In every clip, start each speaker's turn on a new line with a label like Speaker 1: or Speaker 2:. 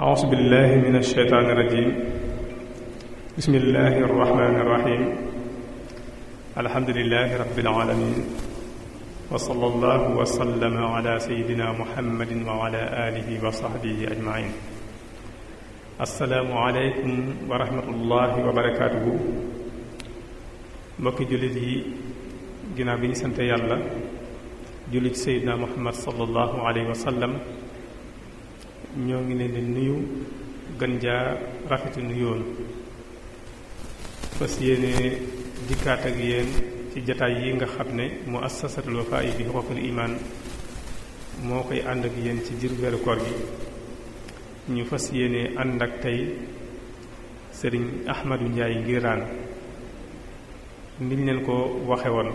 Speaker 1: أعوذ بالله من الشيطان الرجيم بسم الله الرحمن الرحيم الحمد لله رب العالمين وصلى الله وسلم على سيدنا محمد وعلى آله وصحبه أجمعين السلام عليكم ورحمة الله وبركاته mbokki jullit yi ginnaaw bi ñu sant yàlla jullit Seydina Muhammad sallallahu alayhi wa sallam ñoo ngi leen di nuyu gën jaa rafeti nuyoon fas yéene ak yéen ci jataay yi nga xam ne mu assasatul wafa yi bi xoxul imaan moo koy ànd ak yéen ci jir weeru koor gi ñu fas yéene ànd ak tey sëriñ Ahmadou Ndiaye Nguirane niñ leen ko waxe woon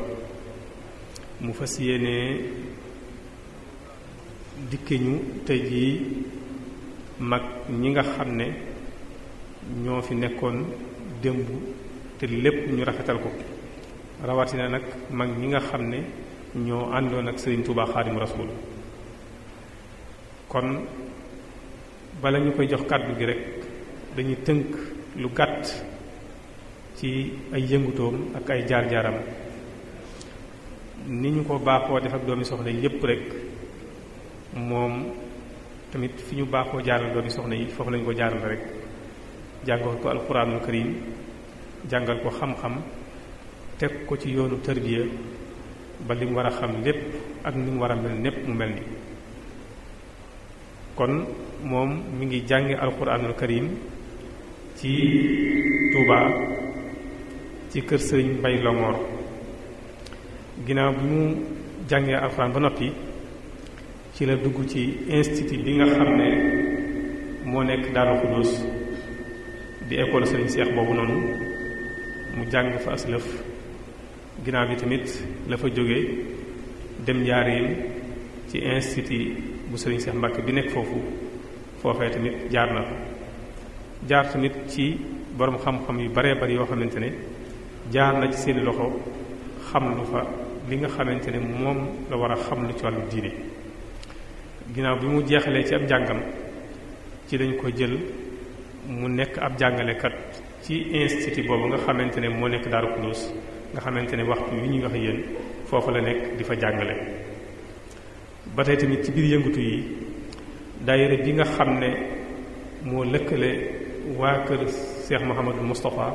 Speaker 1: mu fas yéene dikke ñu tey jii mag ñi nga xam ne ñoo fi nekkoon démb te lépp ñu rafetal ko rawatina nag mag ñi nga xam ne ñoo àndoon ak Serigne Touba Xaadimu Rasuul kon bala ñu koy jox kàddu gi rekk dañuy tënk lu gàtt ci ay yëngutoom ak ay jaar-jaaram ni ñu ko baaxoo def ak doomi soxna yépp rek moom tamit fi ñu baaxoo jaarandoo di soxna yi foofu lañu ko jaaral rek jàngal ko alquranul karim jàngal ko xam-xam teg ko ci yoonu tërbiya ba li mu war a xam lépp ak ni mu war a mel népp mu mel ni kon moom mu ngi jàngi alquranul karim ci Touba ci kër sëriñ Mbay Longoor ginnaaw bi mu jàngee alxuraan ba noppi ci la dugg ci institut bi nga xam ne moo nekk Daaru Xudóos di école Serigne Cheikh boobu noonu mu jàng fa aslëf ginnaaw gi tamit la fa jóge dem njaareem ci institut bu Serigne Cheikh Mbacke bi nekk foofu foofee tamit jaar na jaar tamit ci boroom xam-xam yu baree bari yoo xamante ne jaar na ci seeni loxo xam lu fa li nga xamante ne moom la war a xam lu ci wàllu diine ginaaw bi mu jeexalee ci ab jàngam ci dañ ko jël mu nekk ab jàngalekat ci institut boobu nga xamante ne moo nekk Daaru Xudoos nga xamante ne waxtu wi ñuy wax yéen foofu la nekk difa jàngale ba tey tamit ci biir yëngutu yi daayira bi nga xam ne moo lëkkale waa kër Cheikh Mouhamadou Moustapha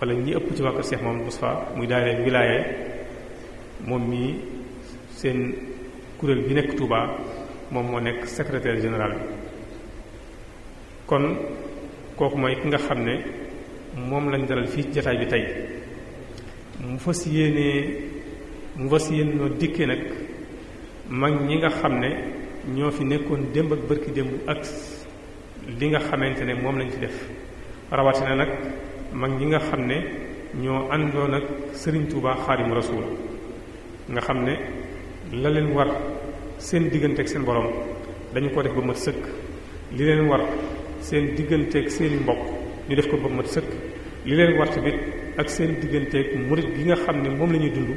Speaker 1: wala ñi ëpp ci waa kër Cheikh Mouhamadou Moustapha muy daayira wilaaye moom mii seen kuréel bi nekk Touba moom moo nekk secretaire général bi kon kooku mooy ki nga xam ne moom lañ dalal fii jataay bi tey mu fas yéenee mu fas yéene noo dikkee nag mag ñi nga xam ne ñoo fi nekkoon démb ak bërki démb ak li nga xamante ne moom lañ fi def rawatina nag mag ñi nga xam ne ñoo àndoon ak Serigne Touba Xaadimu Rasuul nga xam ne la leen war seen diggante ak seen borom dañu ko def ba mat sëkk li leen war seen diggante ak seen i mbokk ñu def ko ba mat sëkk li leen war tamit ak seen diggante ak murit gi nga xam ne moom la ñuy dund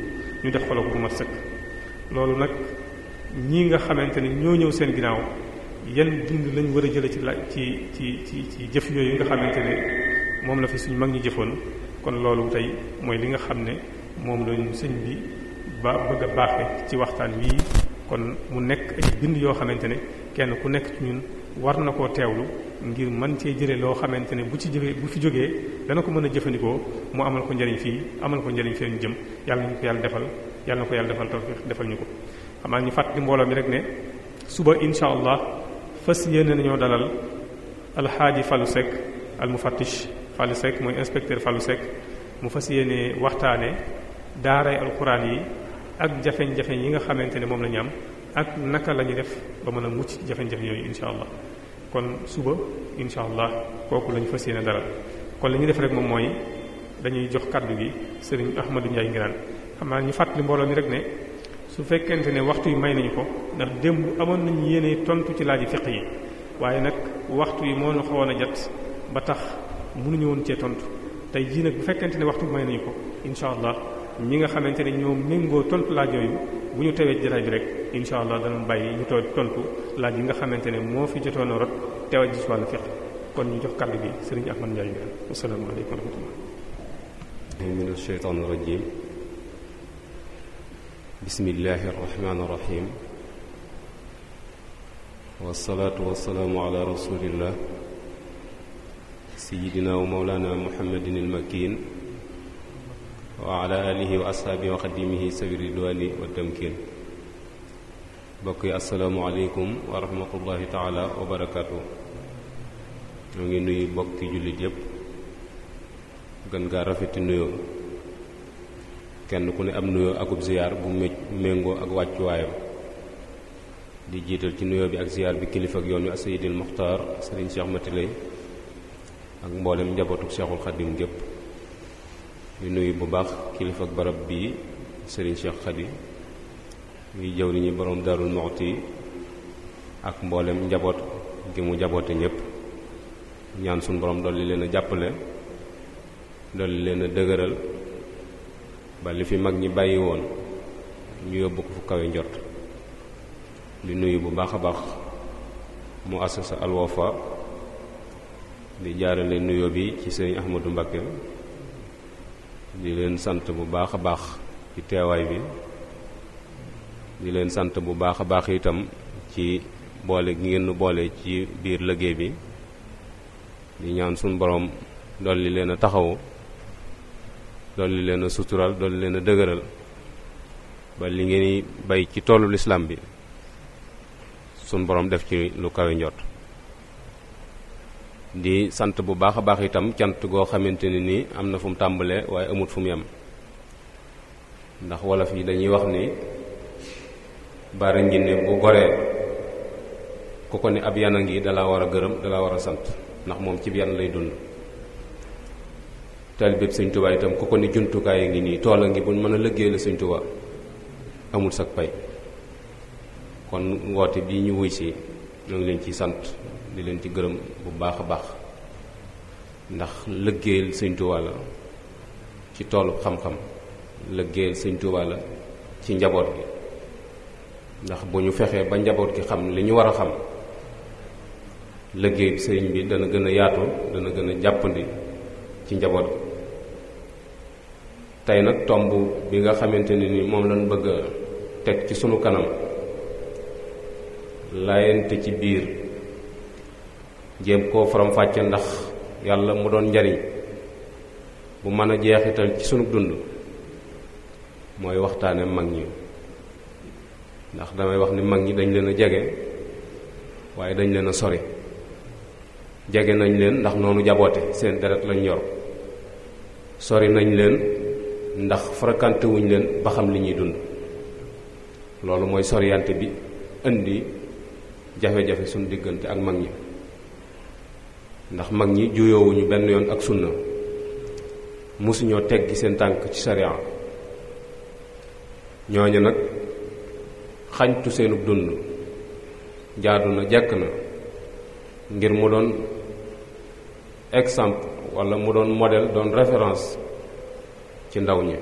Speaker 1: ñu def ko la ko loolu nag ñii nga xamante ne ñoo ñëw seen ginnaaw yan bind lañ war jële ci la ci ci ci ci jëf yooyu nga xamante ne moom la fi suñu mag ñi jëfoon kon loolu tey mooy li nga xam ne moom lañu sëñ bi ba bëgg baaxe ci waxtaan wii kon mu nekk ay bind yoo xamante ne kenn ku nekk ci ñun war na koo teewlu ngir mën cee jële loo xamante ne bu ci jëfee bu fi jógee dana ko mën a jëfandikoo mu amal ko njëriñ fii amal ko njëriñ feen jëm yàlla ñu ko yàlla defal yàlla na ko yàlla defal tawfiq defal ñu ko xam naa ñu fàttali mbooloo mi rek ne suba insha allah fas yéene nañoo dalal alxaaji Fallou Seck al mufattish Fallou Seck mooy inspecteur fallu Seck mu fas yéene waxtaane daaray alquran yi ak jafeñ jafe yi nga xamante ne moom lañu am ak naka la ñu def ba mën a mucc jafe-jafe yooyu incha allah kon suba incha allah kooku la ñu fas yéene dara kon li ñu def rek moom mooy dañuy jox kàddu gi sëriñ Ahmadou Ndiaye Ngiraan xam naa ñu fàttali mbooloo mi rek ne su fekkente ne waxtu yi may nañu ko ndax démb amoon nañu yéene tontu ci laaji fiq yi waaye nag waxtu yi moo ñu xawoon a jat ba tax ñu woon cee tontu tey jii nag bu fekkente ne waxtu bi may ko incha allah. ñi nga xamante ne ñoo méngoo tontu laaj bu ñu tewee jataay bi rek incha allah danañ bàyyi ñu too tontu laaj yi nga xamante ne moo fi jotoon a rot teewal ji ci wàllu kon ñu jox kàddu gi sëriñ Ahmad Ndiaye Mbène asalaamaaleykum wa rahmatullah
Speaker 2: min ashaytaan rajim bismillahi rahmaani rahim wasalaatu wasalaamu ala rasulillah sayidina wa mawlana muhammadin al makin wa ala alihi wa ashaabihi wa xadimihi sawi ridwaani wa tamkin mbokk yi asalaamualeykum wa rahmatullahi taala wa barakaatu ñoo ngi nuyu mbokki jullit yépp gën ngaa rafeti nuyoo kenn ku ne am nuyoo akub ziyaar bu méngoo ak wàccuwaayam di jiital ci nuyoo bi ak ziyaar bi kilifa ak yoon wi asayidil muxtaar sëriñ Cheikh Matilay ak mboolem njabootu Cheikhul Xadim gépp di nuyu bu baax kilifa barab bii sëriñ Cheikh Khady muy jëw li ñu boroom Darou Moukhty ak mboolem njaboot gi mu njaboote ñëpp ñaan boroom dool li leen a jàppale dolli leen a dëgëral ba li fi mag ñi bàyyi woon ñu yóbbu ko fu kawe njot li nuyu bu baax a baax mu asasa Al Wafa di jaarale nuyoo bi ci sëriñ Ahmadou Mbacké di leen sant bu baax a baax ci teewaay bi di leen sant bu baax a baax itam ci boole gi ngeen boole ci biir liggéey bi di ñaan suñu boroom li leen a taxawu li leen a sutural dolli leen a dëgëral ba li ngeen bay ci toolu lislaam bi suñu boroom def ci lu kawe njot di sant bu baax a baax itam cant goo xamante ne nii am na fu mu tàmbalee waaye amut fu mu yem ndax wolof yi dañuy wax ni baara njinne bu goree ku ko ne ab a ngi dalaa war a gërëm dalaa war a sant ndax moom ci yan lay dund taalibeeb sëñ tubaa itam ku ko ni juntukaay a ngi nii tool a ngi buñ mën a liggéey la sëñ tubaa amul sag pay kon woote bii ñu wuy si ñu leen ciy sant di leen ci gërëm bu baax a baax ndax lëggéeyal sëñ Tuubaa ci toolu xam-xam lëggéeyal sëñ Tuubaa ci njaboot gi ndax bu ñu fexee ba njaboot gi xam li ñu war a xam lëggéey bi sëriñ bi dana gën a yaatu dana gën a jàppandi ci njaboot gi tey nag tomb bi nga xamante ne ni moom lañ bëgg teg ci sunu kanam laayante ci biir jéem koo faram-fàcce ndax yàlla mu doon njariñ bu mën a jeexital ci sunu dund mooy waxtaane mag ñi ndax damay wax ni mag ñi dañ leen a jege waaye dañ leen a sori jege nañ leen ndax noonu jaboote seen deret lañ yor sori nañ leen ndax fréquenté wuñ leen ba xam li ñuy dund loolu mooy soriyante bi indi jafe-jafe suñu diggante ak mag ñi ndax mag ñi juyoowuñu benn yoon ak sunna mosuñoo teg teggi seen tànk ci sariya ñooñu nag xañtu seenub dund jaadu na jekk na ngir mu doon exemple walla mu doon modèle doon référence ci ndaw ñi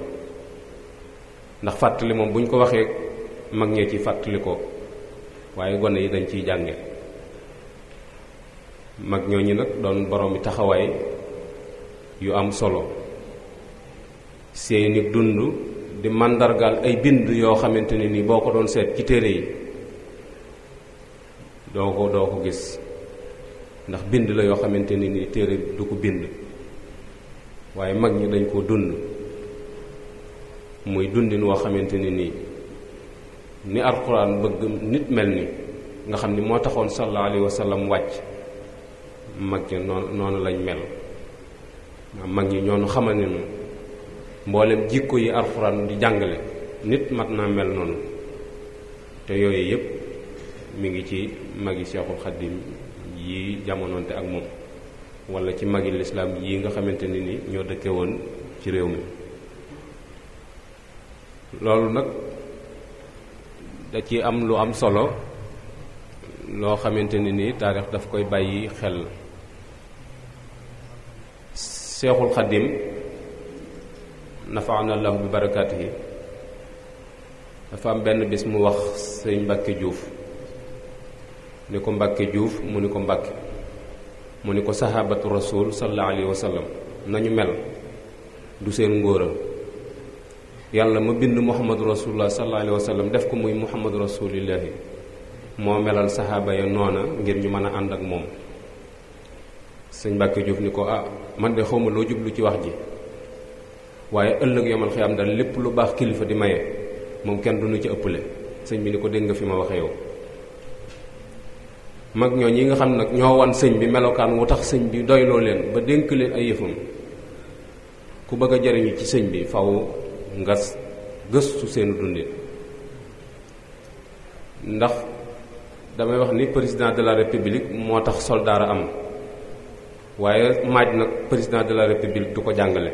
Speaker 2: ndax fàttali moom bu ñu ko waxee mag ñee ci fàttali ko waaye gone yi dañ ciy jànge mag ñooñu nag doon boroomi taxawaay yu am solo seeni dund di màndargaal ay bind yoo xamante ne nii boo ko doon seet ci téere yi doo ko doo ko gis ndax bind la yoo xamante ni ni téere du ko bind waaye mag ñi dañ koo dund muy dundin woo xamante ni nii ni alxuraan bëgg nit mel ni nga xam ni moo taxoon sallallahu alayhi wa wàcc mag ña noonu lañu mel mag ñi ñoonu xamal ne moom mboolem jikko yi alxuraan di jàngale nit mag naa mel noonu te yooyu yëpp mu ngi ci magi Seexul Xaddim yi jamonoonte ak moom wala ci mag yi lislaam yi nga xamante ne ni ñoo dëkke woon ci réew mi loolu nag da ci am lu am solo loo xamante ne ni taarix daf koy bàyyi xel seexul xaddim nafaana lahu bi barakaatihi dafa am benn bis mu wax sëñ Mbàkke Juuf ni ko Mbàkke Juuf mu ni ko Mbàkke mu ni ko sahabatu rasul sallallahu alayhi wa nañu mel du seen ngóora yàlla ma bind muhammadu rasulullah sallallahu alayhi wa sallam def ko muy muhammadu rasulillahi moo melal sahaaba ya noona ngir ñu mën a ànd ak moom sëñ Mbàkke Juuf ni ko ah man de xawma loo jublu ci wax ji waaye ëllëg yomal am daal lépp lu baax kilifa di maye moom kenn du nu ci ëppale sëñ bi ni ko dégg nga fi ma waxe yow mag ñoo ñi nga xam nag ñoo wan sëñ bi melokaan wu tax sëñ bi doyloo leen ba dénk leen ay yëfam ku bëgg a jariñu ci sëñ bi faw nga gëstu seenu dundin ndax damay wax ni président de la république moo tax soldaar am waaye maaj nag président de la république du ko jàngale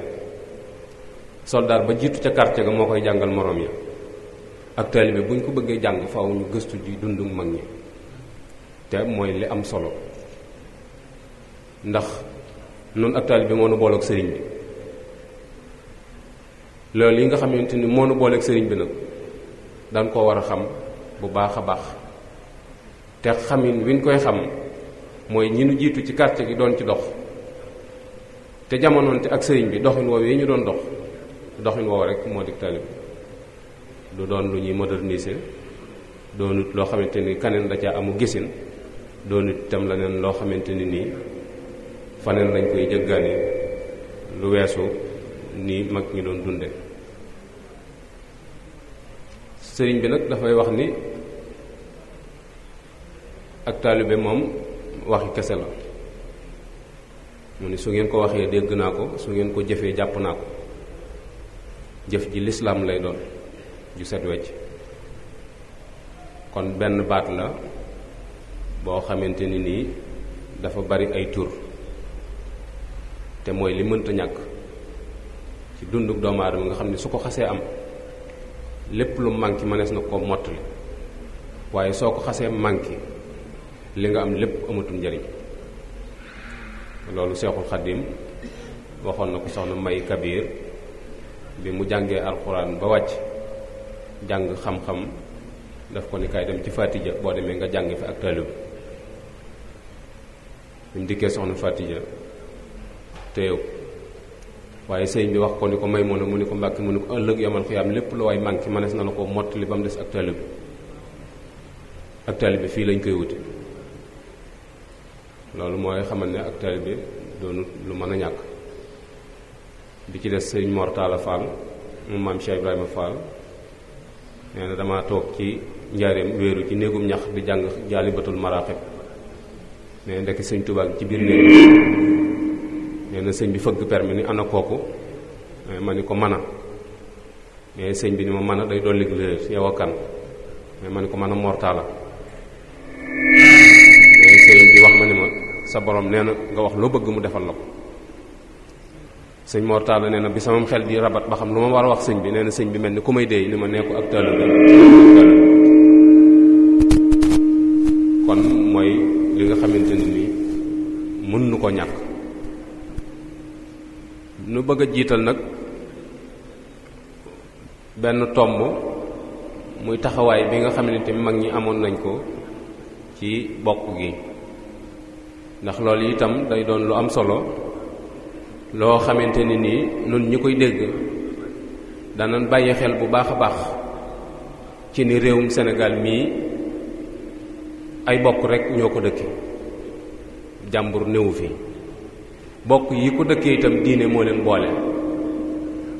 Speaker 2: soldat ba jiitu ca quartier ga moo koy jàngal moroom ya ak taalibe bu ñu ko bëggee jàng faaw ñu gëstu ji dundu mag ñi te mooy li am solo ndax noonu ak taalibe moo nu booleeg sëriñ bi loolu yi nga xamante ni moo nu booleeg sëriñ bi nag daan koo war a xam bu baax a baax te xamin wi ñu koy xam mooy ñi nu jiitu ci quartier gi doon ci dox te jamonoonte ak sëriñ bi doxin woowu yi ñu doon dox doxin woowu rek moo di talib lu doon lu ñuy moderniser doonut loo xamante ni kaneen da amul amu gisin doonut itam la neen loo xamante ni nii faneen lañ koy jëggaani lu weesu ni mag ñi doon dunde sëriñ bi nag dafay wax ni ak taalibe moom waxi kese la mu ne su ngeen ko waxee dégg naa ko su ngeen ko jëfee jàpp naa ko jëf ji lislaam lay doon ju set wecc kon benn baat la boo xamante ni nii dafa bari ay tur te mooy li mënta ñàkk ci dunduk doomu aadama nga xam ne su ko xasee am lépp lu manqué mënees na ko li waaye soo ko xasee manqué li nga am lépp amatul njariñ loolu seexul xaddim waxoon na ko soxna may kabiir bi mu jàngee alxuraan ba wàcc jàng xam-xam daf ko ni kaay dem ci Fatija boo demee nga jàng fi ak taalib bi mu dikkee soxna Fatija téyew waaye sëñ bi wax ko ni ko may moona mu ni ko mbàkki mu ni ko ëllëg yomal xiyaam lépp lu waay manqué manees na la ko mottali ba mu des ak taalib ak taalib fii lañ koy wuti loolu mooy xamal ne ak taalibe doonut lu mën a ñàkk bi ci des sëñ Mortala Fall mu maam Cheikh Ibrahima Fall nee na damaa toog ci njaareem wéeru ci néegum ñax di jàng jaalibatul maraaxib nee na ndekk sëñ Tuubaa ci biir néeg nee sëñ bi fëgg permi ni ana kooku ma ni ko mana mais sëñ bi ni ma mana day dolli léer yow a kan mais ma ni ko mana Mortala wax ma ne ma sa borom nee na nga wax loo bëgg mu defal la ko sëñ Mor Talla nee na bi samam xel di rabat ba xam lu ma war a wax sëñ bi nee na sëñ bi mel ni ku may dee ni ma nekku ak taalibe kon mooy li nga xamante ne nii mën nu ko ñàkk nu bëgg a jiital nag benn tomb muy taxawaay bi nga xamante ni mag ñi amoon nañ ko ci bokk gi ndax loolu itam day doon lu am solo loo xamante ne nii nun ñi koy dégg dana bàyyi xel bu baax a baax ci ni réewum senegal mii ay bokk rekk ñoo ko dëkke jàmbur néewu fi bokk yi ko dëkkee itam diine moo leen boole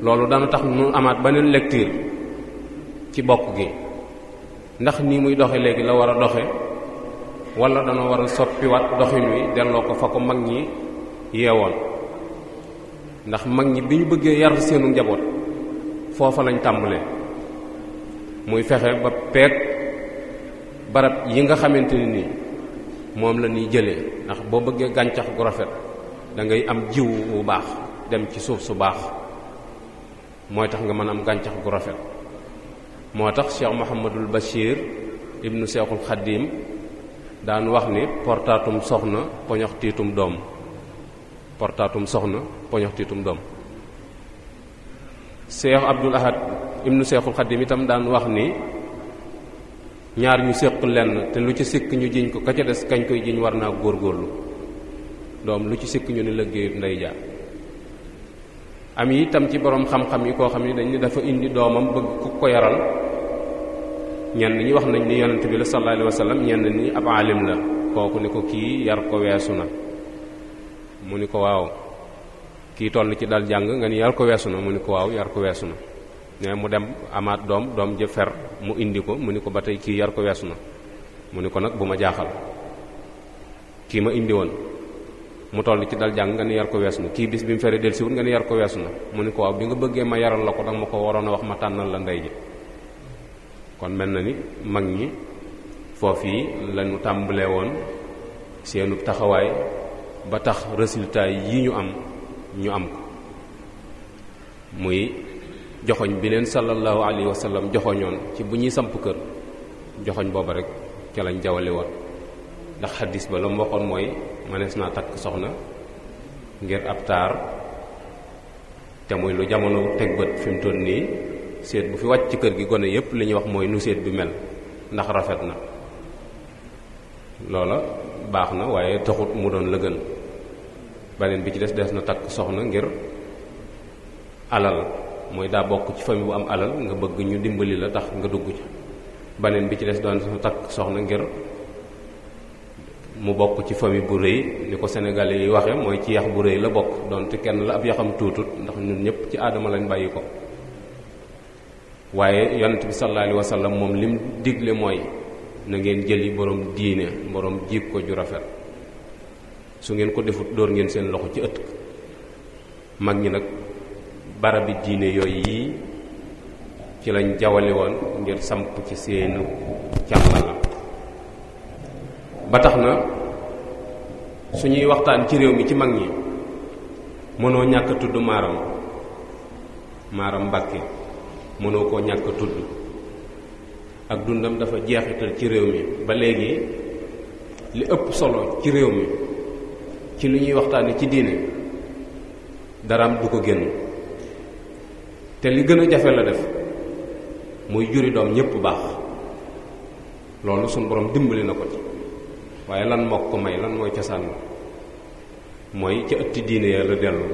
Speaker 2: loolu dana tax nu amaat beneen lecture ci bokk gi ndax nii muy doxe léegi la war a doxe wala dana war a soppiwaat doxin wi delloo ko fa ko mag ñi yeewoon ndax mag ñi bi ñu bëggee yar seenu njaboot foofa lañ tàmbalee muy fexe ba peeg barab yi nga xamante ne nii moom la ñuy jëlee ndax boo bëggee gàncax gu rafet da ngay am jiw wu baax dem ci suuf su baax mooy tax nga mën am gàncax gu rafet moo tax Cheikh Mouhamadul Bachir ibnu Cheikhul Khadim daan wax ni portaatum soxna poñox doom portaatum soxna poñox doom seex abdul ahad nu seexul xadim itam daan wax ni ñaar ñu séq lenn te lu ci sikk ñu jiñ ko ka ca des kañ koy jiñ war naa góor góorlu doom lu ci sikk ñu ne liggéeyub ndey ja am itam ci boroom xam-xam yi koo xam ni dañ ne dafa indi doomam bëgg ku ko yaral ñenn ñi wax nañ ni yonent bi la sallallahu alayhi wa sallam ñenn ñi ab aalim la kooku ni ko kii yar ko weesu na mu ni ko waaw kii toll ci dal jàng nga ni yar ko weesu na mu ni ko waaw yar ko weesu na ne mu dem amaat doom doom jë mu indi ko mu ni ko ba tey kii yar ko weesu na mu ni ko nag bu ma jaaxal kii ma indi woon mu toll ci dal jàng nga ni yar ko kii bis bi mu feree dellusiwut nga ni yar ko weesu na mu ni ko waaw bi nga bëggee ma yaral la ko danga ma ko waroon a wax ma tànnal la ndey ji kon mel na ni mag ñi foofu yi lañu tàmbalee woon seenu taxawaay ba tax résultat yi ñu am ñu am ko muy joxoñ bi leen sallallahu alayhi wa sallam joxoñoon ci bu ñuy samp kër joxoñ booba rek ca lañ jawali woon ndax xaddis ba la mu mooy manees naa takk soxna ngir ab taar te muy lu jamono teg bët fi mu toll nii seet bu fi wàcc ci kër gi gone yépp li ñuy wax mooy nu seet bi mel ndax rafet na loola baax na waaye taxut mu doon la gën beneen bi ci des des na takk soxna ngir alal mooy daa bokk ci famille bu am alal nga bëgg ñu dimbali la tax nga dugg ci beneen bi ci des doon na takk soxna ngir mu bokk ci famille bu rëy ni ko senegal yi waxe mooy ci yax bu rëy la bokk donte kenn la ab yaxam tuutut ndax ñun ñëpp ci aadama lañ bàyyi ko waaye yonent bi sallallahu alayhi wa sallam moom lim digle mooy na ngeen jëli borom diine boroom jiib ko ju rafet su ngeen ko defut dóor ngeen seen loxo ci ëtt mag ñi nag barabi diine yooyu yii ci lañ jawale woon ngir samp ci seenu càmbala ba tax na suñuy waxtaan ci réew mi ci mag ñi mënoo ñàkk tudd maaram maaram mbàkke mënoo koo ñàkk tudd ak dundam dafa jeexital ci réew mi ba léegi li ëpp solo ci réew mi ci lu ñuy waxtaane ci diine daraam du ko génn te li gën a jafe la def muy juri doom ñépp baax loolu suñu borom dimbali na ko ci waaye lan moo ko may lan mooy cosaan mooy ca ëtti diine ya la dellu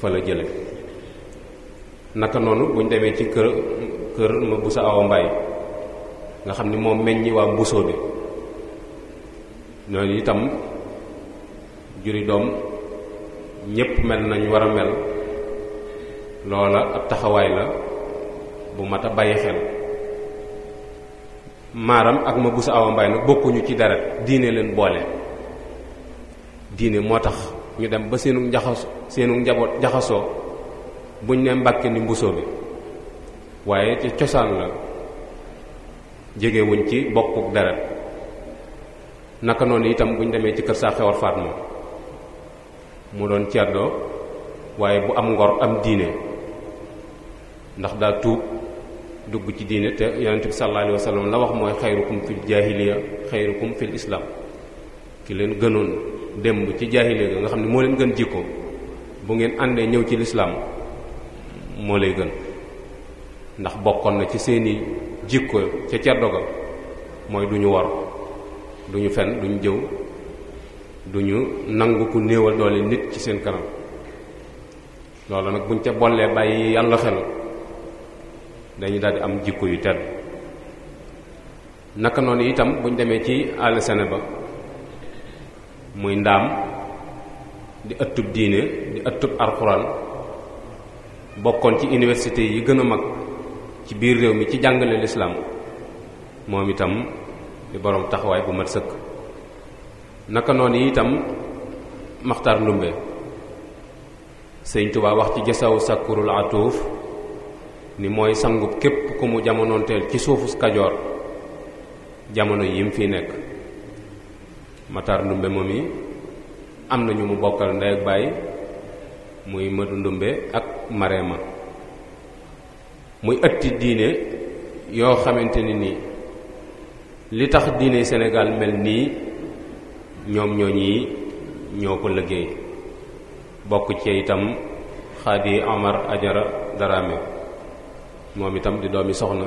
Speaker 2: fa la jële naka noonu bu ñu demee ci kër kër ma busa awa mbaay nga xam ni moom meññi waa mbusoo bi ñooñu itam juri doom ñépp mel nañu war a mel loola ab taxawaay la bu mat a bàyyi xel maaram ak ma busa awa nag bokkuñu ci dara diine leen boole diine moo tax ñu dem ba seenu njaxas seenu njaboot jaxasoo buñ ne mbàkke ni mbusoo bi waaye ci cosaan la jegewuñ ci bokkuk deret naka noonu itam buñ demee ci kër saa xewar Fatma mu doon ceddoo waaye bu am ngor am diine ndax daa tuub dugg ci diine te yonente bi sallallahu alayhi wa la wax mooy xayrukum fil jaahiliya xayrukum fil islam ki leen gënoon démb ci jaahiliya nga xam ne moo leen gën jikko bu ngeen àndee ñëw ci lislaam moo lay gën ndax bokkoon na ci seeni jikko ca ceddo mooy du ñu war du ñu fen du jëw du ñu nangu ku néewal doole nit ci seen kanam loolu nag buñ ca bollee bàyyi yàlla xel dañu daldi am jikko yu tedd naka noonu itam buñ demee ci àll ba muy ndaam di ëttub diine di ëttub alxuraan bokkoon ci université yi gën a mag ci biir réew mi ci jàngale lislaam moom itam di boroom taxawaay bu mat sëkk naka noonu itam maxtar ndumbe sëñ Tuubaa wax ci jësaw sàkkurul atuuf ni mooy sangub képp ku mu jamonoonteel ci suufu kajoor jamono yi mu fi nekk maxtar ndumbe moom yi am na ñu mu bokkal ndey ak baay muy madu ndumbe ak mareema muy ëtti diine yoo xamante ne nii li tax diine senegaal mel nii ñoom ñoo ñii ñoo ko liggéey bokk ci itam xaadi Omar Ajara Darame moom itam di doomi soxna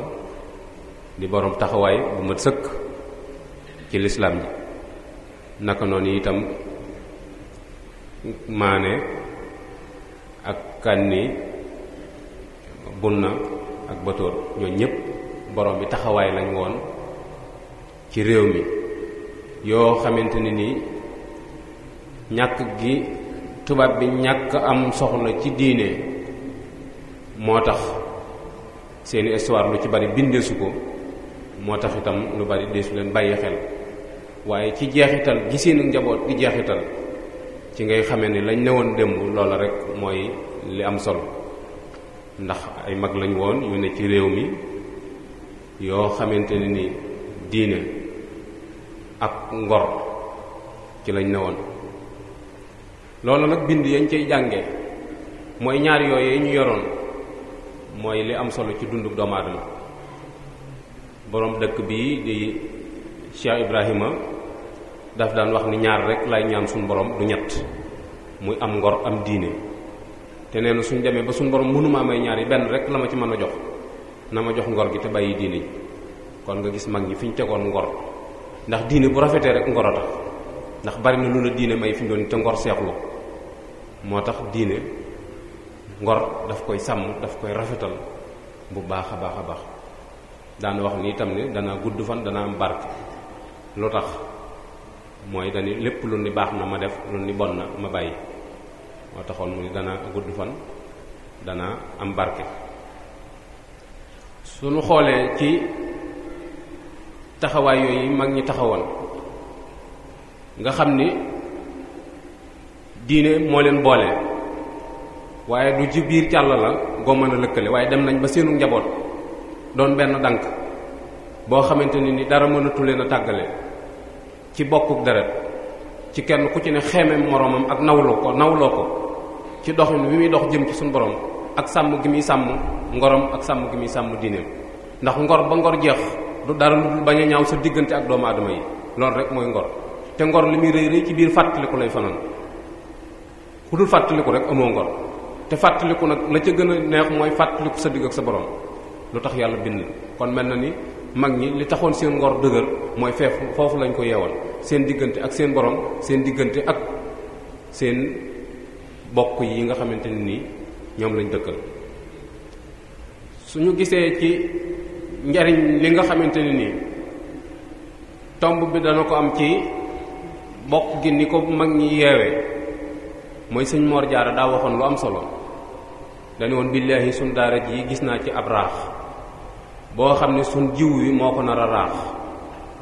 Speaker 2: di boroom taxawaay bu mat sëkk ci lislaam ji naka noonu itam maane bun na ak Batoor ñoo ñëpp borom bi taxawaay lañ woon ci réew mi yoo xamante ne nii ñàkk gi tubaab bi ñàkk am soxla ci diine moo tax seeni histoire lu ci bari bindeesu ko moo tax itam lu bari deesu leen bàyyi xel waaye ci jeexital gi seen njaboot di jeexital ci ngay xamee ni lañ newoon démb loola rek mooy li am solo ndax ay mag lañ woon yu ne ci réew mi yoo xamante ne ni diine ak ngor ci lañ ne woon loolu nag bind yañ cay jànge mooy ñaar yooyu ñu yoroon mooy li am solo ci dundu doomu aadama boroom dëkk bii di Cheikh Ibrahima daf daan wax ni ñaar rekk lay ñaan suñu borom du ñett muy am ngor am diine te nee na suñ demee ba suñ borom mënumaa may ñaari yi benn rek la ma ci mën a jox na ma jox ngor gi te bàyyi diine ji kon nga gis mag ñi fi ñu tegoon ngor ndax diine bu rafetee rek ngor a tax ndax bari na lu la diine may fi ñu doon te ngor seexlu moo tax diine ngor daf koy sàmm daf koy rafetal bu baax a baax a baax daan wax ni itam ne danaa gudd fan danaa am barke lu tax mooy dañu lépp lu ni baax na ma def lu ni bon na ma bàyyi moo taxoon mu ni dana gudd fan dana am barke nu xoolee ci taxawaay yooyu mag ñi taxawoon nga xam ni diine moo leen boole waaye du ci biir càll la goo mën a lëkkale waaye dem nañ ba seenu njaboot doon benn dànk boo xamante ni ni dara mënatu leen a tàggale ci bokkuk deret ci kenn ku ci ne xeemeem moroomam ak nawloo ko nawloo ci doxin bi muy dox jëm ci suñu borom ak sàmm gi muy sàmm ngorom ak sàmm gi muy sàmm diineem ndax ngor ba ngor jeex du dara lu dul bañ a ñaaw sa diggante ak doomu aadama yi loolu rek mooy ngor te ngor li muy rëy rëy ci biir fàttaliku lay fanaan ku dul fàttaliku rek amoo ngor te fàttaliku nag la ca gën a neex mooy fàttaliku sa digg sa borom lu tax yàlla bind kon mel na ni mag ñi li taxoon seen ngor dëgër mooy feef foofu lañ ko yeewal seen diggante ak seen borom seen diggante ak seen bokk yi nga xamante ni nii ñoom lañ dëkkal suñu gisee ci njariñ li nga xamante ne nii tomb bi dana ko am ci bokk gi ni ko mag ñi yeewee mooy sëñ Mor Jaara daa waxoon lu am solo dañu woon billaahi suñ daara ji gis naa ci ab raax boo xam ne suñ jiw wi moo ko nar a raax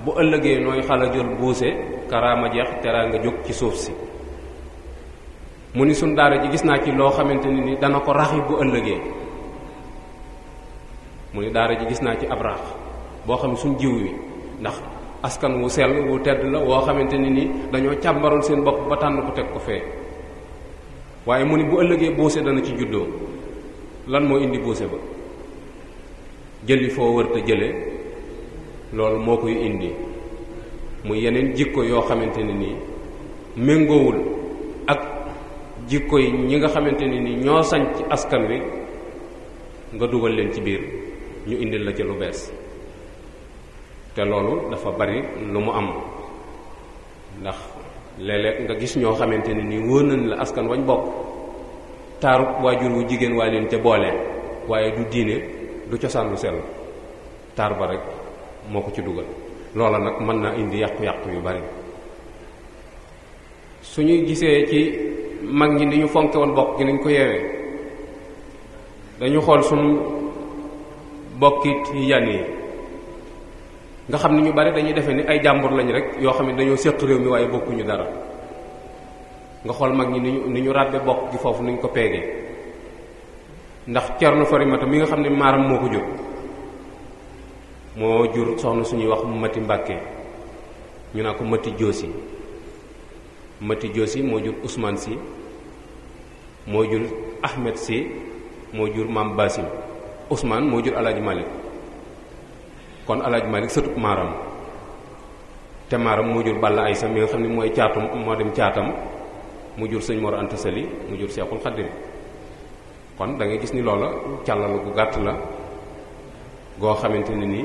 Speaker 2: bu ëllëgee nooy xala jël buuse karaama jeex teraa nga jóg ci suuf si mu ni suñ daara ji gis naa ci loo xamante ne ni dana ko raxi bu ëllëgee mu ni daara ji gis naa ci ab rax boo xam suñ jiw wi ndax askan wu sel wu tedd la woo xamante ne ni dañoo càmbaroon seen bopp ba tànn ko teg ko fee waaye mu ni bu ëllëgee buuse dana ci juddoo lan moo indi buuse ba jëli foo wër te jëlee loolu moo koy indi mu yeneen jikko yoo xamante ne nii méngoowul ak jikko yi ñi nga xamante ne nii ñoo sañc askan wi nga dugal leen ci biir ñu indil la ci lu bees te loolu dafa bari lu mu am ndax léeg nga gis ñoo xamante ne nii wóor nañ la askan wañ bokk taaru waajur wu jigéen waa leen ca boole waaye du diine du cosaan lu sell taar ba rekk moo ko ci dugal loola nag mën naa indi yàqu-yàqu yu bari suñu gisee ci mag ñi ni ñu fonke woon bokk gi nañ ko yeewee dañu xool suñu bokkit yan yi nga xam ne ñu bari dañuy defe ni ay jàmbur lañ rek yoo xam ne dañoo séq réew mi waaye bokkuñu dara nga xool mag ñi ni ñu ni ñu ràbbe bokk gi foofu ni ñu ko peegee ndax Cerno Farimata mi nga xam ne maaram moo ko jóg moo jur soxna suñuy wax mati Mbàkke ñu naa ko mati joosi mati joosi moo jur usmaan si moo jur Ahmed si moo jur maam Basim usmaan moo jur Alaaji Malik kon Alaaji Malik sëtub maaram te maaram moo jur Balla Aysa mi nga xam ne mooy caatum moo dem caatam mu jur sëñ Mor Anta mu jur Seexul Xaddim kon da gis ni loola càllal gu gàtt la goo xamante ne ni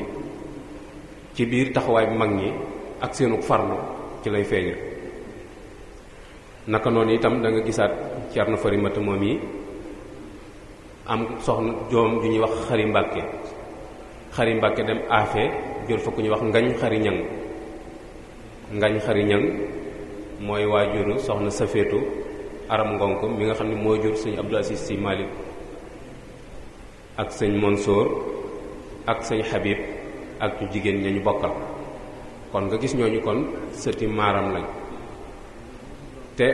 Speaker 2: ci biir taxawaay mag ñi ak seenu farlu ci lay feeñe naka noonu itam da nga gisaat Thierno Farimata moom yi am soxna joom ju ñuy wax xari Mbàkke xari Mbàkke dem aafe jur fa ku ñuy wax ngañ xari ñang ngañ xari ñang mooy waajuru soxna safeetu aram ngonk mi nga xam ne moo jur sëñ Abdou Aziz Sy Malick ak sëñ Mansour ak sëñ Habib ak ñu jigéen ñañu bokkal kon nga gis ñooñu kon sëti maaram lañ te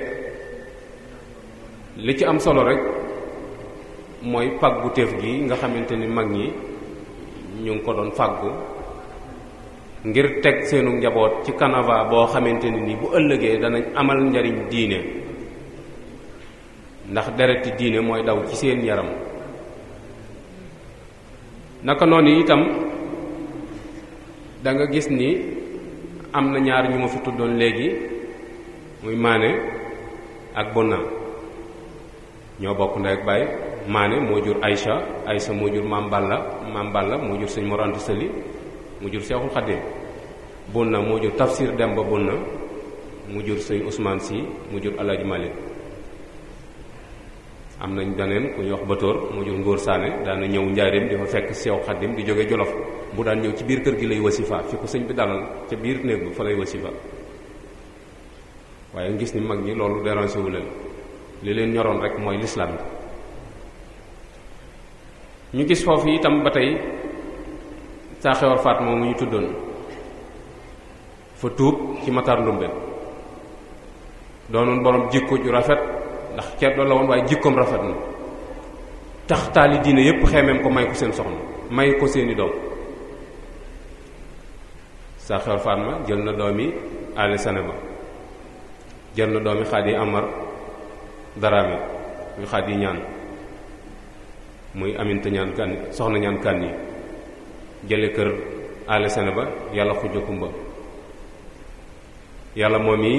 Speaker 2: li ci am solo rek mooy pàggu téef gi nga xamante ni mag ñi ñu ngi ko doon fàggu ngir teg seenu njaboot ci canevas boo xamante ni bu ëllëgee danañ amal njariñ diine ndax dereti diine mooy daw ci seen yaram naka noonu itam danga gis ni am na ñaar ñu ma fi tuddoon léegi muy maane ak bonna ñoo bokk ndey ak baay maane moo jur Aïcha Aïcha moo jur maam Balla maam Balla moo jur sëñ Mor Anta mu jur Seexul Xaddim bonna moo jur Tafsir Demba bonna mu jur sëñ Ousmane si mu jur Alaaji Malik am nañ daneen ku ñuy wax batóor mu jur ngóor saane daana ñëw njaarim di fa fekk sew xaddim di jóge jolof mu daan ñëw ci biir kër gi lay wasifa fi ko sëñ bi dalal ca biir néeg ba fa lay wasifa waaye ngis ni mag ñi loolu dérangé wu ñoroon rek mooy lislaam ñu gis foofu yi itam ba tey saaxewar faat moom mu ñu tuddoon fa tuub ci Matar Ndumbe doonoon borom jikko ju rafet ndax ceddo la woon waaye jikkoom rafet na tax taali diine yépp xemeem ko may ko seen soxna may ko seeni doom saa xew Fatma jël na doomi Ali Sane ba jël na doomi Xaadi Amar Darame muy Xaadi ñaan muy Aminta ñaan kan soxna ñaan kan yi jële kër Ali Sane ba yàlla xujj kumba yàlla moom yi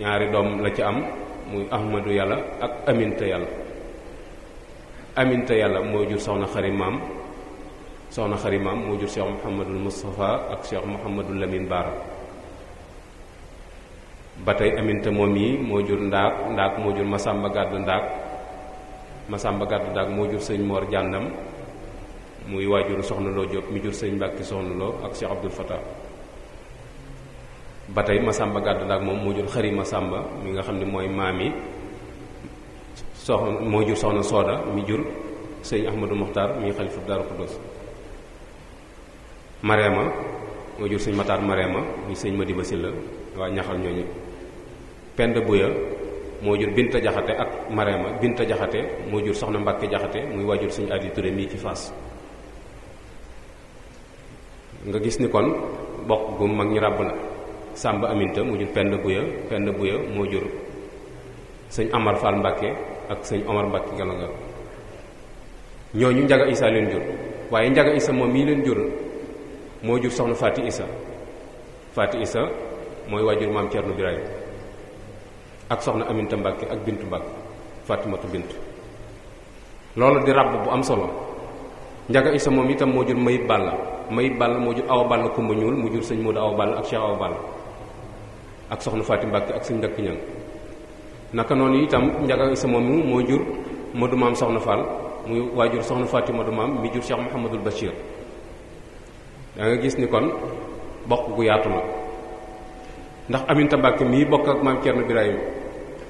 Speaker 2: ñaari doom la ci am muy ahmadu yàlla ak aminta yàlla aminta yàlla moo jur soxna xari maam soxna xari maam moo jur cheikh mouhamadul moustapha ak cheikh mouhamadul lamin baara ba tey aminta moom yi moo jur ndaak ndaak moo jur masamba gàddu ndaak masamba gàddu ndaak moo jur sëñ moor jàndam muy waajuru soxna loo jóob mu jur sëñ mbàkki soxna loo ak cheikh abdul fatah ba tey Masamba gàddu ndaak moom moo jur ma Masamba mi nga xam ne mooy maam yi soxna moo jur soxna Sooda mi jur sëñ Ahmadou Mokhtar mi xalifu Daaru Xuddoos Marema moo jur sëñ Matar Marema muy sëñ Madiba Silla waa ñaxal ñooñu Penda Buya moo jur Binta Jaxate ak Marema Binta Jaxate moo jur soxna Mbàkke Jaxate muy waajur sëñ Adi Touré mii ci fas nga gis ni kon bokk gu mag ñi ràbb la Samba Aminta mu jur Penda Buya Penda Buya moo jur sëñ Amar Fall Mbàkke ak sëñ Omar Mbàkke Galangal ñooñu Njaga Isa leen jur waaye Njaga Isa moom mii leen jur moo jur soxna Fati Isa Fati Isa mooy waajur maam Cerno Birahim ak soxna Aminta Mbàkke ak Bintu Mbàkke Fatimatu bint loolu di ràbb bu am solo Njaga Isa moom tam moo jur Mayib Balla Mayib Balla moo jur Awa Balla Kumba Ñuul mu jur sëñ Moodu Awa Balla ak Cheikh Awa Balla ak soxna Faati Mbàkke ak suñ ndakk ñan naka noonu itam njaga isa moomu moo jur Modou soxna Fall muy waajur soxna Faati Modou Maam mi jur Cheikh Mouhamadul Bachir da nga gis ni kon bokk gu yaatu la ndax Aminta Mbàkke mii bokk ak maam Cerno Birahim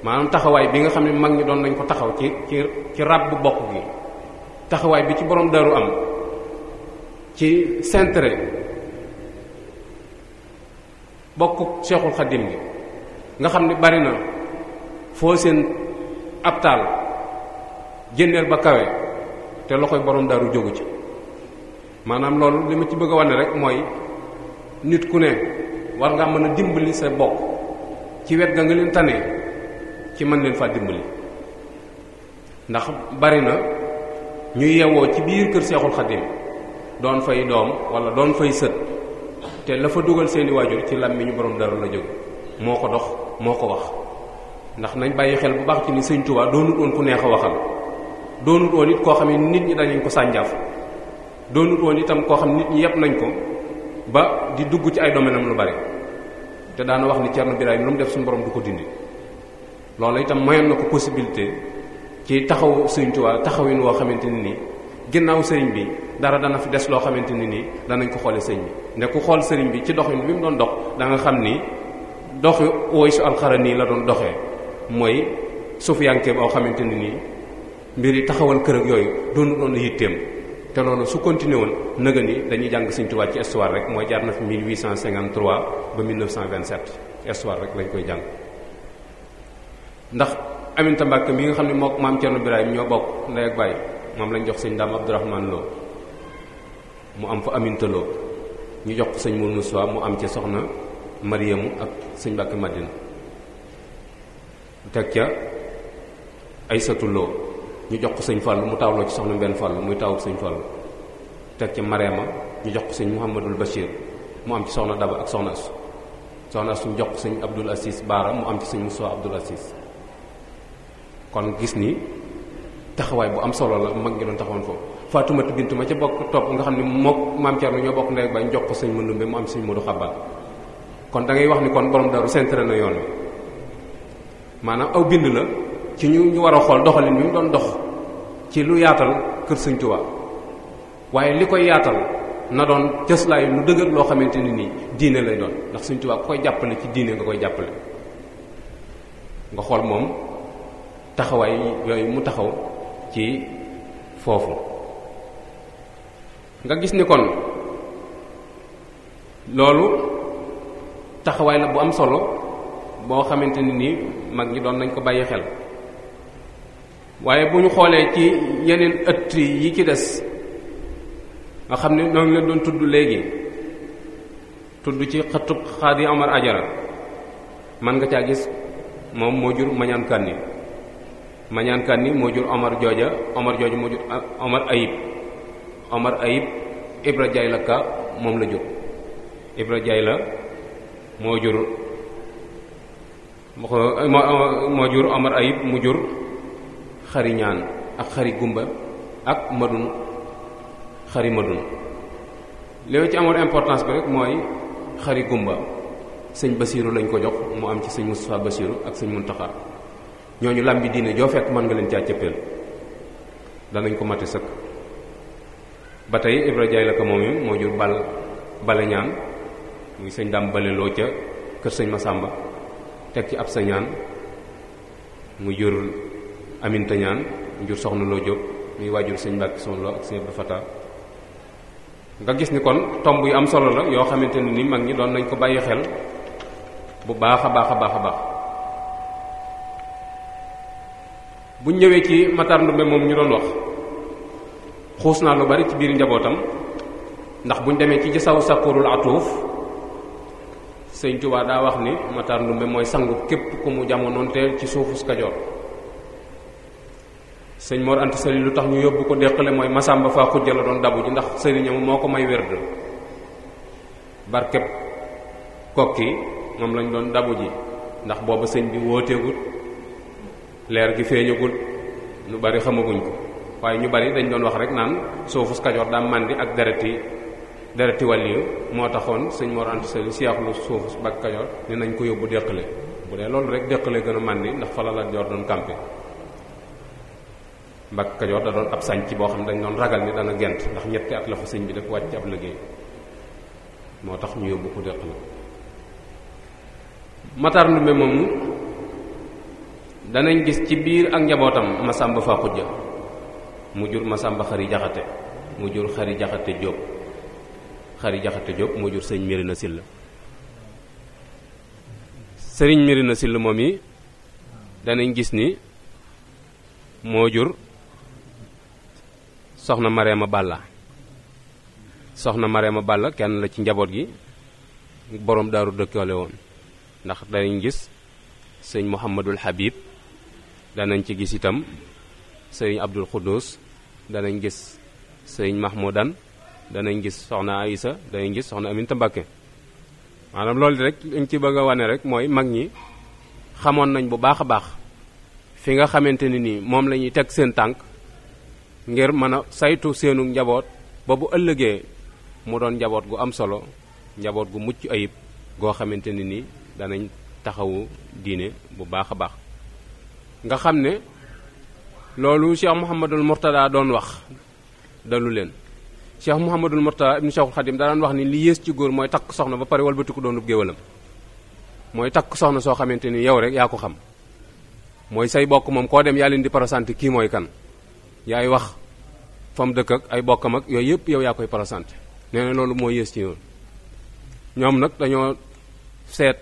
Speaker 2: maanaam taxawaay bi nga xam ne mag ñi doon nañ ko taxaw ci ci ci rab bu bokk gi taxawaay bi ci borom daru am ci centre bokk Cheikhul Khadim gi nga xam ne bari na foo seen ab taal génneel ba kawe te loxoy borom daru jógu ci maanaam loolu li ma ci bëgg a wane rek mooy nit ku ne war nga mën a dimbali sa bokk ci wet ga nga leen tanee ci mën leen faa dimbali ndax bari na ñu yewoo ci biir kër Seexul Xadim doon fay doom wala doon fay sët te la fa dugal seeni waajur ci ñu borom dara la jóg moo ko dox moo ko wax ndax nañ bàyyi xel bu baax ci ni sëñ Tuubaa doonut woon ku neex a waxal doonut woon it koo xam ne nit ñi danañ ko sànjaaf doonut woon itam koo xam nit ñi yëpp nañ ko ba di dugg ci ay domaine lu bari te daana wax ni Cerno Birahim lu mu def suñu borom du ko dindi loolu itam mayoon na ko possibilité ci taxaw sëñ Tuubaa taxawin woo xamante ni nii ginnaaw sëriñ bi dara dana fi des loo xamante ni nii danañ ko xoole sëñ bi nde ku xool sëriñ bi ci doxin bi mu doon dox danga xam ni dox doxi su al-Qarani la doon doxee mooy sufiyanke boo xamante ni nii mbiri taxawal kër ak yooyu doonu doon yitteem te loolu su continué woon nëga ni dañuy jàng Sëriñ Tuubaa ci histoire rek mooy jaar na fi 1853 ba 1927 histoire rek lañ koy jàng ndax Aminta Mbàkke bi nga xam ne moo maam Cerno Birahim ñoo bokk baay moom lañ jox sëñ Daam Abdourahmane Lo mu am fa amintaloo ñu jox ko sëñ Mourou Moussa mu am ca soxna Mariamu ak sëñ Mbàkke Madina teg ca ay Lo ñu jox ko sëñ Fàllu mu taawloo ci soxna Mbenn Fàllu muy taawut sëñ Fàllu teg ca Mariama ñu jox ko sëñ Mouhamadul Bachir mu am ci soxna Daba ak soxna Asu soxna Asu ñu jox ko sëñ Abdul Asis Baara mu am ci sëñ Moussa Abdul Asis kon gis ni taxawaay bu am solo la mag ngi doon taxawoon foofu Faatumata bintu ma ca bokk topp nga xam ne mook maam Thierno ñoo bokk ndey ba jox ko sëñ Mandumbe mu am sëñ Modou Xabbaan kon dangay wax ni kon borom daru sentre na yoon wi maanaam aw bind la ci ñu ñu war a xool doxalin bi mu doon dox ci lu yaatal kër sëñ Tuubaa waaye li koy yaatal na doon cëslaay lu dëgër loo xamante ni nii diine lay doon ndax sëñ Tuubaa ku koy jàppale ci diine nga koy jàppale nga xool moom taxawaay yooyu mu taxaw ci foofu nga gis ni kon loolu taxawaay la bu am solo boo xamante ni nii mag ñi doon nañ ko bàyyi xel waaye bu ñu xoolee ci yeneen ëtt yi ci des nga xam ne ñoo ngi leen doon tudd léegi tudd ci xëtub xaadi Omar Ajara man nga caa gis moom moo jur mañaan kànni mañaan kànni moo jur Omar jooja Omar jooja moo jur Omar Ayib Omar Ayib Ibra Jaay la ka moom la jur Ibra Jaay la moo jur moo jur Omar Ayib mu jur xari ak xari gumba ak madun xari madun léegi ci amoon importance bi rek mooy xari gumba sëñ Basiiru lañ ko jox mu am ci sëñ Moustapha Basiiru ak sëñ Muntaxa ñooñu bi diine joo fekk mën nga leen caa cëppeel danañ ko mate sëkk ba tey Ibra Jaay la ko moom moo jur bal baleñaan ñaan muy sëñ daam bale loo ca kër sëñ sàmba teg ci ab sa ñaan mu jur aminteñaan mu jur soxna loo jóg muy waajur sëñ Mbàkke Soxna Lo ak sëñ Abdou Fata nga gis ni kon tomb yu am solo la yoo xamante ne ni mag ñi doon nañ ko bàyyi xel bu baax a baax a baax a baax bu ñëwee ci Matar Ndumbe moom ñu doon wax xuus naa lu bari ci biir njabootam ndax buñ demee ci saw sàkkoorul atuuf sëñ Tuubaa daa wax ni Matar Ndumbe mooy sangu képp ku mu jamonoonteel ci suufus Kajoor sëñ Mor Anta Sali lu tax ñu yóbbu ko déqale mooy Masamba faa xujja la doon dabu ji ndax sëriñam moo ko may wérd barkeb kokki moom lañ doon dabu ji ndax booba sëñ bi wóoteegut leer gi feeñagut lu bari xamaguñ ko waaye ñu bari dañ doon wax rek naan suufus kajoor daa màndi ak dereti dereti wàlliyu moo taxoon sëñ Mor Anta Sali siyaaxlu suufus bak kajoor ne nañ ko yóbbu déqale bu dee loolu rek déqale gën a màndi ndax fa la Lat Joor doon campé Mbàkke Kajoor da doon ab sànc boo xam ne dañ doon ragal ni dana gent ndax ñetti at la fa sëñ bi def wàcc ab liggéey moo tax ñu yóbbu ko déq la Matar Ndumbe moomu danañ gis ci biir ak njabootam Masamba Fa Xujja mu jur ma sàmba xari jaxate mu jur xari jaxate Jóob xari jaxate Jóob mu jur sëñ Mérina Sylla sëriñ Mérina Sylla moom yi danañ gis ni moo jur soxna Mareema Balla soxna Mareema Balla kenn la ci njaboot gi boroom daaru dëkkoole woon ndax danañ gis sëñ Mouhamadul Habib danañ ci gis itam sëriñ Abdul Xuddus danañ gis sëriñ Mahmoudan danañ gis soxna Aïssa danañ gis soxna Aminta Mbàkke maanaam loolu rek liñ ci bëgg a wane rek mooy mag ñi xamoon nañ bu baax a baax fi nga xamante ne nii moom la ñuy teg seen tànk ngir mën a saytu seenu njaboot ba bu ëllëgee mu doon njaboot gu am solo njaboot gu mucc ayib goo xamante ne nii danañ taxawu diine bu baax a baax nga xam ne loolu Cheikh Mouhamadul Mourtada doon wax dalu leen Cheikh Mouhamadul Mourtada ibnu Cheikhul Khadim daa wax ni li yées ci góor mooy takk soxna ba pare walbatiku doonub géwalam mooy takk soxna soo xamante ni yow rek yaa ko xam mooy say bokk moom koo dem yaa leen di parasanté kii mooy kan yaay wax fa mu dëkk ak ay bokkam ak yooyu yëpp yow yaa koy parasanté nee na loolu mooy yées ci yoon ñoom nag dañoo seet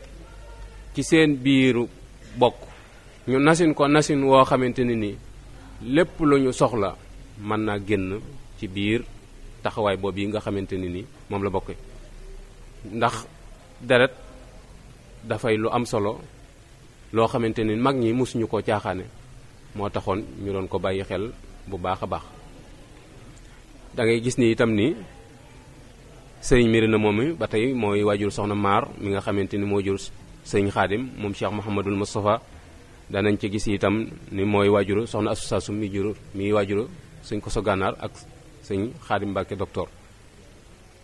Speaker 2: ci seen biiru bokk ñu nasin ko nasin woo xamante ni nii lépp lu ñu soxla mën naa génn ci biir taxawaay boobu yi nga xamante ne ni moom la bokk ndax deret dafay lu am solo loo xamante ni mag ñi mosuñu koo caaxaane moo taxoon ñu doon ko bàyyi xel bu baax a baax dangay gis ni itam ni sëñ Mirina moom ba tey mooy waajur soxna Maar mi nga xamante ni moo jur sëriñ Xaadim moom Cheikh Mouhamadul Moustapha danañ ci gis itam ni mooy waajuru soxna Astou Sassou mi juru mi waajuru sëñ Koso Gànnaar ak sëñ Xaadim Mbàkke docteur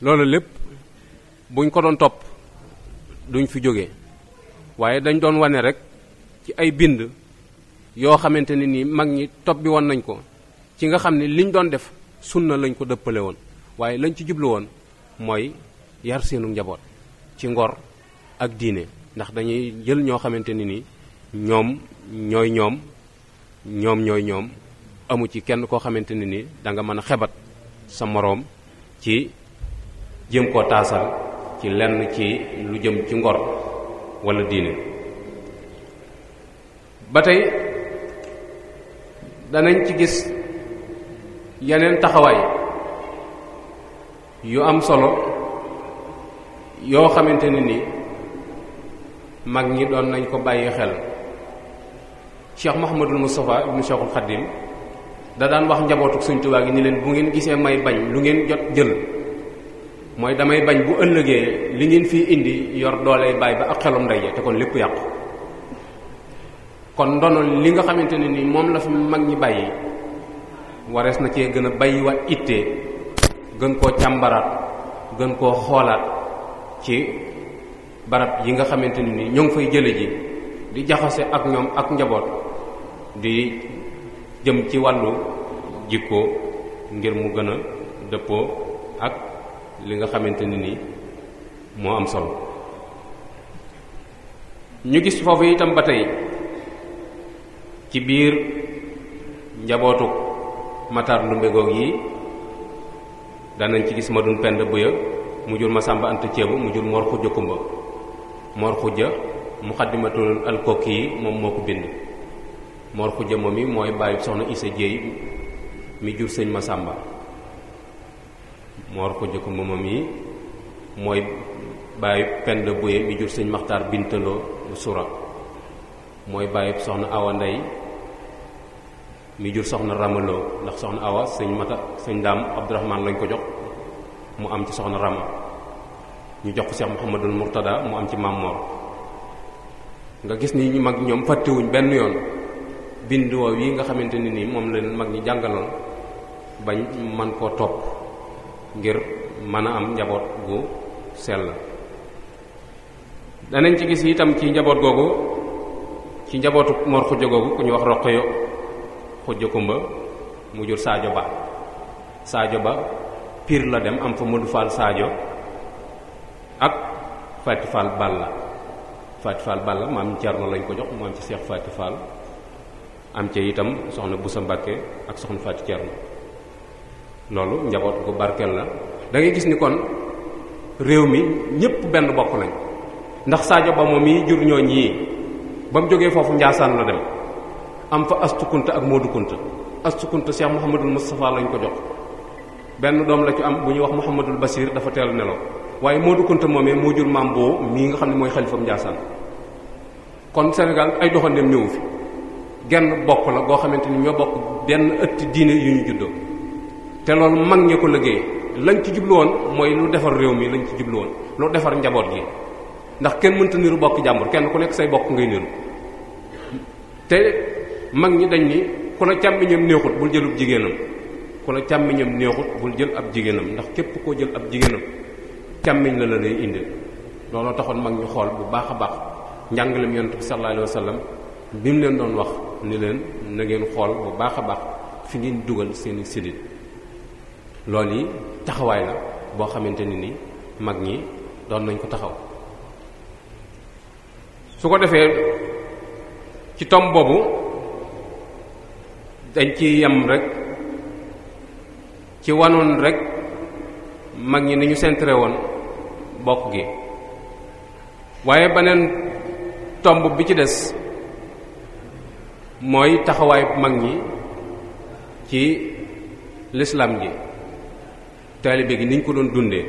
Speaker 2: loolu lépp buñ ko doon topp duñ fi jóge waaye dañ doon wane rek ci ay bind yoo xamante ne nii mag ñi topp bi woon nañ ko ci nga xam ne liñ doon def sunna lañ ko dëppale woon waaye lañ ci jublu woon mooy yar seenu njaboot ci ngor ak diine ndax dañuy jël ñoo xamante ne nii ñoom ñooy ñoom ñoom ñooy ñoom amu ci kenn koo xamante ne ni da nga mën a xebat sa moroom ci jëm koo taasal ci lenn ci lu jëm ci ngor walla diine ba tey danañ ci gis yeneen taxawaay yu am solo yoo xamante ne ni mag ñi doon nañ ko bàyyi xel Cheikh Mouhamadul Moustapha ibnu Cheikhul Khadim da daan wax njabootuk Sëriñ Tuubaa gi ni leen bu ngeen gisee may bañ lu ngeen jot jël mooy damay bañ bu ëllëgee li ngeen fii indi yor doole bàyyi ba ak xelum ndey ja te kon lépp yàqu kon ndono li nga xamante ne ni moom la fi mag ñi bàyyi warees na cee gën a bàyyi wa ittee gën koo càmbaraat gën koo xoolaat ci barab yi nga xamante ne ni ñoo ngi fay jële ji di jaxase ak ñoom ak njaboot di jëm ci wàllu jikko ngir mu gën a dëppoo ak li nga xamante ne ni moo am solo ñu gis foofu itam ba tey ci biir njabootu Matar lu goog yi danañ ci gis ma dun pend buya mu jur ma Masamba Anta Ceebu mu jur Mor Xujja Kumba Mor Xujja muxaddimatul alkokki yi moom moo ko bind Mor Khoudia moom mi mooy bàyyi soxna Issa Dieye mi jur sëñ Masamba Mor Khoudia ko moom mi mooy bàyyi Penda Boye mi jur sëñ Maxtaar Bintaloo bu Sura mooy bàyyi soxna Awa Ndey mi jur soxna Ramaloo ndax soxna Awa sëñ Mata sëñ Daam Abdourahman lañ ko jox mu am ci soxna Rama ñu jox ko Cheikh Mouhamadul Mourtada mu am ci Maam Mor nga gis ni ñu mag ñoom fàttewuñ benn yoon bind woow yi nga xamante ne nii moom leen mag ñi jàngaloon bañ man koo topp ngir mën a am njaboot gu sell danañ ci gis itam ci njaboot googu ci njabootu Mor Xujja googu ku ñu wax Roqo yo Xujja Kumba mu jur saajo Ba saajo Ba piir la dem am fa Modou Fall saajo ak Fatou Fall Balla la Fall Balla maam Thierno lañ ko jox moom ci Cheikh Fatou am ci itam soxna Busa Mbàkke ak soxna Fatou Thierno loolu njaboot gu barkeel la da ngay gis ni kon réew mi ñëpp benn bokk lañ ndax Sadio Ba moom yi jur ñooñ yii ba mu jógee foofu Njaasaan la dem am fa Astu Kunta ak Moodu Kunta Astu Kunta Cheikh Mouhamadul Moustapha lañ ko jox benn doom la ci am bu ñuy wax Mouhamadul Basir dafa teel nelaw waaye Moodu Kunta moomee moo jur maam boo mii nga xam ne mooy xalifam Njaasaan kon senegal ay doxandeem ñëwu fi genn bokk la goo xamante ni ñoo bokk benn ëtt diine yu ñu juddoo te loolu mag ñi ko liggéey lañ ci jublu woon mooy lu defar réew mi lañ ci jublu woon lu defar njaboot gi ndax kenn mënta niiru bokk jàmbur kenn ku nekk say bokk ngay niru te mag ñi dañ ni ku la càmmiñam neexut bul jëlub jigéenam ku la càmmiñam neexut bul jël ab jigéenam ndax képp koo jël ab jigéenam càmmiñ la la lay indi looloo taxoon mag ñu xool bu baax a baax njàngalem yonent bi sallallahu alayhi wa mu leen doon wax ni leen na xool bu baax a baax fi ngeen dugal seeni sidit loolu yi taxawaay la boo xamante ne ni mag ñi doon nañ ko taxaw su ko defee ci tom boobu dañ ci yem rekk ci wanoon rekk mag ñi ni ñu centré woon bokk gi waaye beneen tomb bi ci des mooy taxawaay mag ñi ci lislaam ji taalibe gi niñ ko doon dundee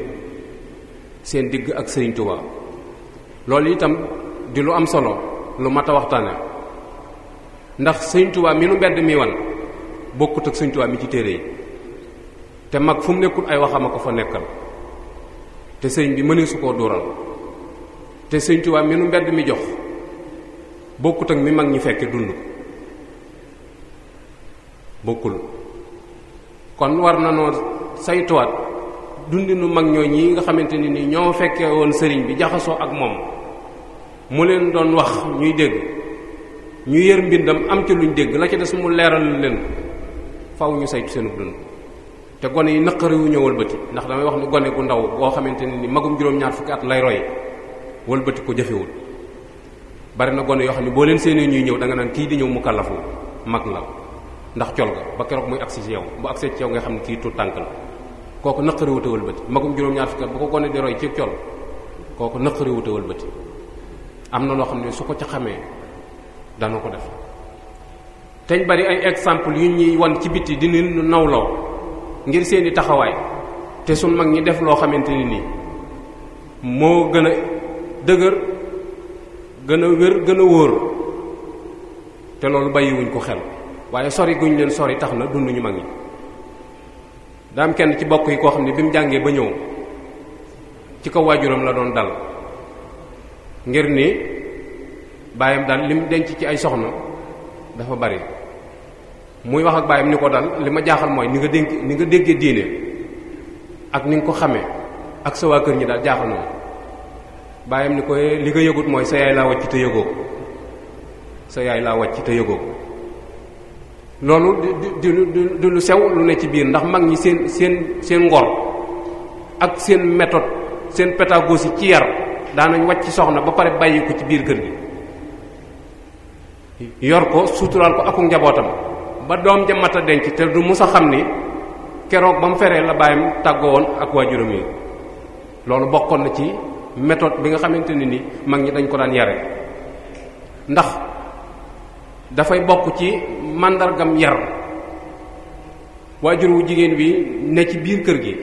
Speaker 2: seen digg ak sëriñ Tuubaa loolu itam di lu am solo lu mat a waxtaane ndax sëriñ Tuubaa mi nu mbedd mi wan bokkut ak sëriñ Tuubaa mi ci téere yi te mag fu mu nekkul ay waxam a ko fa nekkal te sëriñ bi mëneesu koo duural te sëriñ Tuubaa mi nu mbedd mi jox bokkut ak mi mag ñi fekke dund bokkul kon war na noo saytuwaat dundinu mag ñoo ñi nga xamante ni ni ñoo fekkee woon sëriñ bi jaxasoo ak moom mu leen doon wax ñuy dégg ñu yër mbindam am ci luñ dégg la ci des mu leeral leen faw ñu saytu seen dund te gone yi naqariwuñu wëlbati ndax damay wax ni gone gu ndaw boo xamante ne ni magum juróom-ñaar fukki at lay roy wëlbati ko jafewul bari na gone yoo xam ne boo leen seenee ñuy ñëw da nga naan kii di ñëw mu kàllafu mag la ndax col ga ba keroog muy agsi ci yow bu agsee ci yow nga xam ne kii tuut tànk la kooku naqari wuta wëlbati magum juróom-ñaar fukki at bu ko gone di roy ci col kooku naqari wuta am na loo xam ne su ko ca xamee dana ko def teñ bari ay exemple yu ñuy wan ci biti di nu nawloo ngir seeni taxawaay te su mag ñi def loo xamante ni nii moo gën a dëgër gën a wér gën a wóor te loolu bàyyiwuñ ko xel waaye sori guñ leen sori tax na dunduñu mag ñi daam kenn ci bokk yi koo xam ne bi mu jàngee ba ñëw ci kaw waajuram la doon dal ngir ni baayam daal lim denc ci ay soxna dafa bari muy wax ak baayam ni ko dal li ma jaaxal mooy ni nga dénk ni nga déggee diine ak ni nga ko xamee ak sa waa kër ñi daal jaaxal na baayam ni ko eh, li nga yëgut mooy sa yaay laa wàcc te yëgoo sa yaay laa wàcc te yëgoo loolu di di di lu sew lu ne ci biir ndax mag ñi seen seen seen ngor ak seen metod seen pédagogie ci yar daanañ wàcc soxna ba pare bàyyi ci biir kër gi yor ko suturaal ko ak njabootam ba doom ja a denc te du musa xam ni keroog ba mu feree la bàyyam tàggoo woon ak waajuram yi loolu bokkoon na ci metod bi nga xamante ne ni mag ñi dañ ko daan yare ndax dafay bokk ci màndargam yar waajur wu jigéen bi ne ci biir kër gi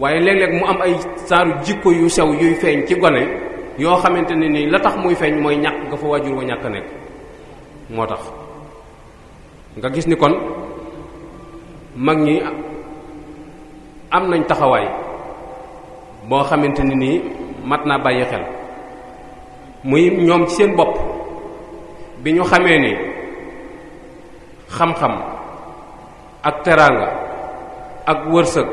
Speaker 2: waaye léeg-léeg mu am ay saaru jikko yu sew yuy feeñ ci gone yoo xamante ne ni la tax muy feeñ mooy ñàkk nga fa waajur wa ñàkk nekk moo tax nga gis ni kon mag ñi am nañ taxawaay boo xamante ni nii mat naa bàyyi xel muy ñoom ci seen bopp bi ñu xamee ni xam-xam ak teraanga ak wërsëg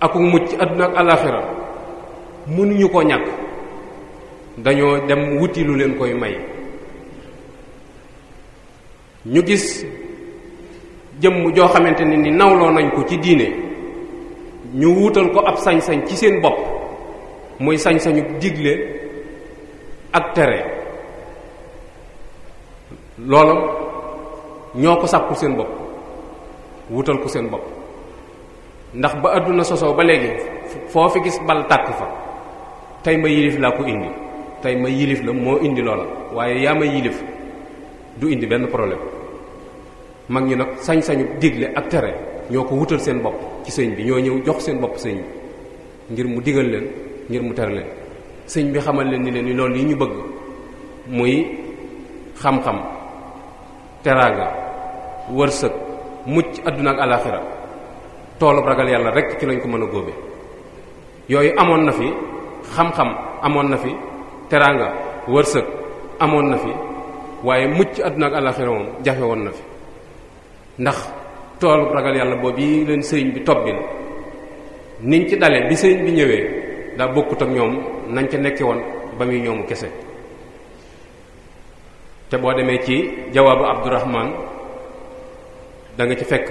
Speaker 2: aku mucc adduna ak alaxira mënuñu ko ñàkk dañoo dem wuti lu leen koy may ñu gis jëmm joo xamante ne ni nawloo nañ ko ci diine ñu wuutal ko ab sañ-sañ ci seen bopp muy sañ-sañu digle ak tere loola ñoo ko sàkkul seen bopp wutal ku seen bopp ndax ba àdduna sosoo ba léegi foo fi gis bal tàkk fa tey ma yilif laa ko indi tey ma yilif la moo indi loola waaye yaa ma yilif du indi benn problème mag ñi nag sañ-sañu digle ak tere ñoo ko wutal seen bopp ci sëñ bi ñoo ñëw jox seen bopp sëñ bi ngir mu digal leen ngir mu tere leen sëñ bi xamal leen ni leen ni loolu yi ñu bëgg muy xam-xam teraanga wërsëg mucc adduna ak alaxira toolub ragal yàlla rekk ci lañ ko mën a góobe yooyu amoon na fi xam-xam amoon na fi teraanga wërsëg amoon na fi waaye mucc adduna ak alaxira moom jafe woon na fi ndax toolub ragal yàlla boobu yi leen sëriñ bi tobbil niñ ci dalee bi sëriñ bi ñëwee daa bokkut ak ñoom nañ ca nekke woon ba muy ñoomu kese te boo demee ci jawaabu Abdurahman da nga ci fekk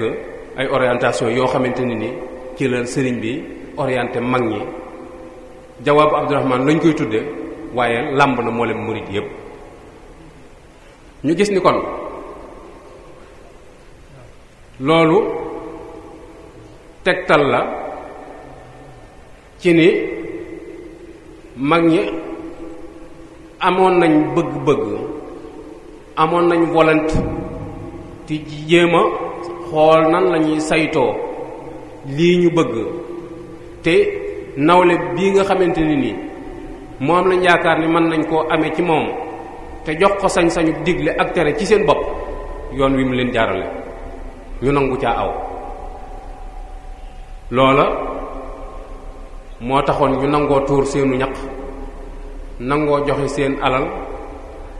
Speaker 2: ay orientation yoo xamante ni ni ci la sëriñ bi orienté mag ñi jawaabu Abdurahman lañ koy tudde waaye làmb na moo leen murid yépp ñu gis ni kon loolu tegtal la ci ni mag ñi amoon nañ bëgg-bëgg amoon nañ volonté te jéem a xool nan lañuy saytoo lii ñu bëgg te nawle bii nga xamante ni nii moom lañ yaakaar ni mën nañ koo amee ci moom te jox ko sañ-sañu digle ak tere ci seen bopp yoon wi mu leen jaarale ñu nangu caa aw loola moo taxoon ñu nangoo tuur seenu ñaq nangoo joxe seen alal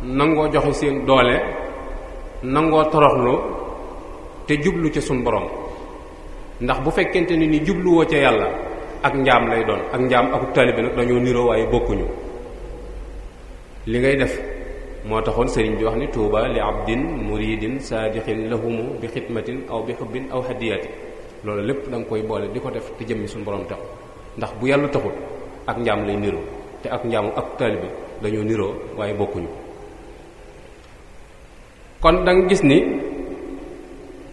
Speaker 2: nangoo joxe seen doole nangoo toroxlu te jublu ca suñ borom ndax bu fekkente ni ni jubluwoo ca yàlla ak njaam lay doon ak njaam akub taalibe nag dañoo niroo waaye bokkuñu li ngay def moo taxoon sëriñ bi wax ni tuuba li abdin muridin saadiqin lahumu bi xidmatin aw bi xubbin aw hadiyati loolu lépp da koy boole di ko def te jëmmi suñu borom taxu ndax bu yàlla taxul ak njaam lay niroo te ak njaamu ak taalibe dañoo niroo waaye bokkuñu kon da gis ni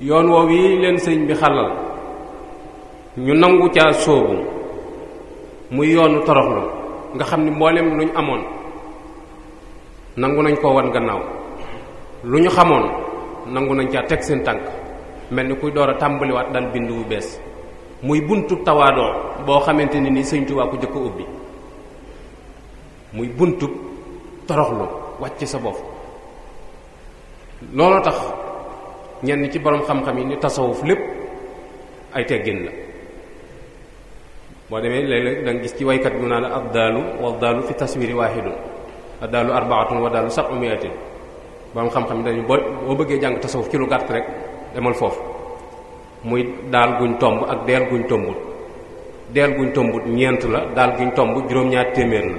Speaker 2: yoon woow yi leen sëñ bi xalal ñu nangu caa sóobu muy yoonu toroxlu nga xam ni mboolem lu ñu amoon nangu nañ koo wan gannaaw lu ñu xamoon nangu nañ caa teg seen tànk mel ni kuy door a tàmbaliwaat dal bind wu bees muy buntu tawaadoo boo xamante ni ni sëñ Tuubaa ku jëkk ubbi muy buntu toroxlu wàcc sa bopp looloo tax ñenn ci boroom xam-xam yi ni tasawuf lépp ay teggin la boo demee léeg-léeg gis ci waykat bu la ab daalu wa daalu fi taswiri waahidun ab daalu arbaatun wa daalu sab'u mi'atin borom xam-xam yi dañu boo bëggee jàng tasawuf ci lu gàtt rekk demal foofu muy daal guñ tomb ak deel guñ tombut deel guñ tombut ñeent la daal guñ tomb juróom-ñaar téeméer la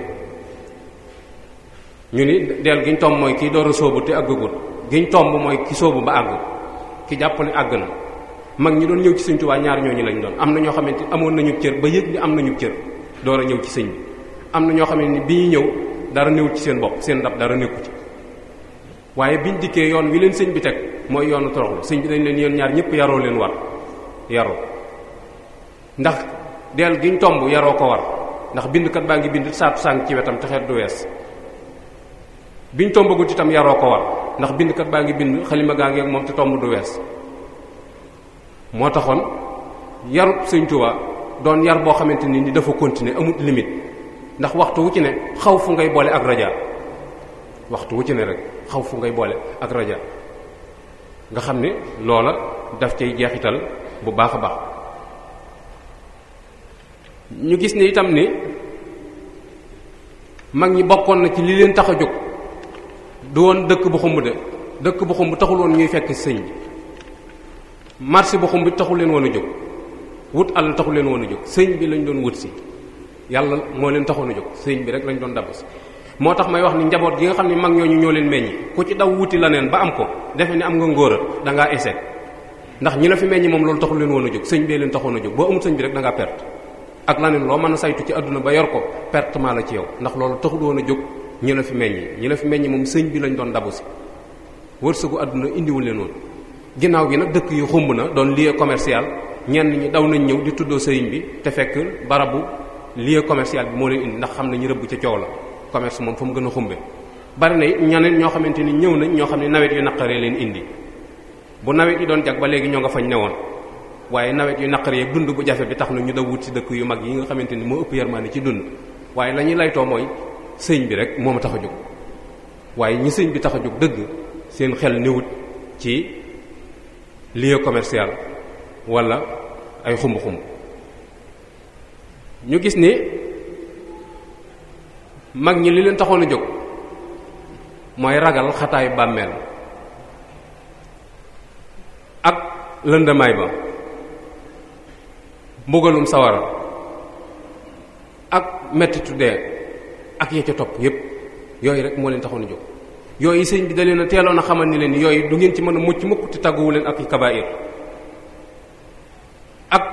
Speaker 2: ñu ni deel giñ tomb mooy kii door a sóobu te aggagut giñ tomb mooy ki soobu ba àgg ki jàpp ne àgg na mag ñi doon ñëw ci sëñ waa ñaar ñoo ñooñu lañ doon am na ñoo xamante ni amoon nañu cër ba yëg ni am nañu cër door a ñëw ci sëñ bi am na ñoo xam ni bi ñu ñëw dara néewul ci seen bopp seen ndab dara nekku ci waaye biñ dikkee yoon wi leen sëñ bi teg mooy yoonu toroxlu sëñ bi dañ leen yéen ñaar ñëpp yaroo leen war yaroo ndax deel giñ tomb yaroo ko war ndax bindkat baa ngi bind saatu sàng ci wetam te xeet wees biñ tombagut itam yaroo ko war ndax bindkat baa ngi bind xalima gaa ngi ak moom te tomb du wees moo taxoon yarub sëñ Tuubaa doon yar boo xamante ni ni dafa continuer amut limite ndax waxtu wu ci ne xaw fu ngay boole ak raja waxtu wu ci ne rek xaw fu ngay boole ak raja nga xam ni loola daf cay jeexital bu baax a baax ñu gis ne itam ni mag ñi bokkoon na ci li leen tax a jóg du woon dëkk bu xumb de dëkk bu xumb taxul woon ñuy fekk sëñ bi marché bu xumb bi taxul leen woon jóg wut alal taxul leen woon jóg sëñ bi lañ doon wut si yàlla moo leen taxoon a jóg sëñ bi rek lañ doon dabb moo tax may wax ni njaboot gi nga xam ne mag ñooñu ñoo leen meññi ku ci daw wuti la am ko defe ne am nga da ngaa échec ndax ñi la fi meññi moom loolu taxul leen woon a jóg sëñ bee taxoon a jóg boo amul sëñ bi rek danga ngaa perte ak la neen loo mën a saytu ci àdduna ba yor ko pertement la ci yow ndax loolu taxul woon a jóg ñi la fi meññi ñi la fi meññi moom sëñ bi lañ doon dabu si wërsëgu àdduna indiwul leen woon ginnaaw gi nag dëkk yu xumb na doon lieu commercial ñenn ñi daw nañ ñëw di tuddoo sëriñ bi te fekk barabu lieu commercial bi moo leen indi ndax xam ne ñu rëbb ca coow la commerce moom fa mu gën a xumbe bari na ñeneen ñoo xamante ni ñëw nañ ñoo xam ne nawet yu naqaree leen indi bu nawet yi doon jag ba léegi ñoo nga fañ ne woon waaye nawet yu naqaree dund bu jafe bi tax na ñu daw wut ci dëkk yu mag yi nga xamante ni moo ëpp yarmaane ci dund waaye la ñuy laytoo mooy sëñ bi rek moom ma tax a jóg waaye ñi sëñ bi tax a jóg dëgg seen xel néewut ci lieu commercial walla ay xumb xumb ñu gis ni mag ñi li leen taxoon a jóg mooy ragal xataayu bàmmeel ak lëndamaay ba mbugalum sawara ak mettitu dee ak ya ca topp yépp yooyu rek moo leen taxoon a jóg yooyu sëñ bi da leen a teeloon na xamal ni leen yooyu du ngeen ci mën a mucc mukk te tàgguwu leen ak kabaayir ak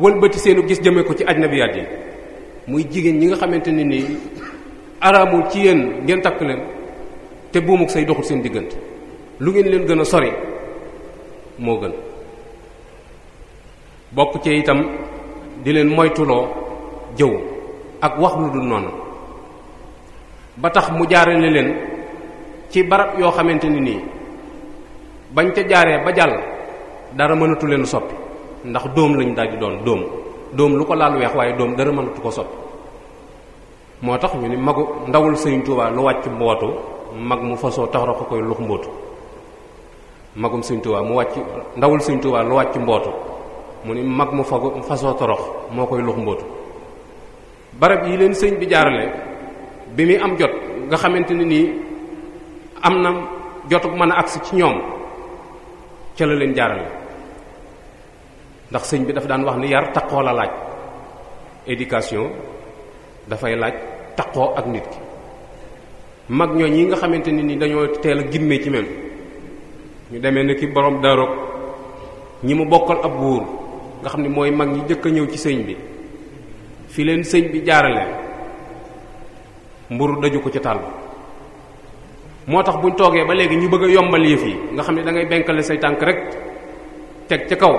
Speaker 2: wëlbati seenu gis jëmee ko ci ajnabiyaat yi muy jigéen ñi nga xamante ne nii araamul ci yéen ngeen takk leen te buumuk say doxul seen diggante lu ngeen leen gën a sori moo gën bokk ci itam di leen moytuloo jëw ak wax lu dul noonu ba tax mu jaarale leen ci barab yoo xamante ni nii bañ ca jaaree ba jàll dara mënatu leen soppi ndax dóom lañ daldi doon dóom dóom lu ko laal weex waaye dóom dara mënatu ko soppi moo tax ñu ni magu ndawul sëñ wàcc mbootu mag mu fasoo taxara ko koy mbootu magum sëñ mu wàcc ndawul sëñ Tuubaa lu wàcc mbootu mu ni mag mu fasoo torox moo koy lux mbootu barab yi leen sëñ bi jaarale bi muy am jot nga xamante ne nii am na jotuk mën a agsi ci ñoom ca la leen jaarale ndax sëñ bi dafa daan wax ni yar taqoo la laaj éducation dafay laaj taqoo ak nit ki mag ñoo yi nga xamante ne nii dañoo teel a gimmee ci mel ñu demee ni ki borom daaroog ñi mu bokkal ab wóor nga xam ne mooy mag ñi jëkk a ñëw ci sëñ bi fi leen sëñ bi jaarale mburu daju ko ca taal moo tax buñ toogee ba léegi ñu bëgg yombal yëf yi nga xam ne da ngay benkale say tànk rek teg ca kaw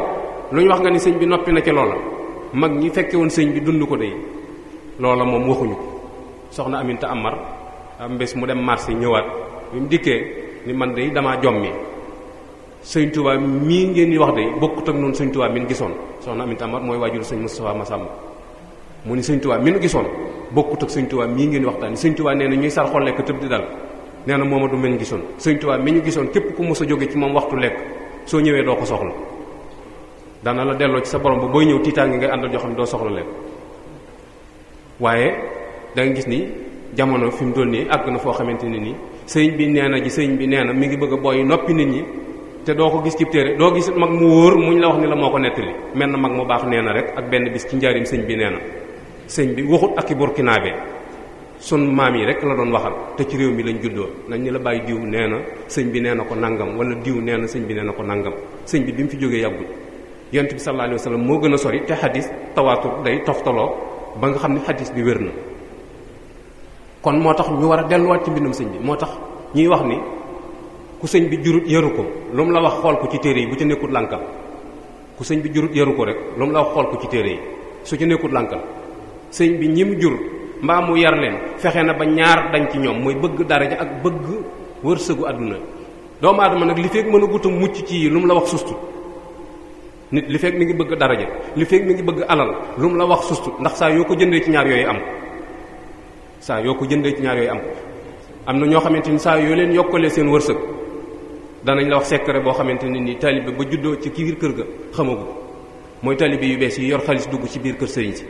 Speaker 2: lu ñu wax nga ni sëñ bi noppi na ci loola mag ñi fekke woon sëñ bi dund ko de day loola moom waxuñu ko soxna Aminta Amar am bés mu dem marché ñëwaat bi mu dikkee ni man dey damaa jommi sëñ Tuubaa mii ngeen di wax de bokkut ak noonu sëñ Tuubaa min gisoon soxna Aminta Amar mooy waajur sëñ ma Massamba mu ni sëñ Tuubaa mi nu gisoon bokkut ak sëñ Tuubaa mii ngeen waxtaan sëñ Tuubaa nee na ñuy sar xol lekk tëb di dal na mooma du men gisoon sëñ Tuubaa mi ñu gisoon képp ku mos a jóge ci moom waxtu lekk soo ñëwee doo ko soxla dana la delloo ci sa borom ba booy ñëw tiitaange ngay àndal joo xam ne doo soxla lekk waaye da gis ni jamono fi mu doon nii àgg na foo xamante ne nii sëñ bi nee na ji sëñ bi nee na mi ngi bëgg a booy noppi nit ñi te doo ko gis ci téere doo gis mag mu wóor muñ la wax ni la moo ko nettali mel na mag mu nee na rek ak benn bis njaarim sëñ bi nee na sëñ bi waxut ak i burkinaabe sun maam yi rek la doon waxal te ci réew mi lañ juddoo nañ ni la bàyyi diw nee na sëñ bi nee na ko nangam wala diw nee na sëñ bi nee na ko nangam sëñ bi bi mu fi jógee yàggul yant bi sallallahu alayhi wa moo gën a sori te xadis tawaatur day toftaloo ba nga xam ne xadis bi wér na kon moo tax ñu war a delluwaat ci mbindum sëñ bi moo tax ñuy wax ni ku sëñ bi jurut yaru ko lu mu la wax xool ko ci téere yi bu ci nekkul lànkal ku sëñ bi jurut yaru ko rek lu mu la wax xool ci téere yi su ci nekkul sëñ bi ñi mu jur mbaa mu yar leen fexe na ba ñaar dañ ci ñoom mooy bëgg daraja ak bëgg wërsëgu àdduna doomu aadama nag li fekk mën a guta mucc ci lu mu la wax sustu nit li fekk mi ngi bëgg daraja li fekk mi ngi bëgg alal lu mu la wax sustu ndax saa yoo ko jëndee ci ñaar yooyu am saa yoo ko jëndee ci ñaar yooyu am am na ñoo xamante ni saa yoo leen yokkalee seen wërsëg danañ la wax secret boo xamante ne ni taalibe ba juddoo ci biir kër ga xamagu mooy taalibe yu bees yi yor xaalis dugg ci biir kër sëriñ si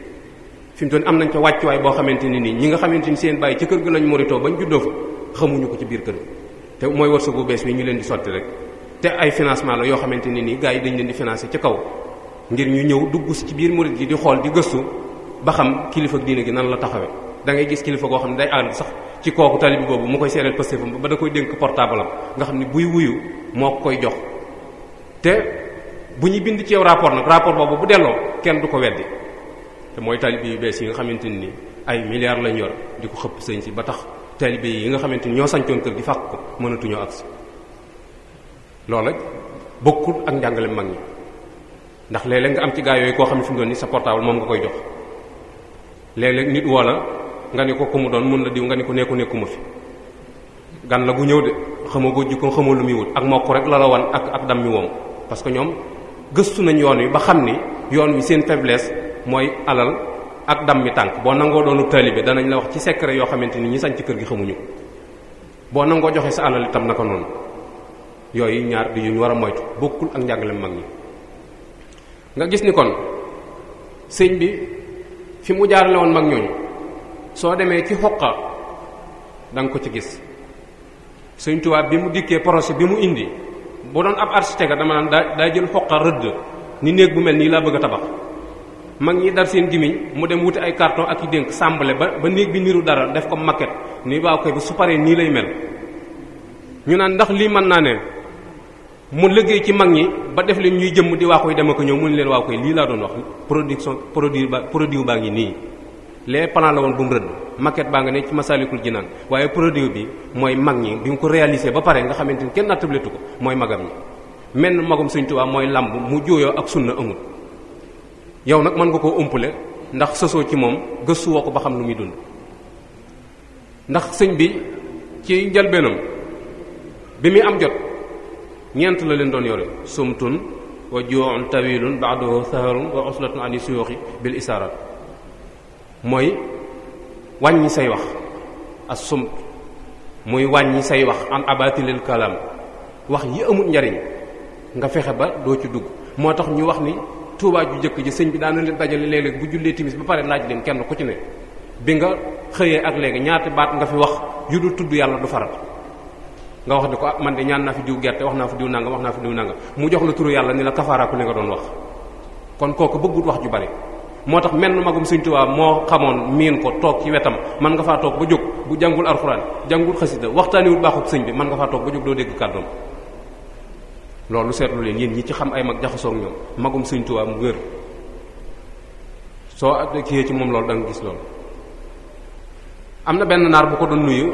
Speaker 2: fi mu toon am nañ ca wàccuwaay boo xamante ne nii ñi nga xamante ni seen bàyyi ca kër gi lañ moritoo bañ juddoo fa xamuñu ko ci biir kër te mooy wërsëg bu bees bi ñu leen di sotti rek te ay financement la yoo xamante ni nii gars yi dañ leen di financé ca kaw ngir ñu ñëw dugg ci biir murit gi di xool di gëstu ba xam kilifa diine gi nan la taxawee da ngay gis kilifa goo xam ne day ànd sax ci kooku talibi boobu mu koy seeral pastéfam ba da koy dénk portable am nga xam ne buy wuyu moo ko koy jox te bu ñuy bind ci rapport nag rapport boobu bu delloo kenn du ko weddi te mooy taalibe yu bees yi nga xamante ni ay milliards lañ yor di ko xëpp sëñ si ba tax taalibe yi nga xamante ni ñoo sancoon kër gi fàq ko mënatuñoo agsi loola bokkul ak njàngale mag ñi ndax léeg-léeg nga am ci gaa yooyu koo xam ne fi mu ni sa portable moom nga koy jox léeg nit woo la nga ne ko ku mu doon mun na diw nga ne ko nekku nekkuma fi gan la gu ñëw de xamagoo jikko xamoo lu muy wut ak mokk rek la la wan ak ak dam mi woom parce que ñoom gëstu nañ yoon wi ba xam ni yoon wi seen faiblesse mooy alal ak dam mi tànk boo nangoo doonu taalibe danañ la wax ci secret yoo xamante ni ñi sañ ci kër gi xamuñu ko boo nangoo joxee sa alal itam ko noonu yooyu ñaar di yuñ war a moytu bokkul ak njàngalem mag ñi nga gis ni kon sëñ bi fi mu jaarale woon mag ñooñu soo demee ci xoqa danga ko ci gis sëñ Tuubaa bi mu dikkee projet bi mu indi bu doon ab architecte dama naan daa daa jël xoqa rëdd ni néeg bu mel nii laa bëgg a tabax mag ñi dar seen gimiñ mu dem wuti ay carton ak yi dénk sàmbale ba ba néeg bi niru dara def ko maquette ni waaw koy ba su paree nii lay mel ñu naan ndax lii mën naa ne mu liggéey ci mag ñi ba def leen ñuy jëmm di waa koy dem ko ñëw mu ne leen waa koy lii laa doon wax production produit ba produit baa ngi nii les plans la woon bu mu rëdd maquette baa ngi ne ci ma Masaalikul Jinaan waaye produit bi mooy mag ñi bi mu ko réalisé ba pare nga xamante ni kenn nattabletu ko mooy magam ñi menn magum Sëñ Tuubaa mooy lamb mu jooyoo ak sunna amul yow nag mën nga koo umpule ndax sosoo ci moom gëstuwoo ko ba xam lu muy dund ndax sëñ bi ci njëlbeenam bi muy am jot ñeent la leen doon yore sumtun wa ju'un tawilun ba'dahu saharun wa uslatun ani suyuxi bil isarat mooy wàññi say wax as sumt muy wàññi say wax an abatilil kalam wax yi amul njariñ nga fexe ba doo ci dugg moo tax ñu wax ni tuubaa ju jëkk ji sëñ bi daana leen dajale léeg-léeg bu jullee timis ba pare laaj leen kenn ku ci ne bi nga xëyee ak léegi ñaati baat nga fi wax yu dul tudd yàlla du farat nga wax ne ko ah, man de ñaan naa fi diw gerte wax naa fi diw nangam wax naa fi diw nangam mu jox la turu yàlla ni la kafaaraaku li nga doon wax kon kooku bëggut wax ju bari moo tax menn magum sëñ Tuubaa moo xamoon miin ko toog ci wetam man nga faa toog ba jóg bu jàngul alxuraan jàngul xasida waxtaaniwul baaxut sëñ bi man nga faa toog ba jóg doo loolu seetlu leen yéen ñi ci xam ay mag jaxasoog ñoom magum sëñ Tuubaa mu wér soo kiyee ci moom loolu da gis loolu am na benn naar bu ko doon nuyu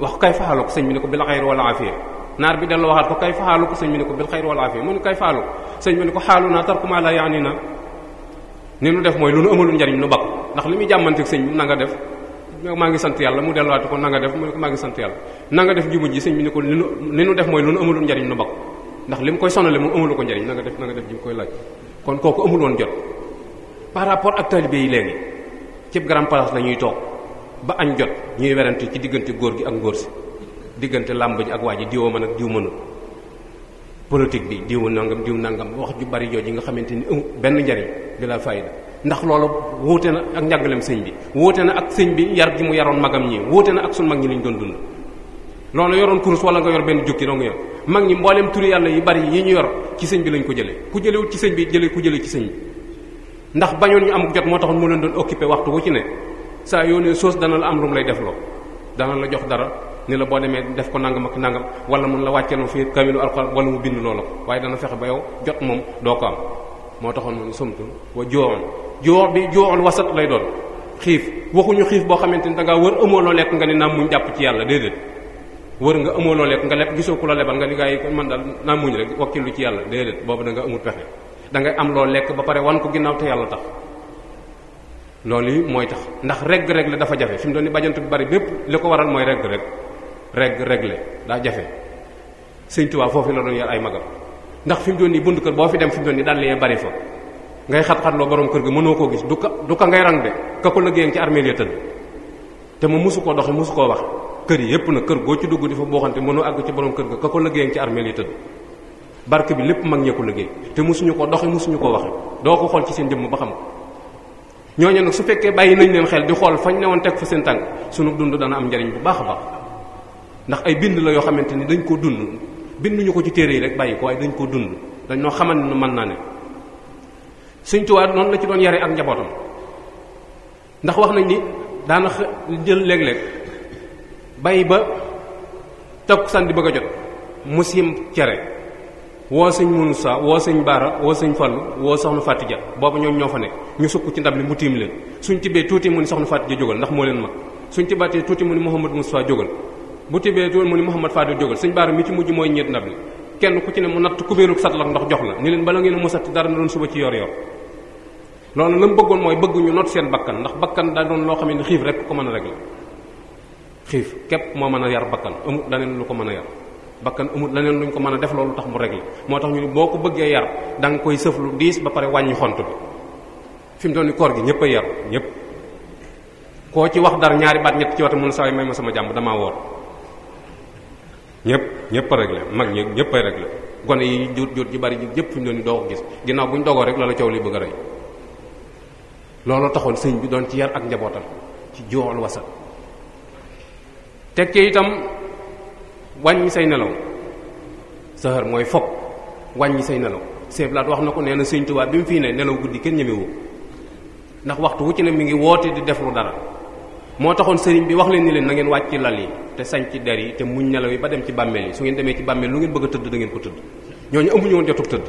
Speaker 2: wax ko kay faxalu ko sëñ bi ne ko bil xayr wal afiya naar bi dellu ko kay faxalu sëñ bi ne ko mu ne kay faxalu sëñ bi ne ko xaalu naa tarku maa laa yaani na ni nu def mooy lu nu amalul njariñ nu bakku ndax li muy jàmmanteeg sëñ bi na nga def maa ngi sant yàlla mu delluwaat ko na nga def mu ne ko maa ngi sant yàlla na nga def ju mujj sëñ bi ne ko li nu def mooy lu nu njariñ nu bakku ndax li mu koy sonale moom amulu ko njëriñ na nga def na nga def ji mu koy laaj kon kooku amuloon jot par rapport ak taalibe yi léegi cib grand place la toog ba añ jot ñuy werante ci diggante góor gi ak ngóor si diggante làmb ji ak waa ji diwoo mën ak diw mënul politique bi diw nangam diw nangam wax ju bari yi nga xamante ni amul benn njariñ bi laa fayda ndax loolu wuute na ak njàngalem sëñ bi wuute na ak sëñ bi yar gi mu yaroon magam ñi na ak sunu mag ñi lañ doon dund loolu yoroon kurus wala nga yor benn jukki doo nga yor mag ñi mbooleem turi yàlla yu bari yi ñu yor ci sëñ bi lañ ko jëlee ku jëlewut ci sëñ bi jële ku jële ci sëñ bi ndax bañoon ñu amuk jot moo taxoon mu leen doon occupé waxtu wu ci ne saa yoo ne soos dana la am mu lay def loo dana la jox dara ni la boo demee def ko nangam ak nangam wala mun la wàcceel fi kamilu alxuraan wala mu bind loola ko waaye dana fexe ba yow jot moom doo ko am moo taxoon mu ne somtul wa jooxoon joox bi jooxul wasat lay doon xiif waxuñu xiif boo xamante ni da ngaa lekk nga ni naam muñ jàpp ci yàlla déedéet wër nga amoo loo leb nga leb gisoo ku la lebal nga ni gars yi kon man daal naa muñ rek wakkilu ci yàlla déedéet boobu da nga amul pexe da ngay am loo lekk ba pare wan ko ginnaaw te yàlla tax loolu yi mooy tax ndax regg regle dafa jafe fi mu doon ni bajant bu bari bépp li ko waral mooy regg rek regg regle daa jafe sëñ Tuubaa foofu la doon yar ay magam ndax fi mu doon yi bunt kër boo fi dem fi mu doon nii daal lee bari fa ngay xat-xatloo borom kër gi mënoo koo gis du ka du ka ngay rang de ka ko liggéeyee ci armée li tëdd te mu mosu koo doxe mosu koo wax kër yi yépp na kër goo ci dugg di fa booxante mënoo àgg ci borom kër ga ko ko liggéey ci armeel yi tëdd barke bi lépp mag ñee ko liggéey te mosuñu ko doxe mosuñu ko waxe doo ko xool ci seen jëmm ba xam ko ñooñu nag su fekkee bàyyi nañ leen xel di xool fañ ne woon teg fa seen tànk sunu dund dana am njariñ bu baax a baax ndax ay bind la yoo xamante ni dañ koo dund binduñu ko ci téere yi rek bàyyi ko waaye dañ koo dund dañ noo xaman nu mën naa ne Sëñ Tuubaa noonu la ci doon yare ak njabootam ndax wax nañ ni daana jël léeg bay ba takkusaan di bëgg a jot mu siim cere woo sëñ Musaa woo sëñ Baara woo sëñ Fallu woo soxna Faati Ja boobu ñoom ñoo fa ne ñu sukk ci ndab li mu tiim leen suñu tibbee tuuti mu ni soxna Faati Ja jógal ndax moo leen mag suñ tibbaatee tuuti mu ni Muhammad Musaa jógal bu tibbee tuuti mu ni Muhammad Faati jógal sëñ Baara mi ci mujj mooy ñeet ndab li kenn ku ci ne mu natt kubéeruk satlak ndox jox la ni leen bala ngeen mu satti dara na doon suba ci yor yor loolu la bëggoon mooy bëgguñu not seen bakkan ndax bakkan daa doon loo xam ne rek ko mën a xiif képp moo mën a yar bakkan amut leneen lu ko mën a yar bakkan amut lu ñu ko mën a def loolu tax mu réglé moo tax ñu ne boo ko bëggee yar da koy sëflu lu diis ba pare wàññi xont bi fi mu doon ni koor gi ñëpp a yar ñëpp koo ci wax dara ñaari baat ñett ci wata mun saa may ma sama jàmm damaa woor ñëpp ñëpp a mag ñi ñëpp a réglé gone yi jur jur ji bari ji ñëpp fi mu doon ni doo ko gis ginnaaw bu ñu dogoo rek lala coow li bëgg a rey loolu taxoon sëñ bi doon ci yar ak njabootam ci jool wasat teg ci itam wàññi say nelaw sahar mooy foog wàññi say nelaw seeblaat wax na ko nee na sëñ Tuubaa bi mu fii ne nelaw guddi kenn ñemewu ndax waxtu wu ci ne mi ngi woote di def lu dara moo taxoon sëriñ bi wax leen ni leen na ngeen wàcc ci lal yi te sañ ci der yi te muñ nelaw yi ba dem ci bàmmeel yi su ngeen demee ci bàmmeel lu ngeen bëgg a tëdd da ngeen ko tëdd ñooñu amuñu woon jotub tëdd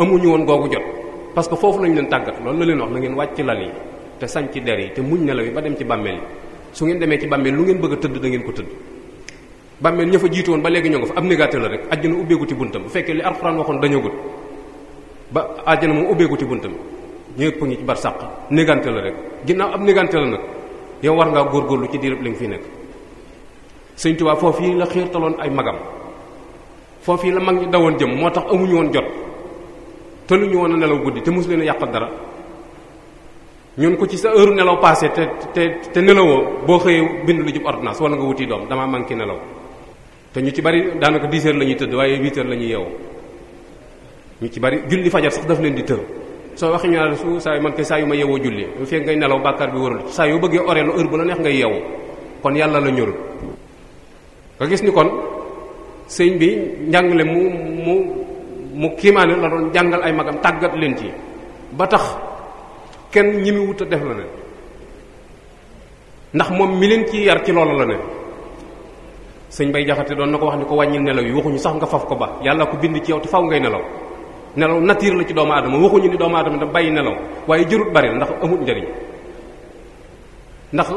Speaker 2: amuñu woon googu jot parce que foofu lañu leen tàggat loolu la leen wax na ngeen wàcc ci lal te sañ ci der yi te muñ nelaw yi ba dem ci bàmmeel su ngeen demee ci bàmmeel lu ngeen bëgg a tëdd da ko tëdd bàmmeel ña fa jiitu woon ba léegi ñoo nga fa ab négateur la rek àjjana ubbeeku ci buntam bu fekkee li alxuraan waxoon dañoogut ba àjjana mu ubbeeku ci buntam ñëpp ngi ci bar sàq négante la rek ginnaaw ab négante la nag yow war ngaa góorgóorlu ci diirëb li nga fi nekk sëñ Tuubaa foofu yi la xiirtaloon ay magam foofu yi la mag ñi dawoon jëm moo tax amuñu woon jot te luñu woon a nelaw guddi te mosu leen dara ñun ko ci sa heure nelaw passé te te te nelawoo boo xëyee bind lu jub ordonnance wala nga wuti doom damaa manqué nelaw te ñu ci bari daanaka 10 heures la ñuy tëdd waaye 8 heures la ñuy yeewu ñu ci bari julli fajar sax daf leen di tër soo waxee ñu naan su saa yu man kay saa yu ma yeewoo julli bu fekkee ngay nelaw bàkkaar bi warul saa yoo bëggee oree la heure bu la neex ngay yeewu kon yàlla la ñorul nga gis ni kon sëñ bi njàngale mu mu mu kiimaane la doon jàngal ay magam tàggat leen ci ba kenn ñi mu wut a def la ne ndax moom mi leen ci yar ci loolu la ne sëñ bay jaxate doon na ko wax ni ko wàññil nelaw yi waxuñu sax nga faf ko ba yàlla ko bind ci yow te faw ngay nelaw nelaw nature la ci doomu adama waxuñu ni doomu aadama da bàyyi nelaw waaye jërut bari ndax amul njariñ ndax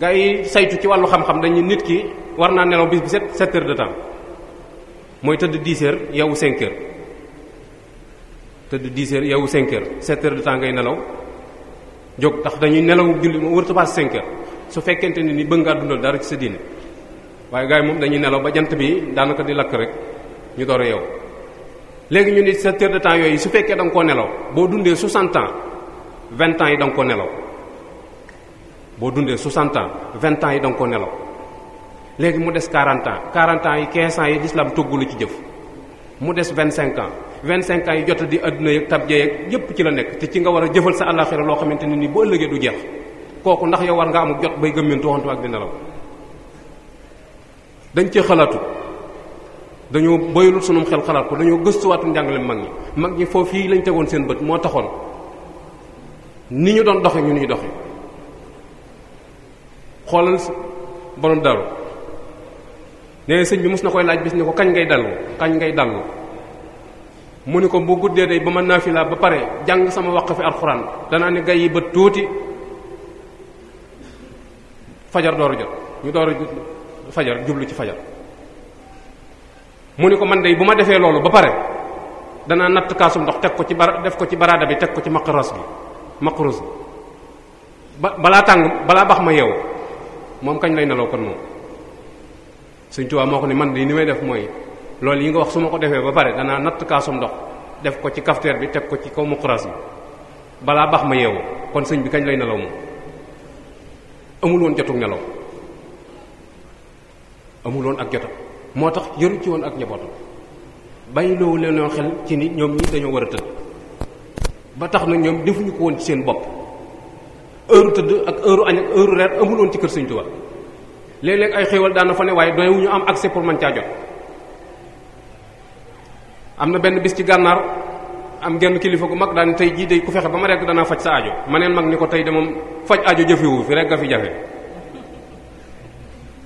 Speaker 2: gars yi saytu ci wàllu xam-xam dañu nit ki war naa nelaw bis bi set sept de temps mooy tëdd dix heures yow cinq heures tëdd dix yow cinq heures de temps ngay nelaw jóg tax dañuy nelaw julli ma wërta paas 5 su fekkente ne ni bëgg ngaa dundal dara ci sa diine waaye gars moom dañuy nelaw ba jant bi daanaka di lakk rek ñu door a yow léegi ñu ni sept heures de temps yooyu su fekkee da koo nelaw boo dundee 60 ans 20 ans yi da nga koo nelaw boo dundee 60 ans 20 ans yi da nga nelaw léegi mu des 40 ans 40 ans yi 15 ans yi l'islam toggulu ci jëf mu des 25 ans 25 ans yi jot di adduna yeeg tab jeeg yépp ci la nekk te ci nga war a jëfal sa àllaxira loo xamante ne nii bu ëllëgee du jeex kooku ndax yow war nga am jot bay gëmmentu waxantu ak di nelaw dañ cee xalaatu dañoo boyulul sunum xel xalaat ko dañoo gëstuwaatu njàngale mag ñi mag ñi foofu yi lañ tegoon seen bët moo taxoon ni ñu doon doxe ñu ñuy doxe xoolal borom daru nee sëñ bi mos na koy laaj bis ne ko kañ ngay dallu kañ ngay dallu mu ni ko bu guddee day ba ma naafila ba pare jàng sama waq fi alxuraan danaa ne gay yi ba tuuti fajar door a jot ñu door a fajar jublu ci fajar mu ni ko man de bu ma defee loolu ba pare danaa natt kaasum ndox teg ko ci def ko ci baraada bi teg ko ci maqaras bi maqaras bi ba balaa tàng balaa bax ma yeewu moom kañ lay nelaw kon moom Sëriñ Tuubaa moo ko ni man de ni may def mooy loolu yi nga wax su ko defee ba pare danaa natt kaasum ndox def ko ci kafteer bi teg ko ci kaw muqras bi balaa baax ma yeewu kon sëñ bi kañ lay nelaw moom amuloon woon jotug nelaw amul ak jotam moo tax yëru ci woon ak njabootam bàyyi loowu leenoo xel ci ni ñoom ñi dañoo war a tëdd ba tax na ñoom defuñu ko woon ci seen bopp heure tëdd ak heure añ ak heure reer amul ci kër sëñ Tuubaa léeg-léeg ay xéewal daana fa ne waaye doy wuñu am ak pour mën caa jot am na benn bis ci gànnaar am genn kilifa gu mag daan tey jii de ku fexe ba ma rekk danaa faj sa aajo ma neen mag ni ko tey de faj aajo jëfewu fi rek nga fi jafe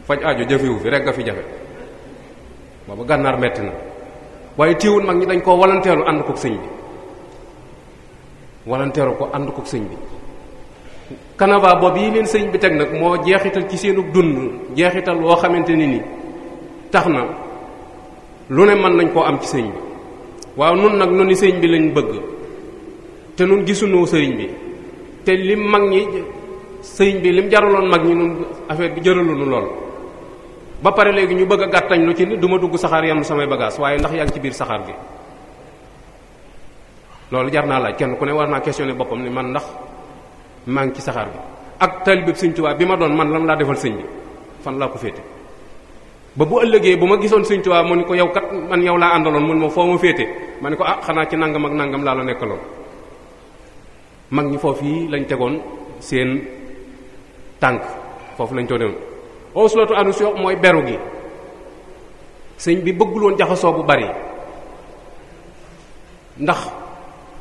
Speaker 2: faj aajo jëfewu fi rek nga fi jafe booba gànnaar metti na waaye téewul mag ñi dañ koo walanteelu ànd kook sëñ bi walanteelu ko ànd kook sëñ bi kanava boobu yi leen sëñ bi teg nag moo jeexital ci seenu dund jeexital woo xamante ni nii tax na lu ne mën nañ koo am ci sëñ bi waaw nun nag nu ni bi lañu bëgg te nun gisunoo sëriñ bi te lim mag ñi sëriñ bi lim jaraloon mag ñi nun affaire bi jaralunu lool ba pare léegi ñu bëgg a gàttañ lu ci ni duma dugg saxaar yam samay bagage waaye ndax yàgg ci biir saxaar gi loolu jar naa laaj kenn ku ne war naa questionner boppam ni man ndax maa ngi ci saxaar gi ak talibeb sëñ Tuubaa bi ma doon man lan laa defal sëñ bi fan laa ko féete ba bu ëllëgee bu ma gisoon Sëriñ Tuubaa mu ni ko yow kat man yow laa àndaloon mun ma foo ma féete ma ne ko ah xanaa ci nangam ak nangam laa la nekkaloon mag ñi foofu yi lañ tegoon seen tànk foofu lañ toonewoon auslatu anusio mooy beru gi sëñ bi bëggul woon jaxasoo bu bari ndax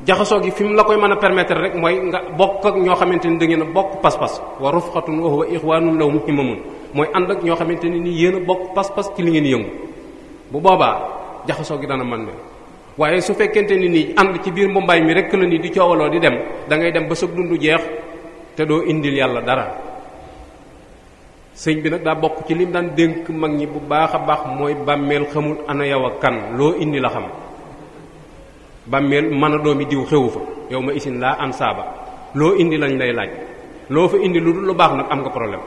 Speaker 2: jaxasoo gi fi mu la koy mën a permettre rek mooy nga bokk ak ñoo xamante ni da ngeen a bokk pas-pas wa rufqatun wa huwa ixwanun law muhimamun mooy ànd ak ñoo xamante ne ni yéen a bokk pas-pas ci li ngeen yëngu bu boobaa jaxasoo gi dana mën ne waaye su fekkente ni nii ànd ci biir mbumbaay mi rekk la ni di coowaloo di dem dangay dem ba sa dund jeex te doo indil yàlla dara sëñ bi nag daa bokk ci lim daan dénk mag ñi bu baax a baax mooy bàmmeel xamul ana yow a kan loo indi la xam bàmmeel mën a doomi diw xewu fa yow ma isin laa an saaba loo indi lañ lay laaj loo fa indi lu dul lu baax nag am nga problème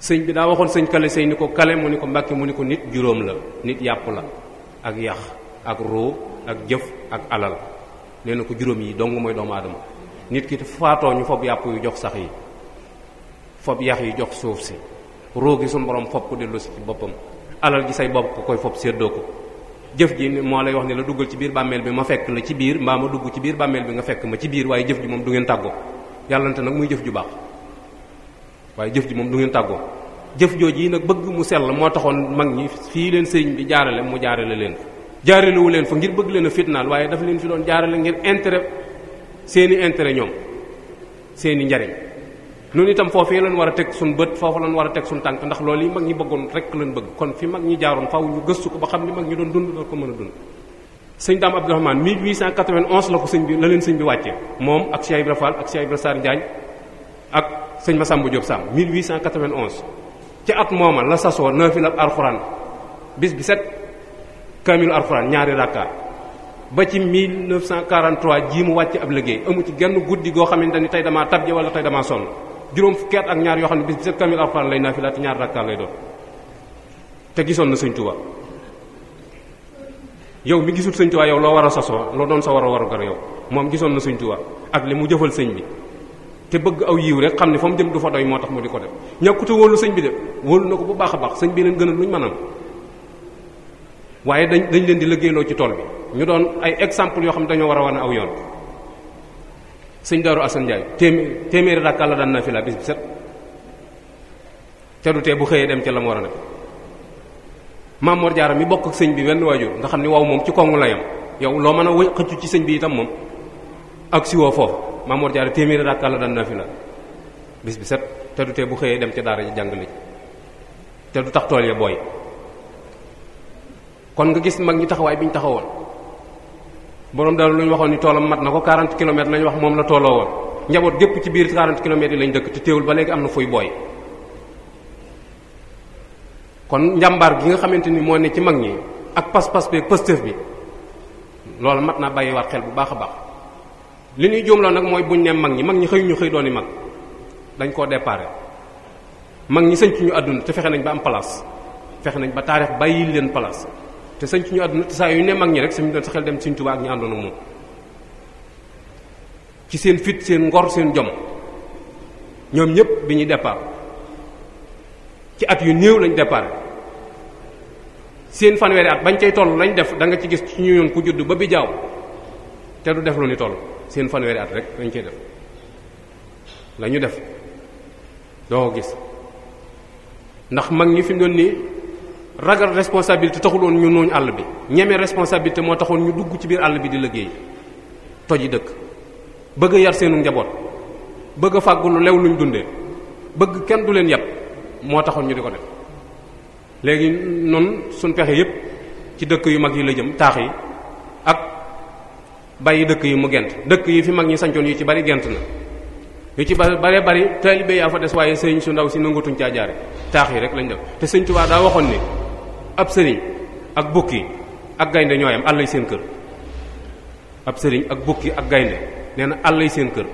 Speaker 2: sëñ bi daa waxoon sëñ kale sëñ ni ko kale mu ni ko mbàkke mu ni ko nit juróom la nit yàpp la ak yax ak ruu ak jëf ak alal nee na ko juróom yi dong mooy doomu aadama nit ki faatoo ñu fob yàpp yu jox sax yi fob yax yi jox suuf si ruu gi suñu borom fob ko si ci boppam alal gi say bopp ko koy fob séddoo ko jëf ji moo lay wax ne la duggal ci biir bàmmeel bi ma fekk la ci biir mbaa ma dugg ci biir bàmmeel bi nga fekk ma ci biir waaye jëf ji moom du ngeen tàggoo yàllante nag muy jëf ju baax waaye jëf ji moom du ngeen tàggoo jëf jooju yi nag bëgg mu sell moo taxoon mag ñi fii leen sëñ bi jaarale mu jaarale leen ko leen fa ngir bëgg leen a fitnaal waaye daf leen fi doon jaarale ngir intérêt seeni intérêt ñoom seeni njariñ noonu itam foofu yi leen war a teg suñu bët foofu leen war a teg suñ tànk ndax loolu yi mag ñi bëggoon rek leen bëgg kon fi mag ñi jaaroon faaw ñu gëstu ko ba xam ni mag ñi doon dund door ko mën a dund sëñ Daam Abdourahmane 1891 la ko sëñ bi la leen sëñ bi wàccee moom ak Cheikh Ibra Fall ak Cheikh ak sëñ Massamba Diop Samb 1891 ci at mooma la sasoo naafila alxuraan bis bi set kaamilu alxuraan ñaari rakka ba ci 1943 jii mu wàcc ab liggéey amu ci genn guddi goo xamante ni tey damaa tabje wala tey damaa sonn juróom fukki ak ñaar yoo xam ne bis bi set kaamilu alxuraan lay naafila te ñaari rakka lay doon te gisoon na sëñ Tuubaa yow mi gisul sëñ Tuubaa yow loo war a sasoo loo doon sa war a warugar yow moom gisoon na sëñ Tuubaa ak li mu jëfal sëñ bi te bëgg aw yiw rek xam ne fa mu jëm du fa doy moo tax mu di ko def ñàkkute wóolu sëñ bi de wóolu na ko bu baax a baax sëñ bi leen gën a luñ mën am waaye dañ dañ leen di liggéeyloo ci tool bi ñu doon ay exemple yoo xam ne dañoo war a wane aw yoon sëñ Daaru Asan Njaay téeméer téeméeri rakka la na fi la set te bu xëyee dem ca la war a def Maam Jaara mi bokk ak sëñ bi benn waajur nga xam ne waaw moom ci kongu la yam yow loo mën a wëy xëccu ci sëñ bi itam moom ak si woo foofu Maamoor Jaara téeméeri rakka la daan naafila bis bi set te du tee bu xëyee dem ca daara ji jàngale ji te du tax tool ya booy kon nga gis mag ñi taxawaay bi ñu taxawoon borom daal lu ñu waxoon ni toolam mat na ko 40 kilomètres lañu wax moom la tooloo woon njaboot gépp ci biir 40 kilomètres yi lañ dëkk te teewul ba léegi am na fuy booy kon njàmbaar gi nga xamante ni moo ne ci mag ñi ak pas-pas beeg pëstëf bi loolu mat naa bàyyiwaat xel bu baax a baax li ñuy juumloo nag mooy buñ ne mag ñi mag ñi xëy ñu xëy dooni mag dañ koo déparé mag ñi sëñ ci ñu àdduna te fexe nañ ba am place fexe nañ ba taarix bàyyi leen place te sëñ ci ñu àdduna te saa yu ne mag ñi rek suñu doon sa xel dem Sëñ Tuubaa ak ñu àndoon ak moom ci seen fit seen ngor seen jom ñoom ñëpp bi ñuy départ ci at yu néew lañ départ seen fanweeri at bañ cay toll lañ def da nga ci gis ci ñu yoon ku judd ba bi jaaw te du def lu ni seen fanweeri at rek lañ cey def la def doo ko gis ndax mag ñi fi mu doon nii ragal responsabilité taxuloon ñu nooñu àll bi ñeme responsabilité moo taxoon ñu dugg ci biir àll bi di liggéey yi dëkk bëgg a yar seenu njaboot bëgg a fàggu lew luñ dundee bëgg kenn du leen yàpp moo taxoon ñu di ko def léegi noonu suñ pexe yépp ci dëkk yu mag yi la jëm taax yi ak bàyyi dëkk yi mu gent dëkk yi fi mag ñi sancoon yi ci bari gent na yu ci baree bari taalibe yaa fa des waaye sëriñ su ndaw si nangutuñ caa jaare taax yi rek lañ def te sëriñ daa waxoon ni ab sëriñ ak bukki ak gaynde ñooyam àll yi seen kër ab sëriñ ak bukki ak gaynde nee na àll yi seen kër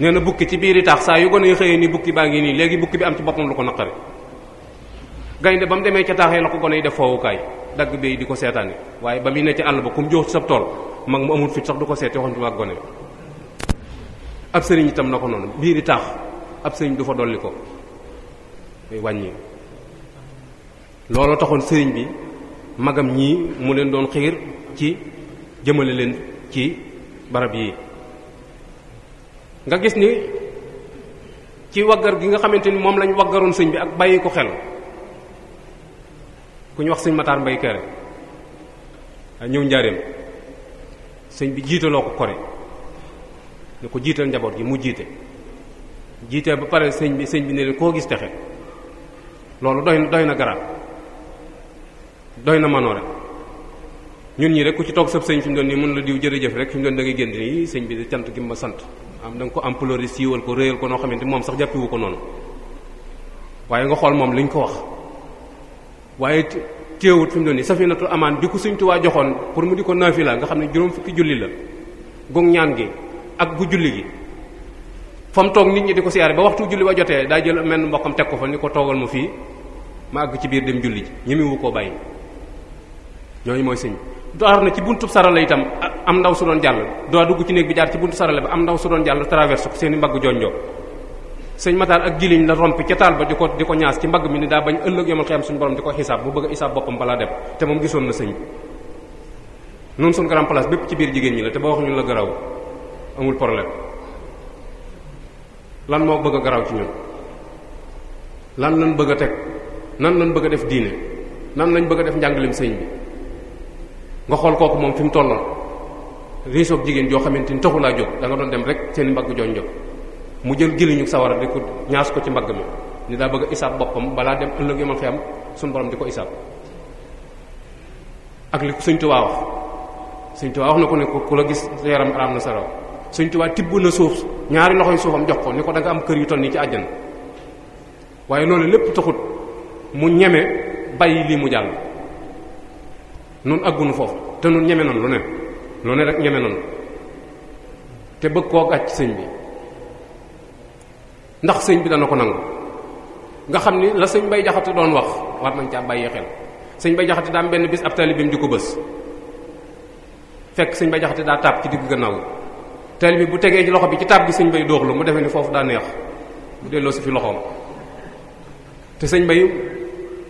Speaker 2: nee na bukki ci biiri taax saa yu gone xëyee ni bukki baa ngi nii léegi bukki bi am ci boppam lu ko naqari gaynde ba mu demee ca taaxee yi la ko gone yi def foowukaay dagg bi di ko seetaani waaye ba muy ne ci àll ba ku sa tool mag mu amul fit sax du ko seet waxantu ma ak gone ab sëriñ itam na ko noonu biir i taax ab sëriñ du fa dolli ko day wàññi looloo taxoon sëriñ bi magam ñii mu leen doon xiir ci jëmale leen ci barab yi nga gis ni ci waggar gi nga xamante ni moom lañu waggaroon sëñ bi ak bàyyi ko xel ku ñu wax sëñ Matar Mbay Kéré ñëw njaareem sëñ bi jiitaloo ko kori ne ko jiital njaboot gi mu jiite jiitee ba pare sëñ bi sëñ bi ne koo gis texe loolu doy na doy na garaat doy na manoore ñun ñi rek ku ci toog sab sëñ fi mu doon nii mën la diw jërëjëf rek fi mu doon da ngay génn nii sëñ bi cant gi ma sant am da nga ko amplori siiwal ko réyal ko noo xamante moom sax jàppiwu ko noonu waaye nga xool moom liñ ko wax waaye téewut fi mu doon nii safinatul amaan bi ko Sëriñ waa joxoon pour mu di ko naafila nga xam ne juróom fukki julli la gu ñaan gi ak gu julli gi fa toog nit ñi di ko siyaare ba waxtu julli ba jotee daa jël menn mbokkam teg ko fa ni ko toogal ma fii ma àgg ci biir dem julli ji ñemewu koo bàyyi ñooñu mooy sëñ door na ci buntu sarale itam am ndaw su doon jàll doo dugg ci néeg bi jaar ci buntu sarale ba am ndaw su doon jàll traversé ko seen i mbagg jonjoo sëñ mataar ak giliñ la rompi ca taal ba di ko di ko ñaas ci mbagg mi ni daa bañ ëllëg yomal xiyam suñu borom di ko xisaab bu bëgg a xisaab boppam balaa dem te moom gisoon na sëñ bi noonu suñ grand place bépp ci biir jigéen ñi la te boo wax ñun la garaw amul problème lan moo bëgg a garaw ci ñun lan lañ bëgg a teg nan lañ bëgg a def diine nan lañ bëgg a def njàngalem sëñ bi nga xool kooku moom fi mu tolloon riisoog jigéen joo xamante ni taxulaa jóg da nga doon dem rek seen mbagg jooñ jóg mu jël giliñu sawara di ko ñaas ko ci mbagg mi ni daa bëgg isaab boppam balaa dem ëllëg yomal xiyam suñu borom di ko isaab ak li Sëñ Tuubaa wax Sëñ Tuubaa wax na ko ne ko ku la gis yaram araam na saraw Sëñ Tuubaa tibb na suuf ñaari loxo loxoy suufam jox ko ni ko da am kër yu toll nii ci àjjana waaye loolu lépp taxut mu ñeme bàyyi lii mu jàll nun aggunu foofu te nun ñeme noonu lu ne lu ne rek ñeme noonu te bëgg koo gàcc sëñ bi ndax sëñ bi dana ko nangu nga xam ni la sëñ bay jaxate doon wax war nañ caa bàyyi xel sëñ bay jaxate daam benn bis ab taalibeem di ko bës fekk sëñ bay jaxate daa taab ci digg gannaaw taalibe bu tegee ci loxo bi ci taab gi sëñ bay dooxlu mu defee foofu daa neex mu delloo te sëñ bay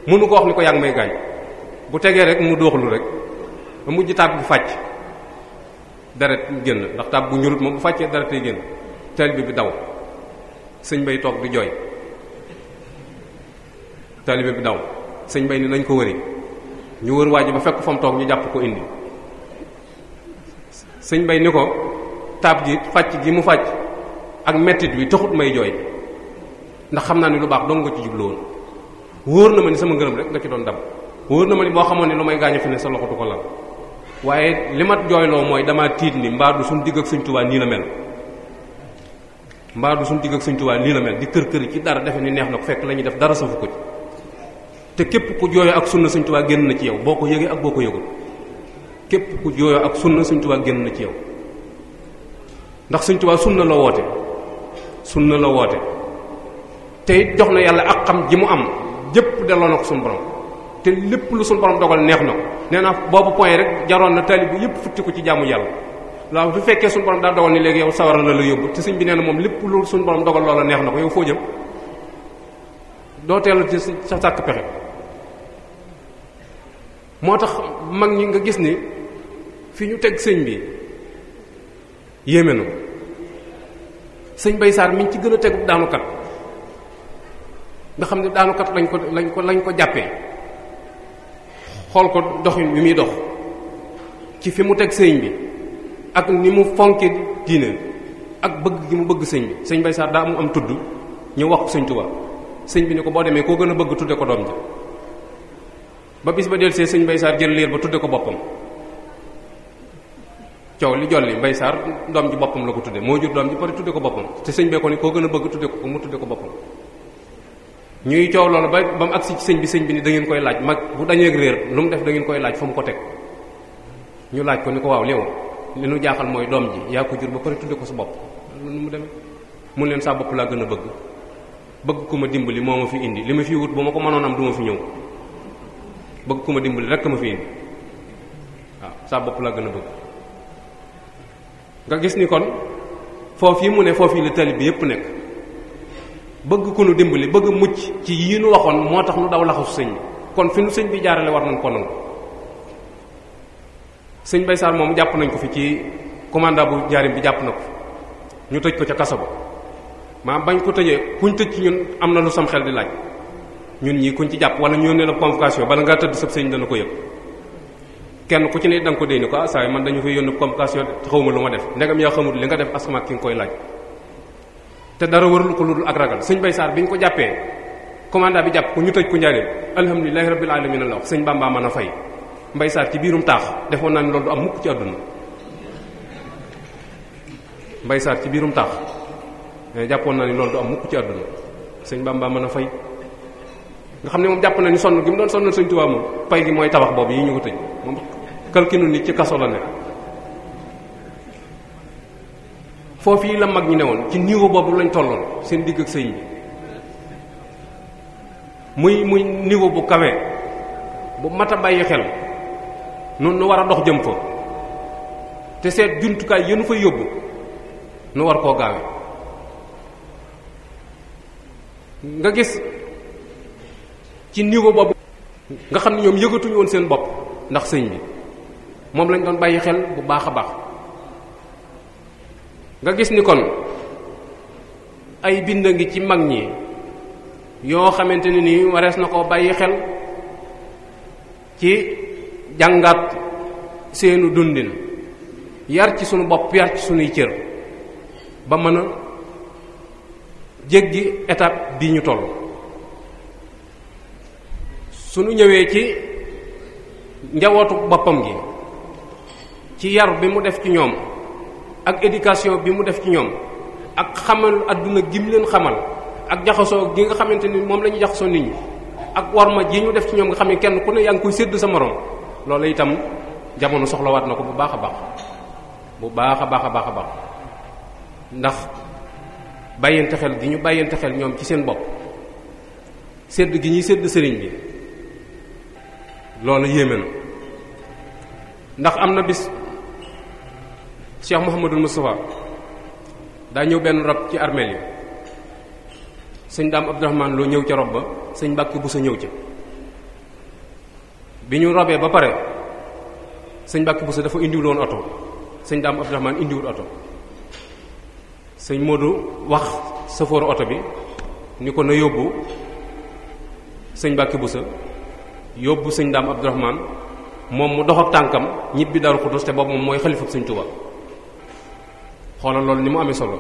Speaker 2: mënu ko wax ni ko yaa ngi may gaañ bu tegee rek mu dooxlu rek ma mujj taab bu fàcc deret génn ndax taab bu ñurut moom mu fàccee deretee génn taalibe bi daw sëñ bay toog di jooy taalibe bi daw sëñ bay ni nañ ko wëri ñu wër waa ji ba fekk fa toog ñu jàpp ko indi sëñ bay ni ko taab gi fàcc gi mu fàcc ak mettit wi taxut may jooy ndax xam naa ni lu baax dong nga ci jublu woon wóor na ma ni sama ngërëm rek nga ci doon dab wóor na ma ni boo xamoon ne lu may gaañu fi ne sa loxo du ko lal waaye li ma jooyloo mooy damaa tiit ni mbaa du suñ digg ak suñ tubaa nii la mel mbaa du suñ digg ak suñ tubaa nii la mel di kër kër ci dara defe ni neex na ko fekk la ñuy def dara safu ko te képp ku jooyoo ak sunna suñ tubaa génn na ci yow boo ko yëgee ak boo ko yëgul képp ku jooyoo ak sunna suñ génn na ci yow ndax suñ tubaa sunna la woote sunna la woote te jox na yàlla ak xam ji mu am jëpp delloo na ko suñu borom te lépp lu suñu borom dogal neex na ko nee naa boobu point rek jaroon na taalib bu yëpp futti ko ci jaamu yàlla waaw bu fekkee suñu borom daa dogal ni léegi yow sawara la la yóbbu te sëñ bi nee na moom lépp lu suñu borom dogal loola neex na ko yow foo jëm doo teel ci sa sàkk pexe moo tax mag ñi nga gis ni fi ñu teg sëñ bi yéeme na sëñ Bay Saar mi ngi ci gën a tegu daanukat nga xam ne daanukat lañ ko lañ ko lañ ko jàppee xool ko doxin bi muy dox ci fi mu teg sëñ bi ak ni mu fonke diine ak bëgg gi mu bëgg sëñ bi sëñ Bay Saar daa mu tudd ñu wax ko sëñ sëñ bi ni ko boo demee koo gën a bëgg tudde ko doom ja ba bis ba delsee sëñ Bay Saar jël liir ba tudde ko boppam coow li jolli Mbay Saar doom ji boppam la ko tudde moo jur doom ji pare tudde ko boppam te sëñ bee ko ni koo gën a bëgg tudde ko mu tudde ko boppam ñuy coow loolu ba ba mu agsi ci sëñ bi sëñ bi ni dangeen ngeen koy laaj mag bu dañeeg réer lu mu def da ngeen koy laaj fa mu ko teg ñu laaj ko ni ko waaw léew li nu jaaxal mooy doom ji yaa ko jur ba pare tudde ko sa bopp nu mu demee mu leen saa bopp laa gën a bëgg bëgg ku ma dimbali moo ma fi indi li ma fi wut bu ma ko mënoon am du ma fi ñëw bëgg ku ma dimbali rekk ma fi indi waaw saa bopp laa gën a bëgg nga gis ni kon foofii mu ne foofii la tali bi yépp nekk bëgg ku nu dimbali bëgg mucc ci yii nu waxoon moo tax nu daw laxasu sëñ kon fi nu sëñ bi jaarale war nañ ko nangu sëñ Bay Saar moom jàpp nañ ko fi ci commandant bu jaarim bi jàpp na ko ñu tëj ko ca kaso ba maa bañ ko tëjee kuñ tëj ci ñun am na lu sam xel di laaj ñun ñii kuñ ci jàpp wala ñu yónnee la convocation bala ngaa tëdd sëñ dana ko yëg kenn ku ci ne da ko déy ni ko ah saa yi man dañu fay yónni convocation xawma lu ma def ndegam yaa xamul li nga def askama ki nga koy laaj te dara warul ko ludul ak ragal sëñ Bay bi ñu ko jàppee commandant bi jàpp ko ñu tëj ko njaarim alhamdulilahi rabbil alamin la wax sëñ Bamba mën a fay mbay saar ci biirum taax defoon naa ne loolu du am mukk ci àdduna mbay saar ci biirum taax eh, jàppoon naa ne loolu du am sëñ Bamba mën a fay nga xam ne moom jàpp nañu sonn gi mu doon sonnal sëñ Tuubaa moom pay gi mooy tabax boobu yi ñu ko tëj moom kalkinu nit ci kaso la nekk foofu yi la mag ñi woon ci niveau boobu lañ tolloon seen digg ak sëñ bi muy muy niveau bu kawe bu mat a bàyyi xel nun nu war a dox jëm fa te seet jumtukaay yenu fa yóbbu nu war koo gaawe nga gis ci niveau boobu nga xam ne ñoom yëgatuñu woon seen bopp ndax sëñ bi moom lañ doon bàyyi xel bu baax a baax nga gis ni kon ay bind ngi ci mag ñi yoo xamante ne nii warees na koo bàyyi xel ci jàngaat seenu dundin yar ci sunu bopp yar ci sunuy cër ba mën a jéggi étape bi ñu toll sunu ñëwee ci njawootu boppam gi ci yar bi mu def ci ñoom ak éducation bi mu def ci ñoom ak xamal adduna gim leen xamal ak jaxasoo gi nga xamante ni moom la ñu jaxasoo nit ñi ak warma ji ñu def ci ñoom nga xam ne kenn ku ne yaa ngi koy sédd sa moroom loolu itam jamono soxlawaat na ko bu baax a baax bu baax a baax a baax a baax ndax bàyyante xel gi ñu bàyyante xel ñoom ci seen bopp sedd gi ñuy sedd sëriñ bi loolu yéeme na ndax am na bis Cheikh Mouhamadul Moustapha daa ñëw benn rob ci armeel yi sëñ daam Abdourahmane loo ñëw ca rob ba sëñ Mbàkke bu sa ñëw ca bi ñu robee ba pare sëñ Mbàkke Buso dafa indiwul oto sëñ Daam Abdourahmane indiwul oto sëñ Moodu wax sëfooru oto bi ni ko na yóbbu sëñ Mbàkke Buso yóbbu sëñ Daam Abdourahmane moom mu dox tànkam ñibbi Daaru Xudus te boobu moom mooy xalifab sëñ Tuubaa xoolal loolu ni mu amee solo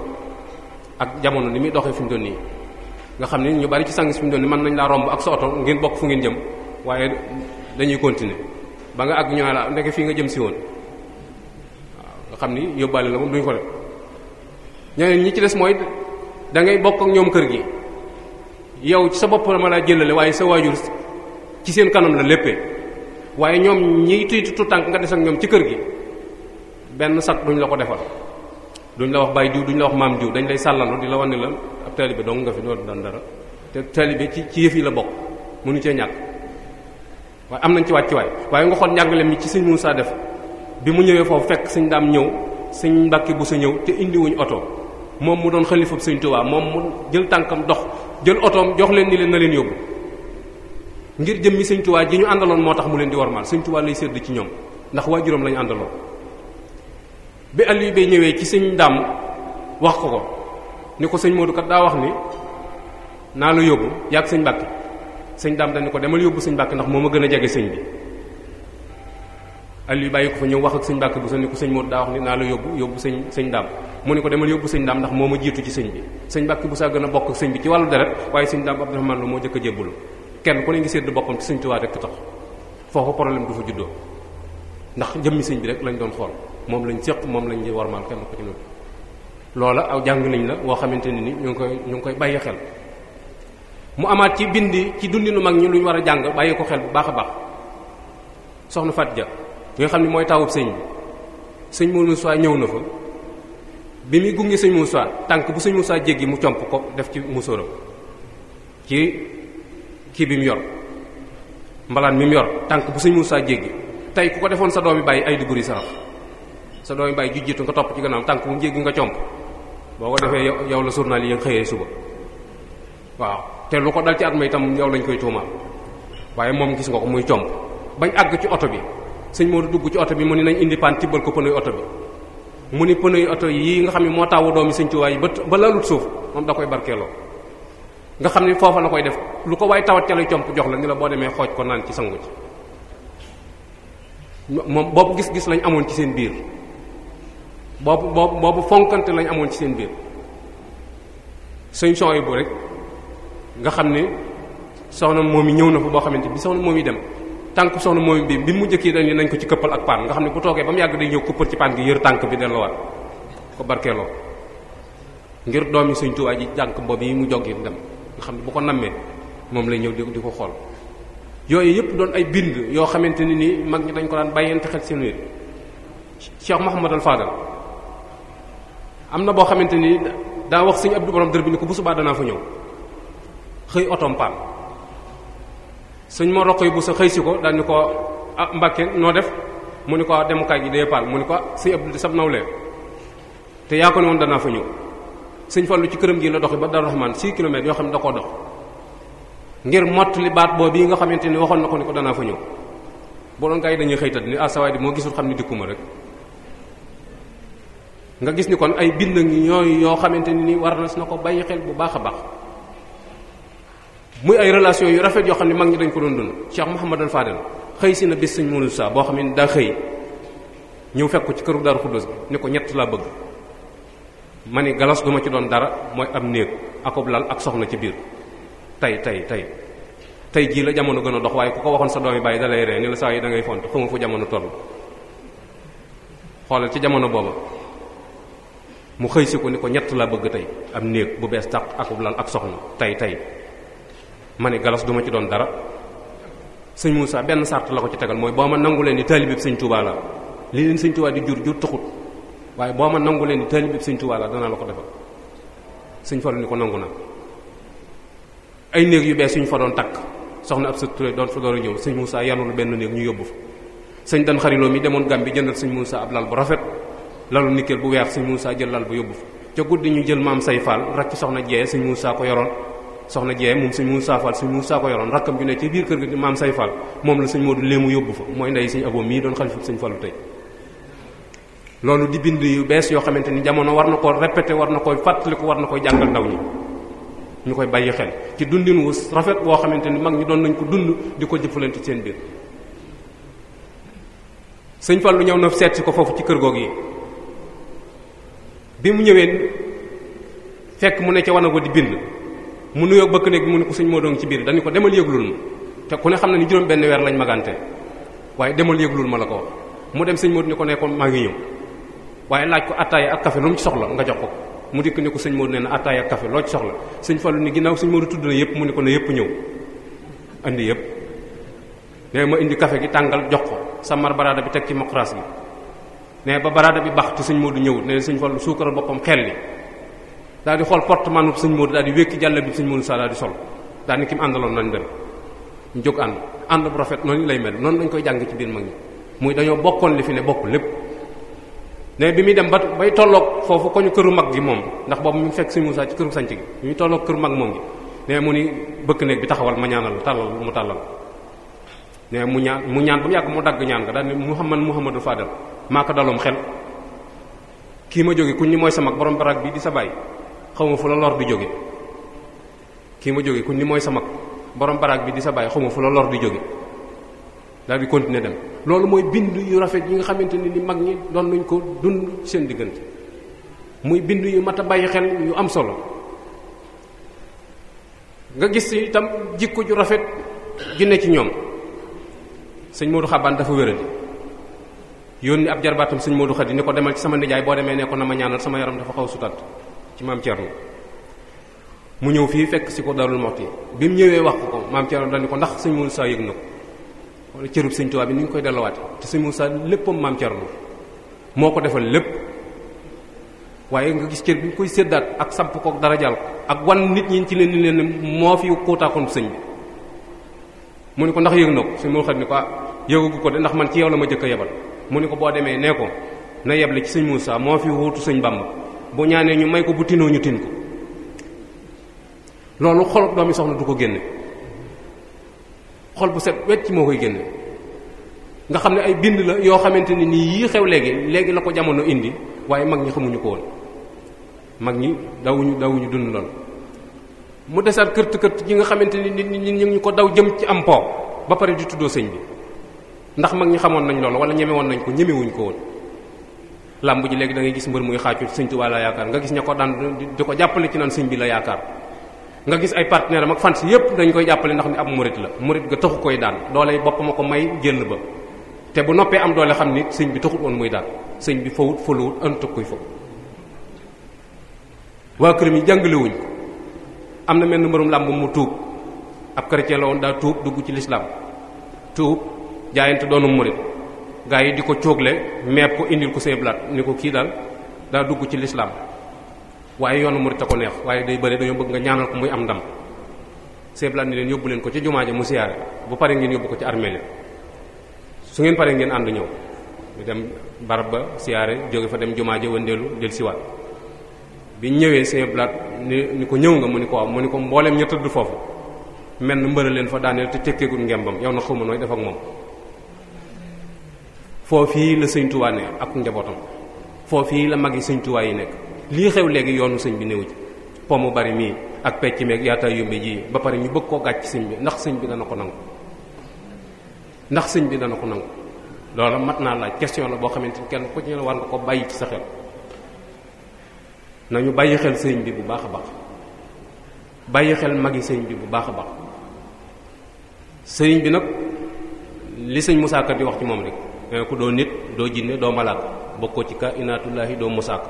Speaker 2: ak jamono ni muy doxee fi doon nii nga xam ne ñu bari ci sàngi fi mu doon nii mën nañ laa romb ak sa oto ngeen bokk fu ngeen jëm waaye dañuy continuer ba nga àgg ñu la fii nga jëm si woon waaw nga xam ni yóbbaale la moom duñ ko def ñeneen ñi ci des mooy dangay bokk ak ñoom kër gi yow ci sa bopp la laa jëlale waaye sa waajur ci seen kanam la léppee waaye ñoom ñiy tuy tu tànk nga des ak ñoom ci kër gi benn sat duñ la ko defal duñ la wax baay diw duñ la wax maam diw dañ lay sàllalu di la wan la ab taalibe dong nga fi doon dara te taalibe ci ci yëf yi la bokk mënu cee ñàkk waaye am nañ ci wàccuwaay waaye nga xool njàngale mi ci sëñ Moussa def bi mu ñëwee foofu fekk sëñ daam ñëw sëñ Mbàkke bu sa ñëw te indiwuñ oto moom mu doon xalifab sëñ Tuubaa moom mu jël tànkam dox jël otoom jox leen ni leen na leen yóbbu ngir jëmmi sëñ Tuubaa ji ñu àndaloon moo tax mu leen di warmaal sëñ Tuubaa lay sedd ci ñoom ndax waa juróom lañu àndaloo bi Aliou Bey ñëwee ci sëñ daam wax ko ko ni ko sëñ Modou kat daa wax ni naa la yóbbu yàgg sëñ Mbàkke sëñ daam dañu ko demal yóbbu sëñ Mbàkke ndax moo ma gën a jege sëñ bi Aliou bàyyi ko fa ñëw wax ak sëñ Mbàkke bu sa ni ko sëñ Moodu daa wax ni naa la yóbbu yóbbu sëñ sëñ daam mu ne ko demal yóbbu sëñ daam ndax moo ma jiitu ci sëñ bi sëñ Mbàkke bu saa gën a bokk ak sëñ bi ci wàllu deret waaye sëñ daam Abdourahmane la moo jëkk a kenn ku ne ngi sédd boppam ci sëñ Tuubaa rek tax foofu problème du fa juddoo ndax jëmmi sëñ bi rek lañ doon xool moom lañ séq moom lañ warmaal kenn ko ci noonu loola aw jàng nañ la woo xamante ni ñu ngi koy ñu ngi koy bàyyi xel mu amaat ci bind ci dundi lu mag ñi lu ñu war a jàng bàyyi ko xel bu baax a baax soxna Fat Ja mi nga xam ne mooy taawub sëñ bi sëñ Mourou Moussa ñëw na fa bi muy gunge sëñ Moussa tànk bu sëñ Moussa jéggi mu comp ko def ci musóoram ci kii bi mu yor mbalaan mi mu yor tànk bu sëñ Moussa jéggi tey ku ko defoon sa doom doomi bàyyi ay duguri saraf sa doomi bàyyi ju jiitu nga topp ci gannaaw tànk bu mu jéggi nga comp boo ko defee yow la journal yi nga xëyee suba waaw te lu ko dal ci at ma itam yow lañ koy tuumaal waaye moom gis nga ko muy comp bañ àgg ci oto bi sëñ Modou dugg ci oto bi mu ni nañ indi paan tibbal ko pënoy oto bi mu ni pënoy oto yii nga xam ne moo taawu doomi sëñ Tuubaa yi ba ba lalut suuf moom da koy barkeeloo nga xam ne foofa la koy def lu ko waaye tawat ca lay comp jox la ni la boo demee xooj ko naan ci sangu ci moom boobu gis-gis lañ amoon ci seen biir boobu boobu fonkante lañ amoon ci seen biir sëñ son yi bu rek nga xam ne soxna moom yi ñëw na fa boo xamante bi soxna moom yi dem tànk soxna moom bii bi mu njëkkee dañ nañ ko ci këppal ak paan nga xam ne bu toogee ba mu yàgg day ñëw këppal ci paan gi yër tànk bi delluwaat ko barkeeloo ngir doom yi suñ tuwaay ji jànk boobu yi mu jog yi dem xam ne bu ko nammee moom lay ñëw di di ko xool yooyu yëpp doon ay bind yoo xamante ni nii mag ñi dañ ko daan bàyyente xel seen wér Cheikh Mouhamadou Fadal am na boo xamante ni daa wax sëñ Abdou bi ni ko bu subaa danaa fa ñëw xëy otoom paan sëñ ma roq yi bu sa xëy si ko daal ni ko ah mbàkke noo def mu ni ko ah, demukaay gi dee paan mu ni ko si ah, sëñ Abdou sab nawle te yaa ko ne woon danaa fa ñëw sëñ Fallu ci këram gi la doxi ba Darou Rahman 6 kilomètres yoo xam ne da koo dox ngir mott li baat boobu yi nga xamante ni waxoon na ko ni ko danaa fa ñëw boo doon yi dañuy xëytal ni ah sawaay di moo gisul xam ne dikkuma rek nga gis ni kon ay bind ngi ñooy yoo xamante ni war na si ko bàyyi xel bu baax a baax muy ay relation yu rafet yoo xam ne mag ñi dañ ko doon dund Cheikh Mouhamadou Fadel xëy si na bis sañ Mounou Sa boo xam ne daa xëy ñëw fekk ko ci këru Daaru Xuddoos bi ni ko ñett laa bëgg ma ni galas du ma ci doon dara mooy am néeg akob lal ak soxna ci biir tey tey tey tey jii la jamono gën a dox waaye ku ko waxoon sa doomi bàyyi da lay ree ni la saa yi da ngay font xamu fu jamono toll xoolal ci jamono booba mu xëy si ko ni ko ñett laa bëgg tey am néeg bu bees tàq akob lal ak soxna tey tey ma ne galas du ma ci doon dara sëñ Moussa benn sart la ko ci tegal mooy boo ma nangu leen ni taalibeeb sëñ Touba la lii leen sëñ Touba di jur jur taxut waaye boo ma nangu leen ni taalibeeb sëñ Touba la danaa la ko defal sëñ Fallou ni ko nangu na ay néeg yu bees suñ fa doon takk soxna ab sa turé doon fa doon ñëw sëñ Moussa yanul benn néeg ñu yóbbu fa sëñ dan xariloo mi demoon Gàmbi jëndal sëñ Moussa ab lal bu rafet lalu nikkeel bu weex sëñ Moussa jël bu yóbbu fa ca ñu jël maam say faal rakk soxna jeeye sëñ Moussa ko yoroon soxna Dieye moom sëñ Moussa Fall sëñ Moussa ko yoroon rakkam ju ne ci biir kër gi maam say Fall moom la sëñ Modou léemu yóbbu fa mooy ndey sëñ Abo mii doon xalifa sëñ Fallu tey di bind yu bees yoo xamante ni jamono war na koo répété war na koy fàttaliku war na koy jàngal ndaw ñu koy bàyyi xel ci dundin rafet woo xamante ni mag ñi doon nañ ko dund di ko jëfalante seen biir sëñ Fallu ñëw na seet ko foofu ci kër goog yi bi mu ñëwee fekk mu ne ca wana ko di bind mu nuyoo bëkk néeg bi mu ne ko sëñ moo doon ci biir dañu ko demal yëglul ma te ku ne xam ne ni juróom benn weer lañ magante waaye demal yëglul ma la ko mu dem sëñ Modou ni ko nekkoon maa ngi ñëw waaye laaj ko attaaya ak kafe lu mu ci soxla nga jox ko mu dikk ni ko sëñ Modou nee na attaaya ak café loo ci soxla sëñ Fallou ni ginnaaw sëñ Modou tudd na yëpp mu ne ko ne yëpp ñëw indi yëpp nee ma indi kafe gi tàngal jox ko samar baraada bi teg ci mokras bi ba baraada bi bax te sëñ Modou ñëwut ne sëñ Fallou suukaral boppam xel li daal di xool portement bi sëñ Modou daal di wékki jàlla bi sëñ Modou sa daal di sol daal ni ki mu àndaloon nañ dem ñu jóg ànd ànd bu rafet noonu lay mel noonu lañ koy jàng ci biir mag ñi muy dañoo bokkoon li fi ne bokk lépp ne bi muy dem ba bay tolloog foofu ko ñu këru mag gi moom ndax boobu mu fekk sëñ Moussa ci këru sanc gi ñu tolloog këru mag moom gi ne mu ni bëkk néeg bi taxawal ma ñaanal tàllal mu tàllal ne mu ñaan mu ñaan ba mu yàgg mu dagg ñaan nga daal ni Muhammad Muhammadu Fadal maa ko daloom xel kii ma jóge kuñ ni mooy sa borom barak bi sa bàyyi xaw ma fu la lor di jóge kii ma jóge ku ni mooy sa mag borom baraag bi di sa bàyyi xaw ma fu la lor di jóge daal di continuer dem loolu mooy bind yu rafet yi nga xamante ni ni mag ñi doon nañ ko dund seen diggante muy bind yu mat a bàyyi xel yu am solo nga gis itam jikko ju rafet ju ci ñoom sëñ Modou Xabaan dafa wéradi yónni ab jarbaatam sëñ Modou Xadi ni ko demal ci sama nijaay boo demee ne ko na ma ñaanal sama yaram dafa xaw sutat ci maam Thierno mu ñëw fii fekk si ko Darou Moukhty bi mu ñëwee wax ko maam Thierno dañu ko ndax sëñ Moussa yëg na ko wala cërub sëñ bi ni ñu koy delluwaate te sëñ Moussa léppam maam Thierno moo ko defal lépp waaye nga gis cër bi ñu koy ak samp dara jàll ko ak wan nit ñi ci leen ni leen moo fi kóotaakoon sëñ bi mu ne ko ndax yëg na ko sëñ moo xam ne ko ah ko de man ci yow la ma jëkk yebal mu ne ko boo demee nee ko na yeble ci sëñ moo fi wuutu sëñ Bamba bu ñaanee ñu may ko bu tinoo ñu tin ko loolu xolub doomi soxna du ko génne xol bu set wecc moo koy génne nga xam ne ay bind la yoo xamante ni nii yii xew léegi léegi la ko jamono indi waaye mag ñi xamuñu ko woon mag ñi dawuñu dawuñu dund lool mu desaat kërt kërt yi nga xamante ni nit ñi ñu ko daw jëm ci am po ba pare di tuddoo sëñ bi ndax mag ñi xamoon nañ loolu wala ñeme woon nañ ko ñemewuñ ko woon làmb ji léegi da ngay gis mbër muy xaacu sëñ Tuubaa la yaakaar nga gis ña ko daan di ko jàppale ci naan sëñ bi la yaakaar nga gis ay partenaire am ak fans yépp dañ koy jàppale ndax ni ab murit la murit ga taxu koy daan doole boppam a ko may jël ba te bu noppee am doole xam ni sëñ bi taxut woon muy daan sëñ bi fawut faluwut ëntëg koy fa waa këram mi jàngalewuñ am na mel ni mbërum làmb mu tuub ab chrétien la woon daa tuub dugg ci lislaam tuub jaayante doonu murit gaa yi di ko cóogle meeb ko indil ko sëñ blaat ni ko kii daal daa dugg ci lislaam waaye yoonu mu a ko neex waaye day bëre dañoo bëgg nga ñaanal ko muy am ndam sëñ blaat ni leen yóbbu leen ko ci jumaa ja mu siyaare bu pare ngeen yóbbu ko ci armée su ngeen pare ngeen ànd ñëw ñu dem barab ba siyaare jóge fa dem jumaa ja wëndeelu del siwaat bi ñëwee sëñ blaat ni ni ko ñëw nga mu ni ko am mu ni ko mbooleem ña tëdd foofu mel mbëra leen fa daaneel te tekkeegul ngembam yow na xawma nooy def ak moom foofii la sëñ Tuubaa ak njabootam foofii la mag yi sëñ Tuubaa yi nekk lii xew léegi yoonu sëñ bi néew ji po mu bari mii ak pecc meeg yaataa yombe ji ba pare ñu bëgg koo gàcc sëñ bi ndax sëñ bi dana ko nangu ndax sëñ bi dana ko nangu loolu mat naa laaj question la boo xamante ni kenn ku ci ne war nga ko bàyyi ci sa xel nañu bàyyi xel sëñ bi bu baax a baax bàyyi xel mag yi sëñ bi bu baax a baax sëñ bi nag li sëñ Musaa Ka di wax ci moom rek Eh, ku doo nit doo jinne doo malaat bokkoo ci ka inaatullaahi doo musaak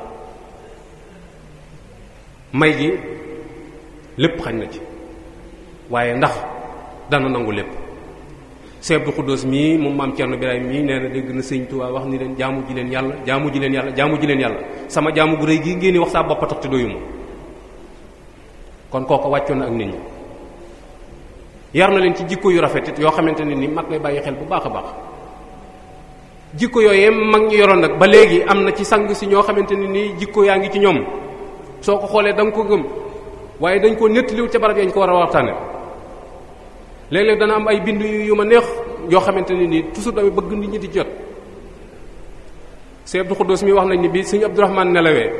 Speaker 2: may gi lépp xañ na ci waaye ndax dana nangu lépp seeb du xuddoos mii moom maam Cerno Birahim mii nee na dégg na sëñ Tuubaa wax ni leen jaamu ji leen yàlla jaamu ji leen yàlla jaamu ji leen yàlla sama jaamu gu rëy gi ngeen di wax saa boppa tax te doyu ma kon kooko wàccoon na ak nit ñi yar na leen ci jikko yu rafet yoo xamante ne ni mag ngay bàyyi xel bu baax a baax jikko yooyu yooyee mag ñu yoroon nag ba léegi am na ci sang si ñoo xamante ne nii jikko yaa ngi ci ñoom soo ko xoolee danga ko gëm waaye dañ ko nettaliwul ca barab yañ ko war a waxtaane léeg dana am ay bind yu ma neex yoo xamante ne nii toujours damay bëgg nit di jot Sëñ Abdou Khoudoss mi wax nañ ni bi Sëñ Abdourahmane nelawee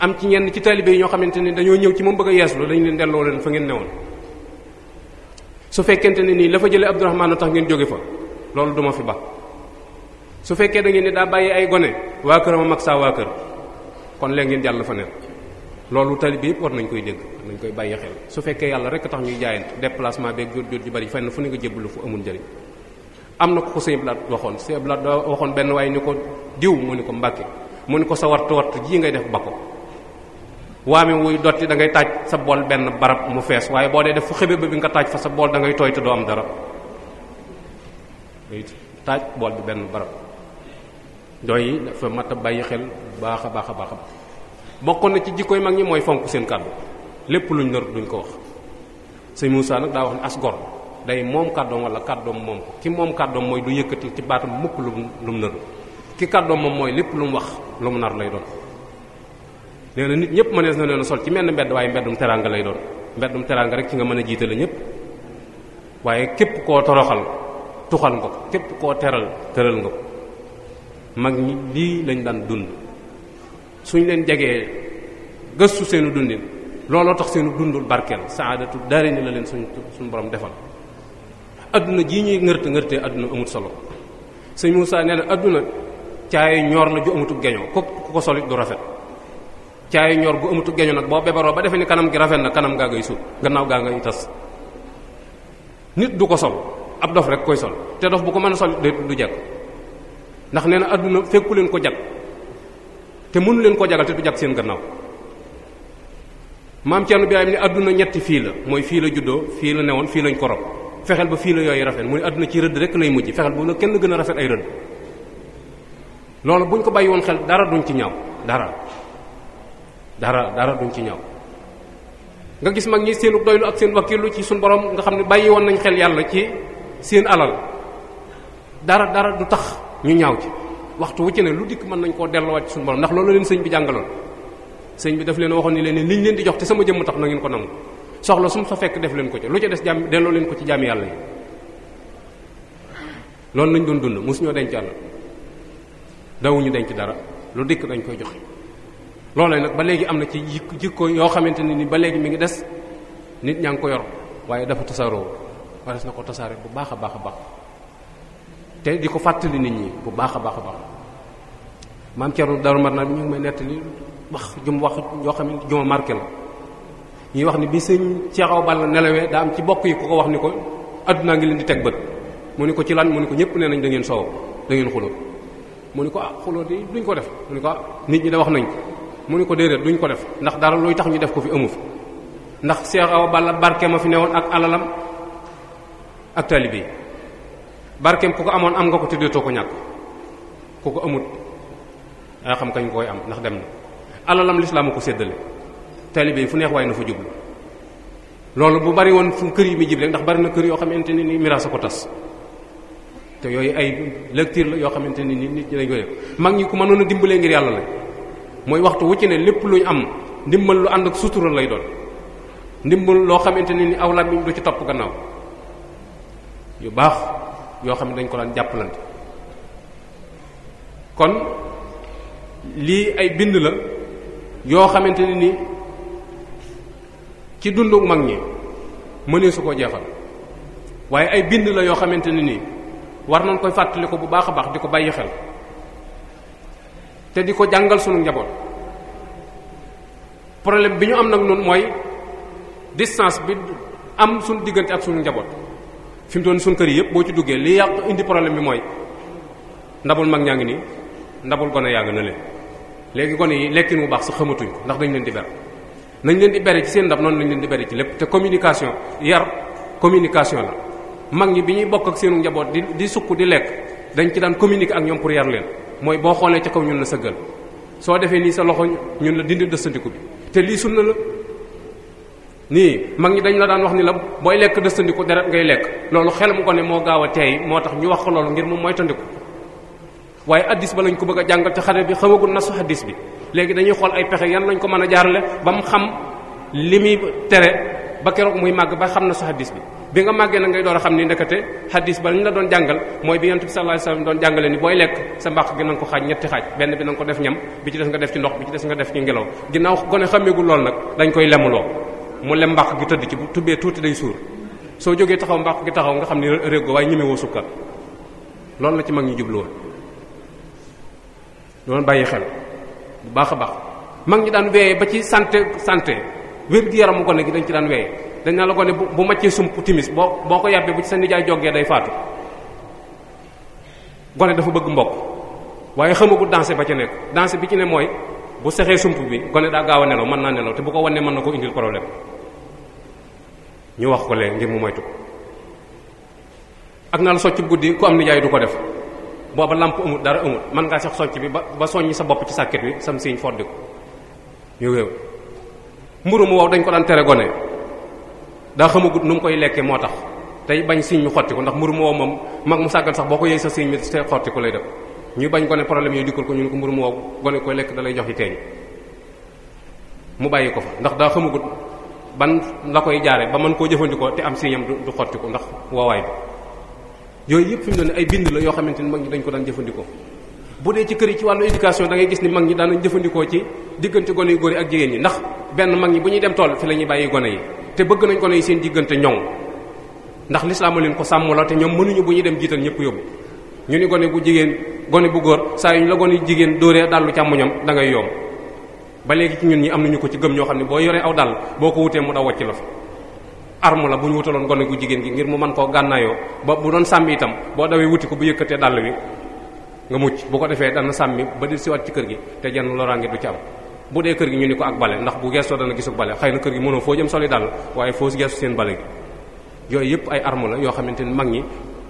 Speaker 2: am ci ngeen ci taalibe yi ñoo xamante ni dañoo ñëw ci moom bëgg a yeeslu dañ leen delloo leen fa ngeen newoon su fekkente ne nii la fa jëlee Abdourahmane tax ngeen jóge fa loolu duma fi ba su fekkee da ngeen ne daa bàyyi ay gone waa këram mag saa waa kër kon léegi ngeen jàll fa ne loolu tali bi yëpp war nañ koy dégg war nañ koy bàyyi xel su fekkee yàlla rek tax ñuy jaayante déplacement beeg jot jot ju bari fenn fu ne nga jébbalu fu amul njëriñ am na ko ko sëñ waxoon sëñ Blaat da waxoon benn waaye ñu ko diw mu ni ko mbàkke mu ni ko sa wartu wartu jii ngay def ba ko waame wuy dotti da ngay taaj sa bool benn barab mu fees waaye boo dee def fu xebe ba nga taaj fa sa bool da ngay tooy te doo am dara bool bi benn barab yooyu dafa mat a bàyyi xel baax a baax a baax a bokkoon na ci jikkoy mag ñi mooy fonk seen kàddu lépp luñ nar duñ ko wax sëñ Moussa nag daa wax ne as gor day moom kàddoom wala kàddoom moom ko ki moom kàddoom mooy du yëkkati ci baatam mukk lu lu mu naru ki kàddoom moom mooy lépp lu mu wax lu mu nar lay doon nee na nit ñëpp mënees na leen a sol ci menn mbedd waaye mbeddum teraanga lay doon mbeddum teraanga rek ci nga mën a jiitale ñëpp waaye képp koo toroxal tuxal nga ko koo teral tëral nga mag ñi lii lañ daan dund suñ leen jegee gëstu seenu dundin looloo tax seenu dundul barkeel saadatu daare ni la leen suñ suñ borom defal adduna jii ñuy ngërte ngërtee àdduna amut solo sëñ Moussa nee na àdduna caayi ñoor la ju amutu geñoo ko ku ko solit du rafet caayi ñoor gu amutu geñoo nag boo bebaroo ba defee ni kanam gi rafet na kanam gaa ngay suut gannaaw gaa ngay tas nit du ko sol ab dof rek koy sol te dof bu ko mën a sol du jekk ndax nee na àdduna fekku leen ko jag te mënu leen ko jagal te du jag seen gannaaw maam Thierno Birahim ne àdduna ñetti fii la mooy fii la juddoo fii la newoon fii lañ ko rob fexeel ba fii la yooyu rafet mu ne àdduna ci rëdd rek lay mujj fexeel ba la kenn gën a rafet ay rëdd loolu buñ ko bàyyi woon xel dara duñ ci ñaw dara dara dara duñ ci ñaw nga gis mag ñi seenu doylu ak seen wakkilu ci suñ borom nga xam ne bàyyi woon nañ xel yàlla ci seen alal dara dara du tax ñu ñaaw ci waxtu wu ci ne lu dikk mën nañ koo delloowaat ci suñu borom ndax loolu leen sëñ bi jàngaloon sëñ bi daf leen waxoon ni leen ne liñ leen di jox te sama jëmm tax na ko nangu soxla su mu fa fekk def ko ci lu ca des jàmm delloo leen ko ci jàmm doon dund mosuñoo denc àll dawuñu denc dara lu dikk dañ koy joxe loolee nag ba léegi am na ci jikko yoo xamante ne ni ba léegi mi ngi des nit ñaa ngi ko yor waaye dafa tasaaroo wares na ko tasaare bu baax a baax a baax te di ko fàttali nit ñi bu baax a baax a baax maam Thierno Darou Marnaan ñu ngi may nettali wax jum wax xam ne juma marqué la ñuy wax ni bi sëñ Cheikh Awa Balla nelawee daa am ci bokk yi ku ko wax ni ko addunaa ngi leen di teg bët mu ne ko ci lan mu ne ko ñëpp nee nañ da soow da ngeen xuloo mu ne ko ah xuloo di duñ ko def mu ni ko ah nit ñi de wax nañ mu ni ko déedéet duñ ko def ndax dara luy tax ñu def ko fi amu fi ndax Cheikh Awa Balla barke ma fi newoon ak alalam ak taalibe barkeem ku ko amoon am nga ko tëddeetoo ko ñàkk ku ko amut yaa xam kañ koy am ndax dem na alalam lislaam a ko séddale taalibe yi fu neex waaye na fa jublu loolu bu bari woon fu kër yi mi jib ndax bari na kër yoo xamante ne nii miraas a ko tas te yooyu ay lecture la yoo xamante ne ni nit ñi dañ koy def mag ñi ku mënoon a dimbalee ngir yàlla la mooy waxtu wu ci ne lépp lu am ndimbal lu ànd ak sutura lay doon ndimbal loo xamante ne nii aw làmmiñ du ci topp gannaaw yu yoo xam ne dañ ko daan jàppalante kon lii ay bind la yoo xamante ne ni ci dundu mag ñi mënee su ko jeexal waaye ay bind la yoo xamante ni nii war nañ koy fàttali bu baax a baax di ko bàyyi xel te di ko jàngal sunu njaboot problème bi ñu am nag noonu mooy distance bi am sunu diggante ak sunu njaboot fi mu toon suñ kër yi yëpp boo ci duggee li yàq indi problème bi mooy ndabul mag ñaa ngi nii ndabul gone yaa ngi na leen léegi gone yi lekkin mu baax sa xamatuñu ndax dañ leen di ber nañ leen di bere ci seen ndab noonu lañ leen di bere ci lépp te communication yar communication la mag ñi bi ñuy bokk ak seenu njaboot di di sukk di lekk dañ ci daan communiquer ak ñoom pour yar leen mooy boo xoolee ca kaw ñun la sëggal soo defee nii sa loxo ñun la dindi dëstandiku bi nii mag ñi dañu la daan wax ni la booy lekk dëstandiku deret ngay lekk loolu xel mu ko ne moo gaaw a teey moo tax ñu wax ko loolu ngir mu moytandiku waaye addis ba lañ ko bëgg a jàngal te xale bi xamagul nasu addis bi léegi dañuy xool ay pexe yan lañ ko mën a jaarale ba mu xam li muy tere ba keroog muy màgg ba xam nasu addis bi bi nga màggee na ngay door a xam ni ndekete xaddis ba lañ la doon jàngal mooy bi yonent bi sallallahu alayhi doon jàngale ni booy lekk sa mbàq gi na ko xaaj ñetti xaaj benn bi na ko def ñam bi ci des nga def ci ndox bi ci des nga def ci ngelaw ginnaaw gone xameegul loolu nag dañ koy lemuloo mu lem mbàq gi tëdd ci bu tubbee tuuti day suur soo jógee taxaw mbàq gi taxaw nga xam ne réego waaye ñemewoo sukka loolu la ci mag ñi jubluwoon loolu bàyyi xel bu baax a baax mag ñi daan weye ba ci santé sante wér gi yaramu gone gi dañ ci daan weye dañ naa la gone bu bu maccee sump timis boo boo ko yàbbee bu ci sa nijaay jogee day faatu gone dafa bëgg mbokk waaye xamagul danse ba ci nekk danse bi ci ne mooy bu sexee sump bi gone daa gaaw a nelaw mën naa nelaw te bu ko mën na ko indil problème ñu wax ko leen ngir mu moytu ko ak naa la socc guddi ku am nijaay du ko def booba lamp amut dara amut mën ngaa sax socc bi ba ba soññi sa bopp ci sàkket bi sam siiñ foddi ko ñu wéew mburu mu wow dañ ko daan tere gone daa xamagut nu mu koy lekkee moo tax tey bañ siiñ mi xotti ko ndax mburu mu wow moom mag mu sàggan sax boo ko yëy sa siiñ mi te xotti ko lay def ñu bañ gone problème yooyu dikkal ko ñun ko mburu mu wow gone koy lekk da jox yi teeñ mu bàyyi ko ndax daa ban la koy jaare ba mën koo jëfandikoo te am siiñam du xottiku ndax woowaay bi yooyu yëpp fi mu doon ay bind la yoo xamante ni mag ñi dañ ko daan jëfandikoo bu dee ci kër yi ci wàllu éducation da gis ni mag ñi daanañ jëfandikoo ci diggante gone yu góor yi ak jigéen ñi ndax benn mag ñi bu ñuy dem tool fi la ñuy bàyyi gone yi te bëgg nañ gone yi seen diggante ñoŋ ndax lislaama leen ko sàmmuloo te ñoom mënuñu bu ñuy dem jiital ñëpp yóbbu ñu ni gone bu jigéen gone bu góor saa yu la gone yu jigéen dóoree dallu càmmoñam da ngay yomb ba léegi ci ñun ñi am nañu ko ci gëm ñoo xam ne boo yoree aw dàll boo ko wutee mu daw wàcc la fa arme la bu ñu wutaloon gone gu jigéen gi ngir mu mën koo gànnaayoo ba bu doon sàmm itam boo dawee wuti ko bu yëkkatee dàll wi nga mucc bu ko defee dana sàmmi ba di siwaat ci kër gi te jenn loraange du ci am bu dee kër gi ñu ni ko ak bale ndax bu geesoo dana gisuk bale xëy na kër gi mënoo foo jëm soli dàll waaye foo geesu seen bale gi yooyu yëpp ay arme la yoo xamante ni mag ñi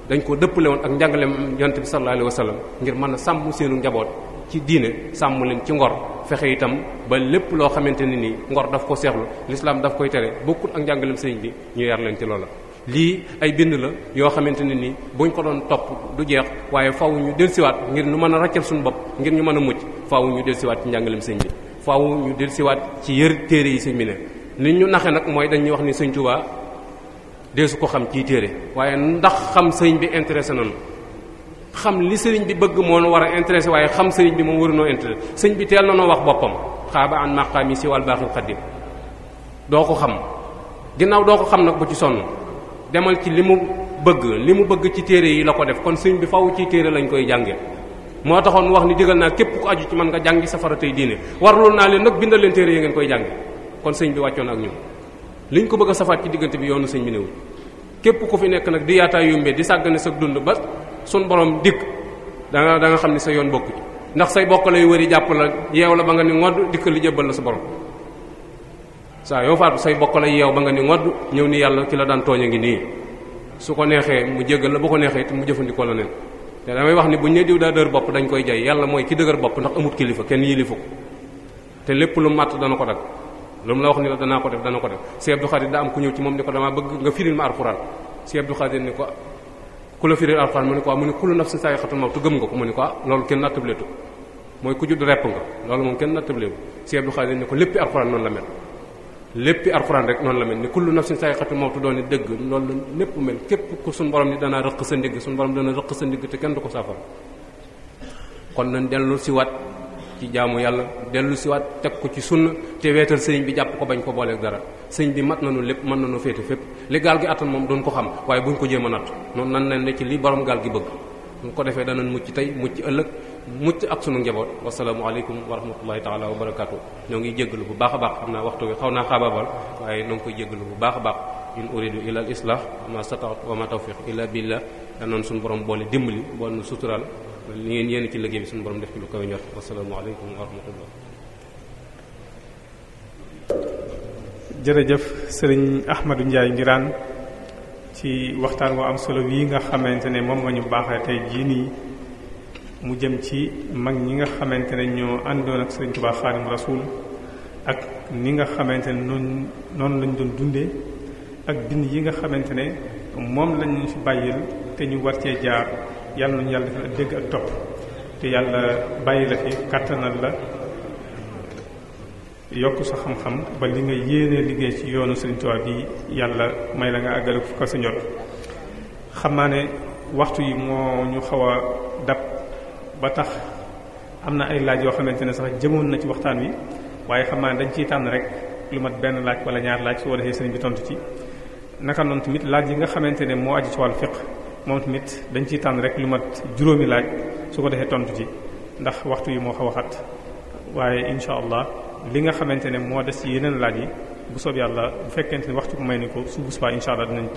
Speaker 2: dañ ko dëppale woon ak njàngale yonte bi sallallahu alayhi wa sallam ngir mën a sàmm seenu njaboot ci diine sàmm leen ci ngor fexe itam ba lépp loo xamante ne nii ngor daf ko seexlu lislaam daf koy tere bokkut ak njàngalem sëriñ bi ñu yar leen ci loola. lii ay bind la yoo xamante ne nii buñ ko doon topp du jeex waaye faaw ñu dellusiwaat ngir ñu mën a ràccal suñu bopp ngir ñu mën a mucc faaw ñu dellusiwaat ci njàngalem sëriñ bi faaw ñu dellusiwaat ci yër téere yi sëriñ bi ne li ñu naxe nag mooy dañuy wax ni sëriñ Tuubaa deesu ko xam ciy téere waaye ndax xam sëriñ bi intéressé nañu xam li sëriñ bi bëgg moo war a intéressé waaye xam sëriñ bi moom warunoo intéressé sëñ bi teel na noo wax boppam xaaba an maqaami si wal baaxil xaddim doo ko xam ginnaaw doo ko xam nag bu ci sonn demal ci li mu bëgg li mu bëgg ci téere yi la ko def kon sëriñ bi faw ci téere lañ koy jànge moo taxoon mu wax ni digal naa képp ko aju ci mën nga jàngi safara tey diine warlool naa leen nag bindal leen téere yi ngeen koy jàngi kon sëñ bi wàccoon ak ñun liñ ko bëgg a ci diggante bi yoonu sëñ bi newul képp ku fi nekk nag di yaataa yumbe di sàggane sa dund ba sun borom dikk da nga xam ne sa yoon bokku ndax say bokk war wëri jàpp la yeew la ba nga ni ngodd dikk li jëbbal la sa borom saa yoo at say bokk lay yeew ba nga ni ngodd ñëw ni yàlla ki la daan tooñ a ngi nii su ko neexee mu jéggal la bu ko neexee mu jëfandikoo la neen te damay wax ni bu ñu diw daa dër bopp dañ koy jay yàlla mooy ki dëgër bopp ndax amut kilifa kenn yilifu ko te lépp lu màtt dana ko dagg lu mu la wax ni la danaa ko def dana ko def Sëriñ Abdou Khadir daa am ku ñëw moom ni ko damaa bëgg nga firil ma alxuraan Sëriñ Abdou Khadir ni ko ku la firil alxuraan mu ne ko mu ne kullu nafsin saa'iqatul mawt gëm nga ko mu ne ko ah loolu kenn nattableetu mooy ku judd repp nga loolu moom kenn nattableetu si Abdou Khadir ne ko léppi alxuraan noonu la mel léppi alxuraan rek noonu la mel ni kullu nafsin saa'iqatul mawt doon ni dëgg loolu la mel képp ku suñu borom ni danaa rëq sa ndigg suñu borom dana rëq sa ndigg te kenn du ko saafara kon nañ dellu si waat ci jaamu yàlla dellu si teg ko ci sunna te weetal sëriñ bi jàpp ko bañ ko booleeg dara sëriñ bi mat nañu lépp mën nañu féete fépp li gaal gi attan moom duñ ko xam waaye bu buñ ko jéem a natt noonu nan leen ne ci li borom gaal gi bëgg buñ ko defee danañ mucc tey mucc ëllëg mucc ak sunu njaboot wasalaamualeykum wa rahmatullahi taala wa barakaatu ñoo ngi jéggalu bu baax a baax xam naa waxtu bi xaw naa xaabaabal waaye ñoo ngi koy jéggalu bu baax a baax in uridu ila al islah ma sataat wa ma tawfiq illa billah da noonu suñu borom boole dimbali boole nu sutural li ngeen yéen ci liggéey bi suñu borom def ci lu kawe njort wasalaamualeykum wa rahmatullah
Speaker 1: jërëjëf sëriñ Ahmadou njaay Ngiraan ci waxtaan woo am solo wi nga xamante ne moom nga ñu baaxee tey jii nii mu jëm ci mag ñi nga xamante ne ñoo àndoon ak sëriñ Tuubaa Xaadimu Rasuul ak ni nga xamante ne noonu noonu lañ doon dundee ak dind yi nga xamante ne moom lañ ñu fi bàyyil te ñu war cee jaar yàlla nañu yàlla defal dégg ak topp te yàlla bàyyi la fi kàttanal la. yokk sa xam-xam ba li nga yéene liggéey ci yoonu Sëriñ Tuubaa bi yàlla may la nga àggale ko sa njot xam naa ne waxtu yi moo ñu xaw a dab ba tax am na ay laaj yoo xamante ne sax jëmoon na ci waxtaan wi waaye xam naa ne dañ ciy tànn rek lu mat benn laaj wala ñaar laaj su ko defee sëriñ bi tontu ci naka noonu tamit laaj yi nga xamante ne moo aju ci wàllu fiq moom tamit dañ ciy tànn rek lu mat juróomi laaj su ko defee tontu ci ndax waxtu yi moo xaw a li nga xamante ne moo des ci yeneen laaj yi bu soob yàlla bu fekkente ne waxtu ko may ni ko su bu subaa incha allah dinañ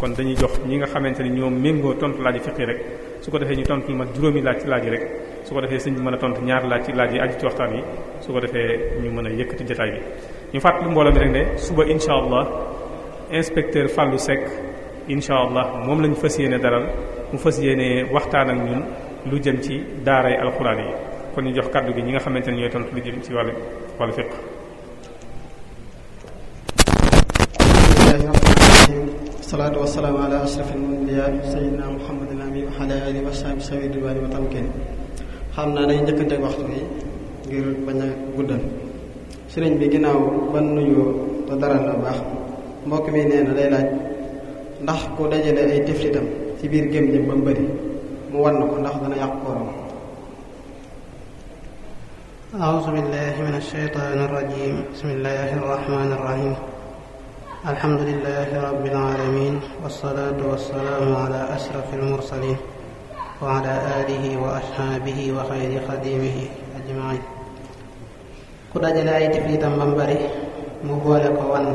Speaker 1: kon dañuy jox ñi nga xamante ne ñoom méngoo tontu laaj yi fiqi rek su ko defee ñu tontu lu mat juróomi laaj ci laaj yi rek su ko defee sëñ bi mën a tontu ñaar laaj ci laaj yi aju ci waxtaan yi su ko defee ñu mën a yëkkati jotaay bi. ñu fàttali mbooloo mi rek ne suba incha allah inspecteur Fallou Seck incha allah moom lañu fas yéene daral mu fas yéene waxtaan ak lu jëm ci daaray alxuraan yi. kon ñu jox kàddu gi ñi nga xamante ne ñooy tontu lu jëm ci wàllu wàllu fiq
Speaker 3: salaatu wasalaamu ala ashrafil anbiyaa sayyidina muhammadin amin xam naa day njëkkante waxtu yi ngir bañ a guddal sëriñ bi ginnaaw ban nuyoo da dara la baax mbokk mi nee na day laaj ndax ku dajale ay tiflitam ci biir gém-gém ba mu bëri mu wan na ko ndax dana yàq kooram
Speaker 4: أعوذ بالله من الشيطان الرجيم بسم الله الرحمن الرحيم الحمد لله رب العالمين والصلاة والسلام على أشرف المرسلين وعلى آله وأصحابه وخير خديمه أجمعين ku dajale ay tiflitam ba mbari mu boole ko wann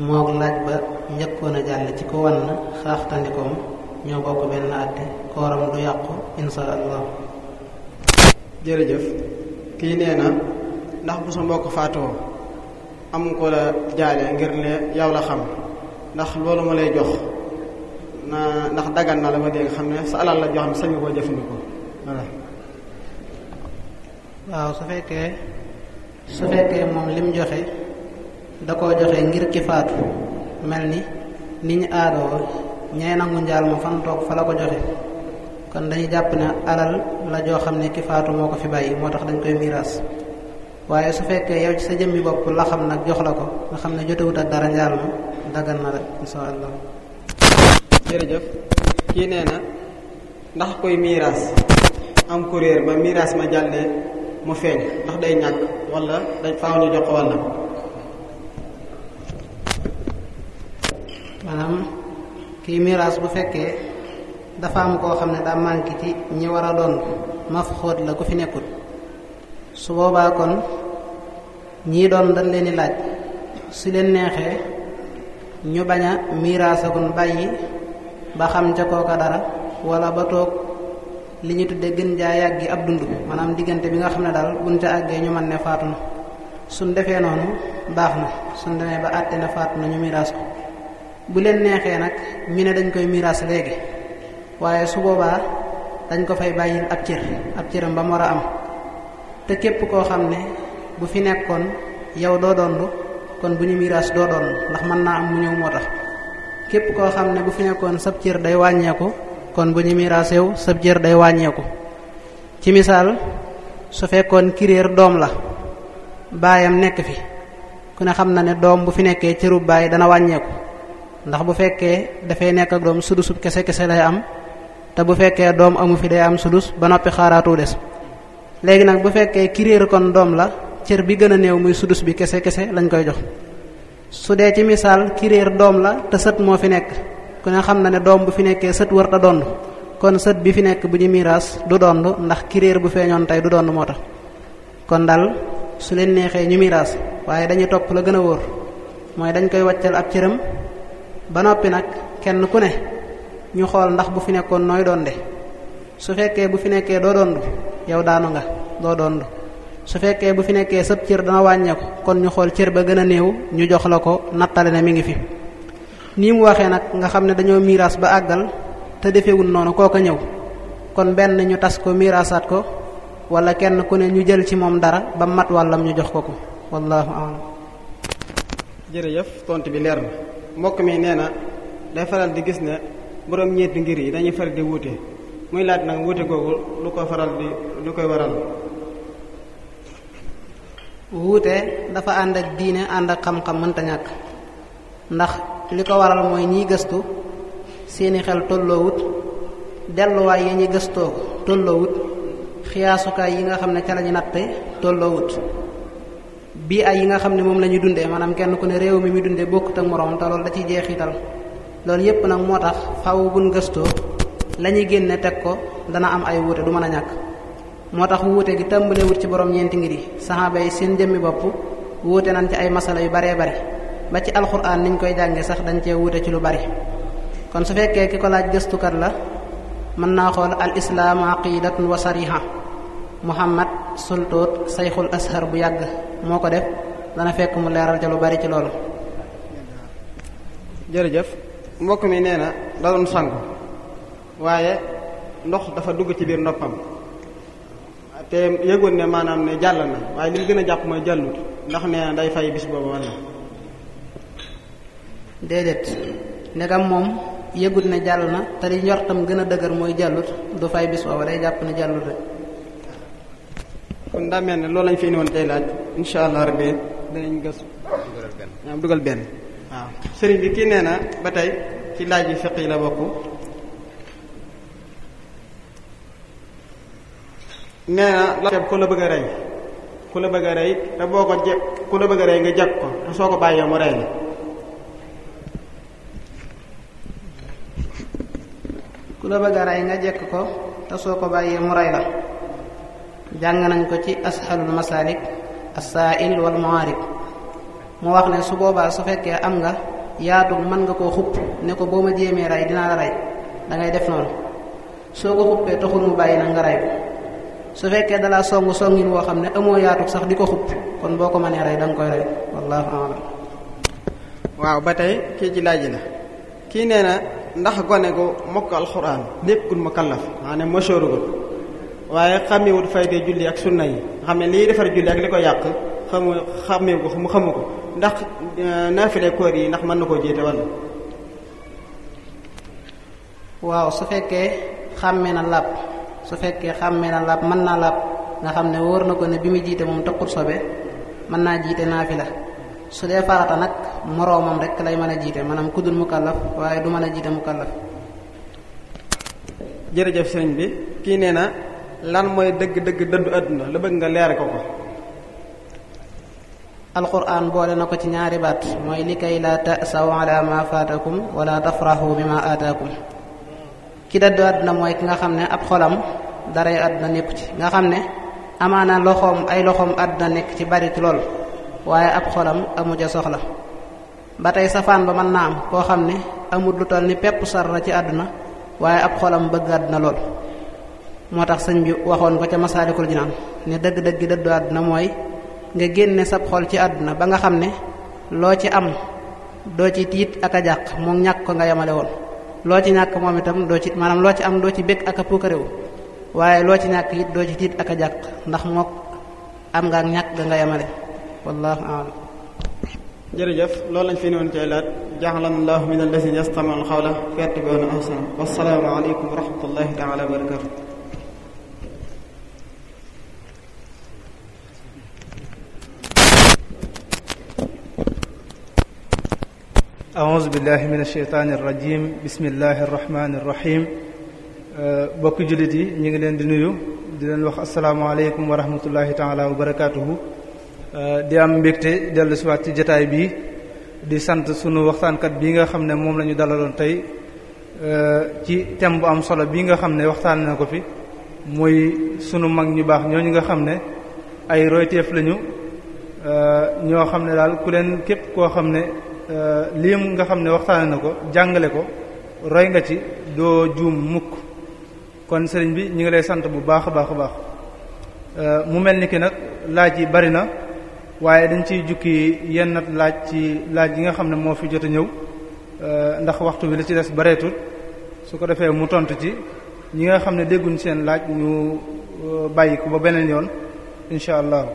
Speaker 4: moog laaj ba njëkkoon a jàll ci ko wann xaaxtandikoom ñoo bokk benn
Speaker 3: àtte kooram du yàqu insha allah jërëjëf kii nee na ndax bu sa mbokk faatoo am ko la jaale ngir ne yow la xam ndax loolu ma lay jox na ndax daggan na la ma dégg xam ne sa alal la jox am sañu koo jëfandikoo voilà.
Speaker 4: waaw su fekkee
Speaker 3: su fekkee moom lim joxe da koo joxe ngir ki
Speaker 4: faatu mel ni ni ñu aadoo ñee nangu njaal ma fan toog fa la ko joxe kon dañuy jàpp ne alal la joo xam ne ki faatu moo ko fi bàyyi moo tax dañ koy miiraas waaye su fekkee yow ci sa jëmmi bopp la xam nag jox la ko nga xam ne jotewut ak dara njaal ma daggan na rek
Speaker 3: na ndax koy miiraas am kuréer ba miiraas ma jàllee mu feeñ ndax day ñàkk walla dañ faaw ñu jox walla
Speaker 4: maanaam kii miiraas bu fekkee dafa am koo xam ne daa manqué ci ñi war a doon ma xóot la ku fi nekkul su boobaa kon ñii doon dañ leen di laaj su leen neexee ñu bañ a miiraasagul bàyyi ba xam ca kooka dara wala ba toog li ñu tudde gën jaay yàggi ab dund maanaam diggante bi nga xam ne daal buñ ca àggee ñu mën ne faatu na suñu defee noonu baax na suñ demee ba àtte ne faatu na ñu miiraas ko bu leen neexee nag ñu ne dañ koy miiraas léegi waaye su boobaa dañ ko fay bàyyil ab cër ab cëram ba mu a am te képp koo xam ne bu fi nekkoon yow doo doonlu kon bu ñu miraas doo doon ndax mën naa am mu ñëw moo tax képp koo xam ne bu fi nekkoon sab cër day wàññeeku kon bu ñu miraas yow sab cër day wàññeeku ci misaal su fekkoon kiréer doom la baayam nekk fi ku ne xam na ne doom bu fi nekkee cërub baay dana wàññeeku ndax bu fekkee dafay nekk doom doom sudusub kese kese lay am te bu fekkee doom amu fi day am sudus ba noppi xaaraatu des léegi nag bu fekkee ki réer kon doom la cër bi gën a néew muy sudus bi kese kese lañ koy jox su dee ci misaal ki doom la te sët moo fi nekk ku ne xam na ne doom bu fi nekkee sët warta dond kon sët bi fi nekk bu ñu miiras du dond ndax ki bu feeñoon tey du dond moo tax kon daal su leen neexee ñu miiras waaye dañuy topp la gën a wóor mooy dañ koy wàccal ab cëram ba noppi nag kenn ku ne ñu xool ndax bu fi nekkoon nooy donde su fekkee bu fi nekkee doo dondu yow daanu nga doo dondu su fekkee bu fi nekkee sëb cër dana wàññeeku kon ñu xool cër ba gën a néew ñu jox la ko nattale na mi ngi fi ni mu waxee nag nga xam ne dañoo miiras ba àggal te defewul noonu kooka ñëw kon benn ñu tas ko miiraasaat ko wala kenn ku ne ñu jël ci moom dara ba mat wàllam ñu jox ko ko wallaahu
Speaker 3: a'lam bi leer na gis ne borom ñeenti ngir yi dañuy far di wuute muy laaj nag wuute googu lu ko faral di lu koy waral.
Speaker 4: wuute dafa ànd ak diine ànd ak xam-xam mënta ñàkk ndax li ko waral mooy ñiy gëstu seeni xel tolloowut delluwaay yi ñuy gëstoo tolloowut xiyaasukaay yi nga xam ne ca lañu natte tolloowut bii ay yi nga xam ne moom la ñuy dundee maanaam kenn ku ne réew mi muy dundee bokkut ak moroom te loolu da ciy jeexital loolu yépp nag moo tax faaw buñ gëstoo la génne teg ko dana am ay wuute du mën a ñàkk moo tax wuute gi tàmbalee wut ci borom ñeenti ngir yi saxaaba yi seen jëmmi bopp wuute nañ ci ay masala yu baree bari ba ci alxuraan niñ koy jànge sax dañ cee wuute ci lu bari kon su fekkee ki ko laaj gëstukat la mën naa xool al islaam aqidatun wa sariha muhammad sultoot sayxul ashar bu yàgg moo ko def dana fekk mu leeral ca lu bari ci loolu
Speaker 3: jërëjëf mbokk mi nee na da doon sangu waaye ndox dafa dugg ci biir noppam te yëgoon ne maanaam ne jàll na waaye li mu gën a jàpp mooy jàllut ndax nee na day fay bis boobu walla
Speaker 4: déedéet ndegam moom yëgut ne jàll na te di njortam gën a dëgër mooy jàllut du fay bis boobu day jàpp ne jàllut rek
Speaker 3: kon daa mel ne loolu lañ fi indi woon tey laaj insha allah rabbi danañ gëstu dugal benn sëriñ bi kii nee na ba tey ci laaj yi fiq yi la bokk nee na la ku la bëgg a ku la bëgg rey boo ko je ku la bëgg rey nga jag ko te soo ko bàyyee mu rey la
Speaker 4: ku la bëgg rey nga jekk ko te soo ko bàyyee mu rey la jàng nañ ko ci asxalul masalik asaail wal muarib mu wax ne su boobaa su fekkee am nga yaatu man nga koo xupp ne ko boo ma jéemee rey dinaa la rey da ngay def noonu soo ko xuppee taxul mu bàyyi nag nga rey ko su fekkee dalaa song songin woo xam ne amoo
Speaker 3: yaatu sax di ko xupp kon boo ko mënee rey da koy rey wallaahu a'lam waaw ba tey kii ci laaj la kii nee na ndax gone gu mokk alxuraan nekkul mukallaf maanaam masoorugul waaye xamewut fayde julli ak sunna yi xam ne liy defar julli ak li ko yàq xamu xamewu mu xamu ko ndax euh, naafile koor yi ndax mën na koo jiite walla
Speaker 4: waaw su fekkee xàmmee na làpp su fekkee xàmmee na làpp mën naa làpp nga xam ne wóor na ko ne bi mu jiite moom taxul sobe mën naa jiite naafila su dee farata nag moroomam rek lay mën a jiite maanaam kuddul mukallaf waaye du mën a jiite mukallaf
Speaker 3: jërëjëf sëriñ bi kii nee na lan mooy dëgg dëgg dëddu àdduna la bëgg nga leere ko ko
Speaker 4: alquran boole na ko ci ñaari baat mooy li kay la tasaw am ma faatakum wala tafraxu bi ma aataakum ki dëddu àdduna mooy ki nga xam ne ab xolam daray àdduna nekku ci nga xam ne amaana loxoom ay loxoom àdduna nekk ci bari lool waaye ab xolam amu ca soxla ba tey safaan ba mën naa am koo xam ne amul lu toll ni pepp sarra ci àdduna waaye ab xolam bëgg àdduna lool moo tax sëñ bi waxoon ko ca masaalikul jinaan ne dëgg-dëgg dëddu àdduna mooy nga génne sab xol ci àdduna ba nga xam ne loo ci am doo ci tiit ak a jàq moom ñàkk ko nga yemale woon loo ci ñàkk moom itam doo ci maanaam loo ci am doo ci bég ak a puukaréwu waaye loo ci ñàkk it doo ci tiit ak a jàq ndax mook am nga ak ñàkk ga nga yemale wallahu a'lam
Speaker 3: jërëjëf loolu lañ fi ne woon ci laaj ja'alanallahu min allazina yastami'una al-qawla fayattabi'una ahsana wassalaamu aleykum wa rahmatullahi ta'ala wa barakatuh
Speaker 5: aouzu billahi min asheytaani irrajim bismillahi irrahmani irrahim euh, bokki jullit yi ñu ngi leen di nuyu di leen wax asalaamaaleykum wa rahmatullahi taala wa barakatuhu euh, di am mbégte dellu si ci jataay bi di sant sunu waxtaankat bii nga xam ne moom la ñu dalaloon tey euh, ci thème bu am solo bii nga xam ne waxtaan na ko fi muy sunu mag ñu baax ñooñu nga xam ne ay royteef lañu ñoo xam ne daal ku leen képp koo xam ne Euh, lii nga xam ne waxtaane ko jàngale ko roy nga ci doo juum mukk kon sëriñ bi ñu ngi lay sant bu baax a baax a baax euh, mu mel ni ki nag laaj yi bari na waaye dañ ci jukki yenn laaj ci laaj yi nga xam ne moo fi jot a ñëw euh, ndax waxtu bi li ci des bareetul su ko defee mu tontu ci ñi nga xam ne dégguñ seen laaj ñu bàyyi ko ba beneen yoon incha allah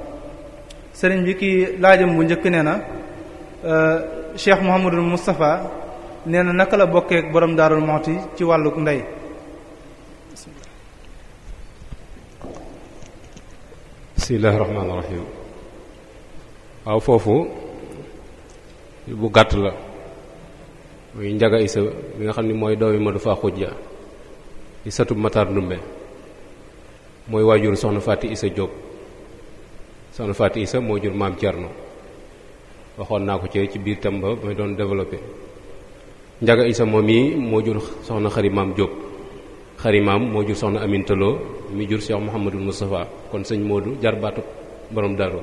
Speaker 5: sëriñ bi kii laajam bu njëkk nee na cheikh Mouhamadul Moustapha nee na naka la bokkee boroom borom Daarul ci wàlluk ndey.
Speaker 2: bismillahi rahmaani waaw foofu bu gàtt la muy njaga isa bi nga xam ni mooy doomi Madu Faa Xujja di satub Matar Ndumbe mooy waajur soxna Faati Isa Jóob soxna Faati Isa moo jur maam Cerno waxoon naa ko ci ci biir tam ba may doon développé njaga isa moom yi moo jur soxna xarimaam Diop xarimaam moo jur soxna amintaloo mi jur Cheikh Mouhamadul Moustapha kon sëñ Modou jarbaatu borom daru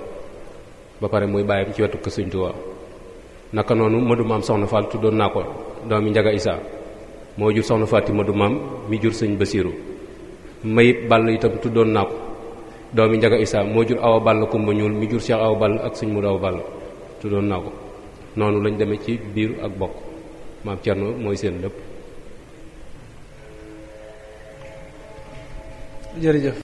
Speaker 2: ba pare muy bàyyam ci wetu ko sëñ naka noonu Modou maam soxna Fall naa ko doomi njaga isa moo jur soxna Fatima Modou maam mi jur sëñ Basiiru mayib bàll itam tuddoon naa ko doomi njaga isa moo jur awa bàll kumba ñuul mi jur Cheikh awa bàll ak sëñ Modou awa bàll tuddoon naa ko noonu lañ demee ci biir ak bokk maam Cerno mooy seen
Speaker 5: lépp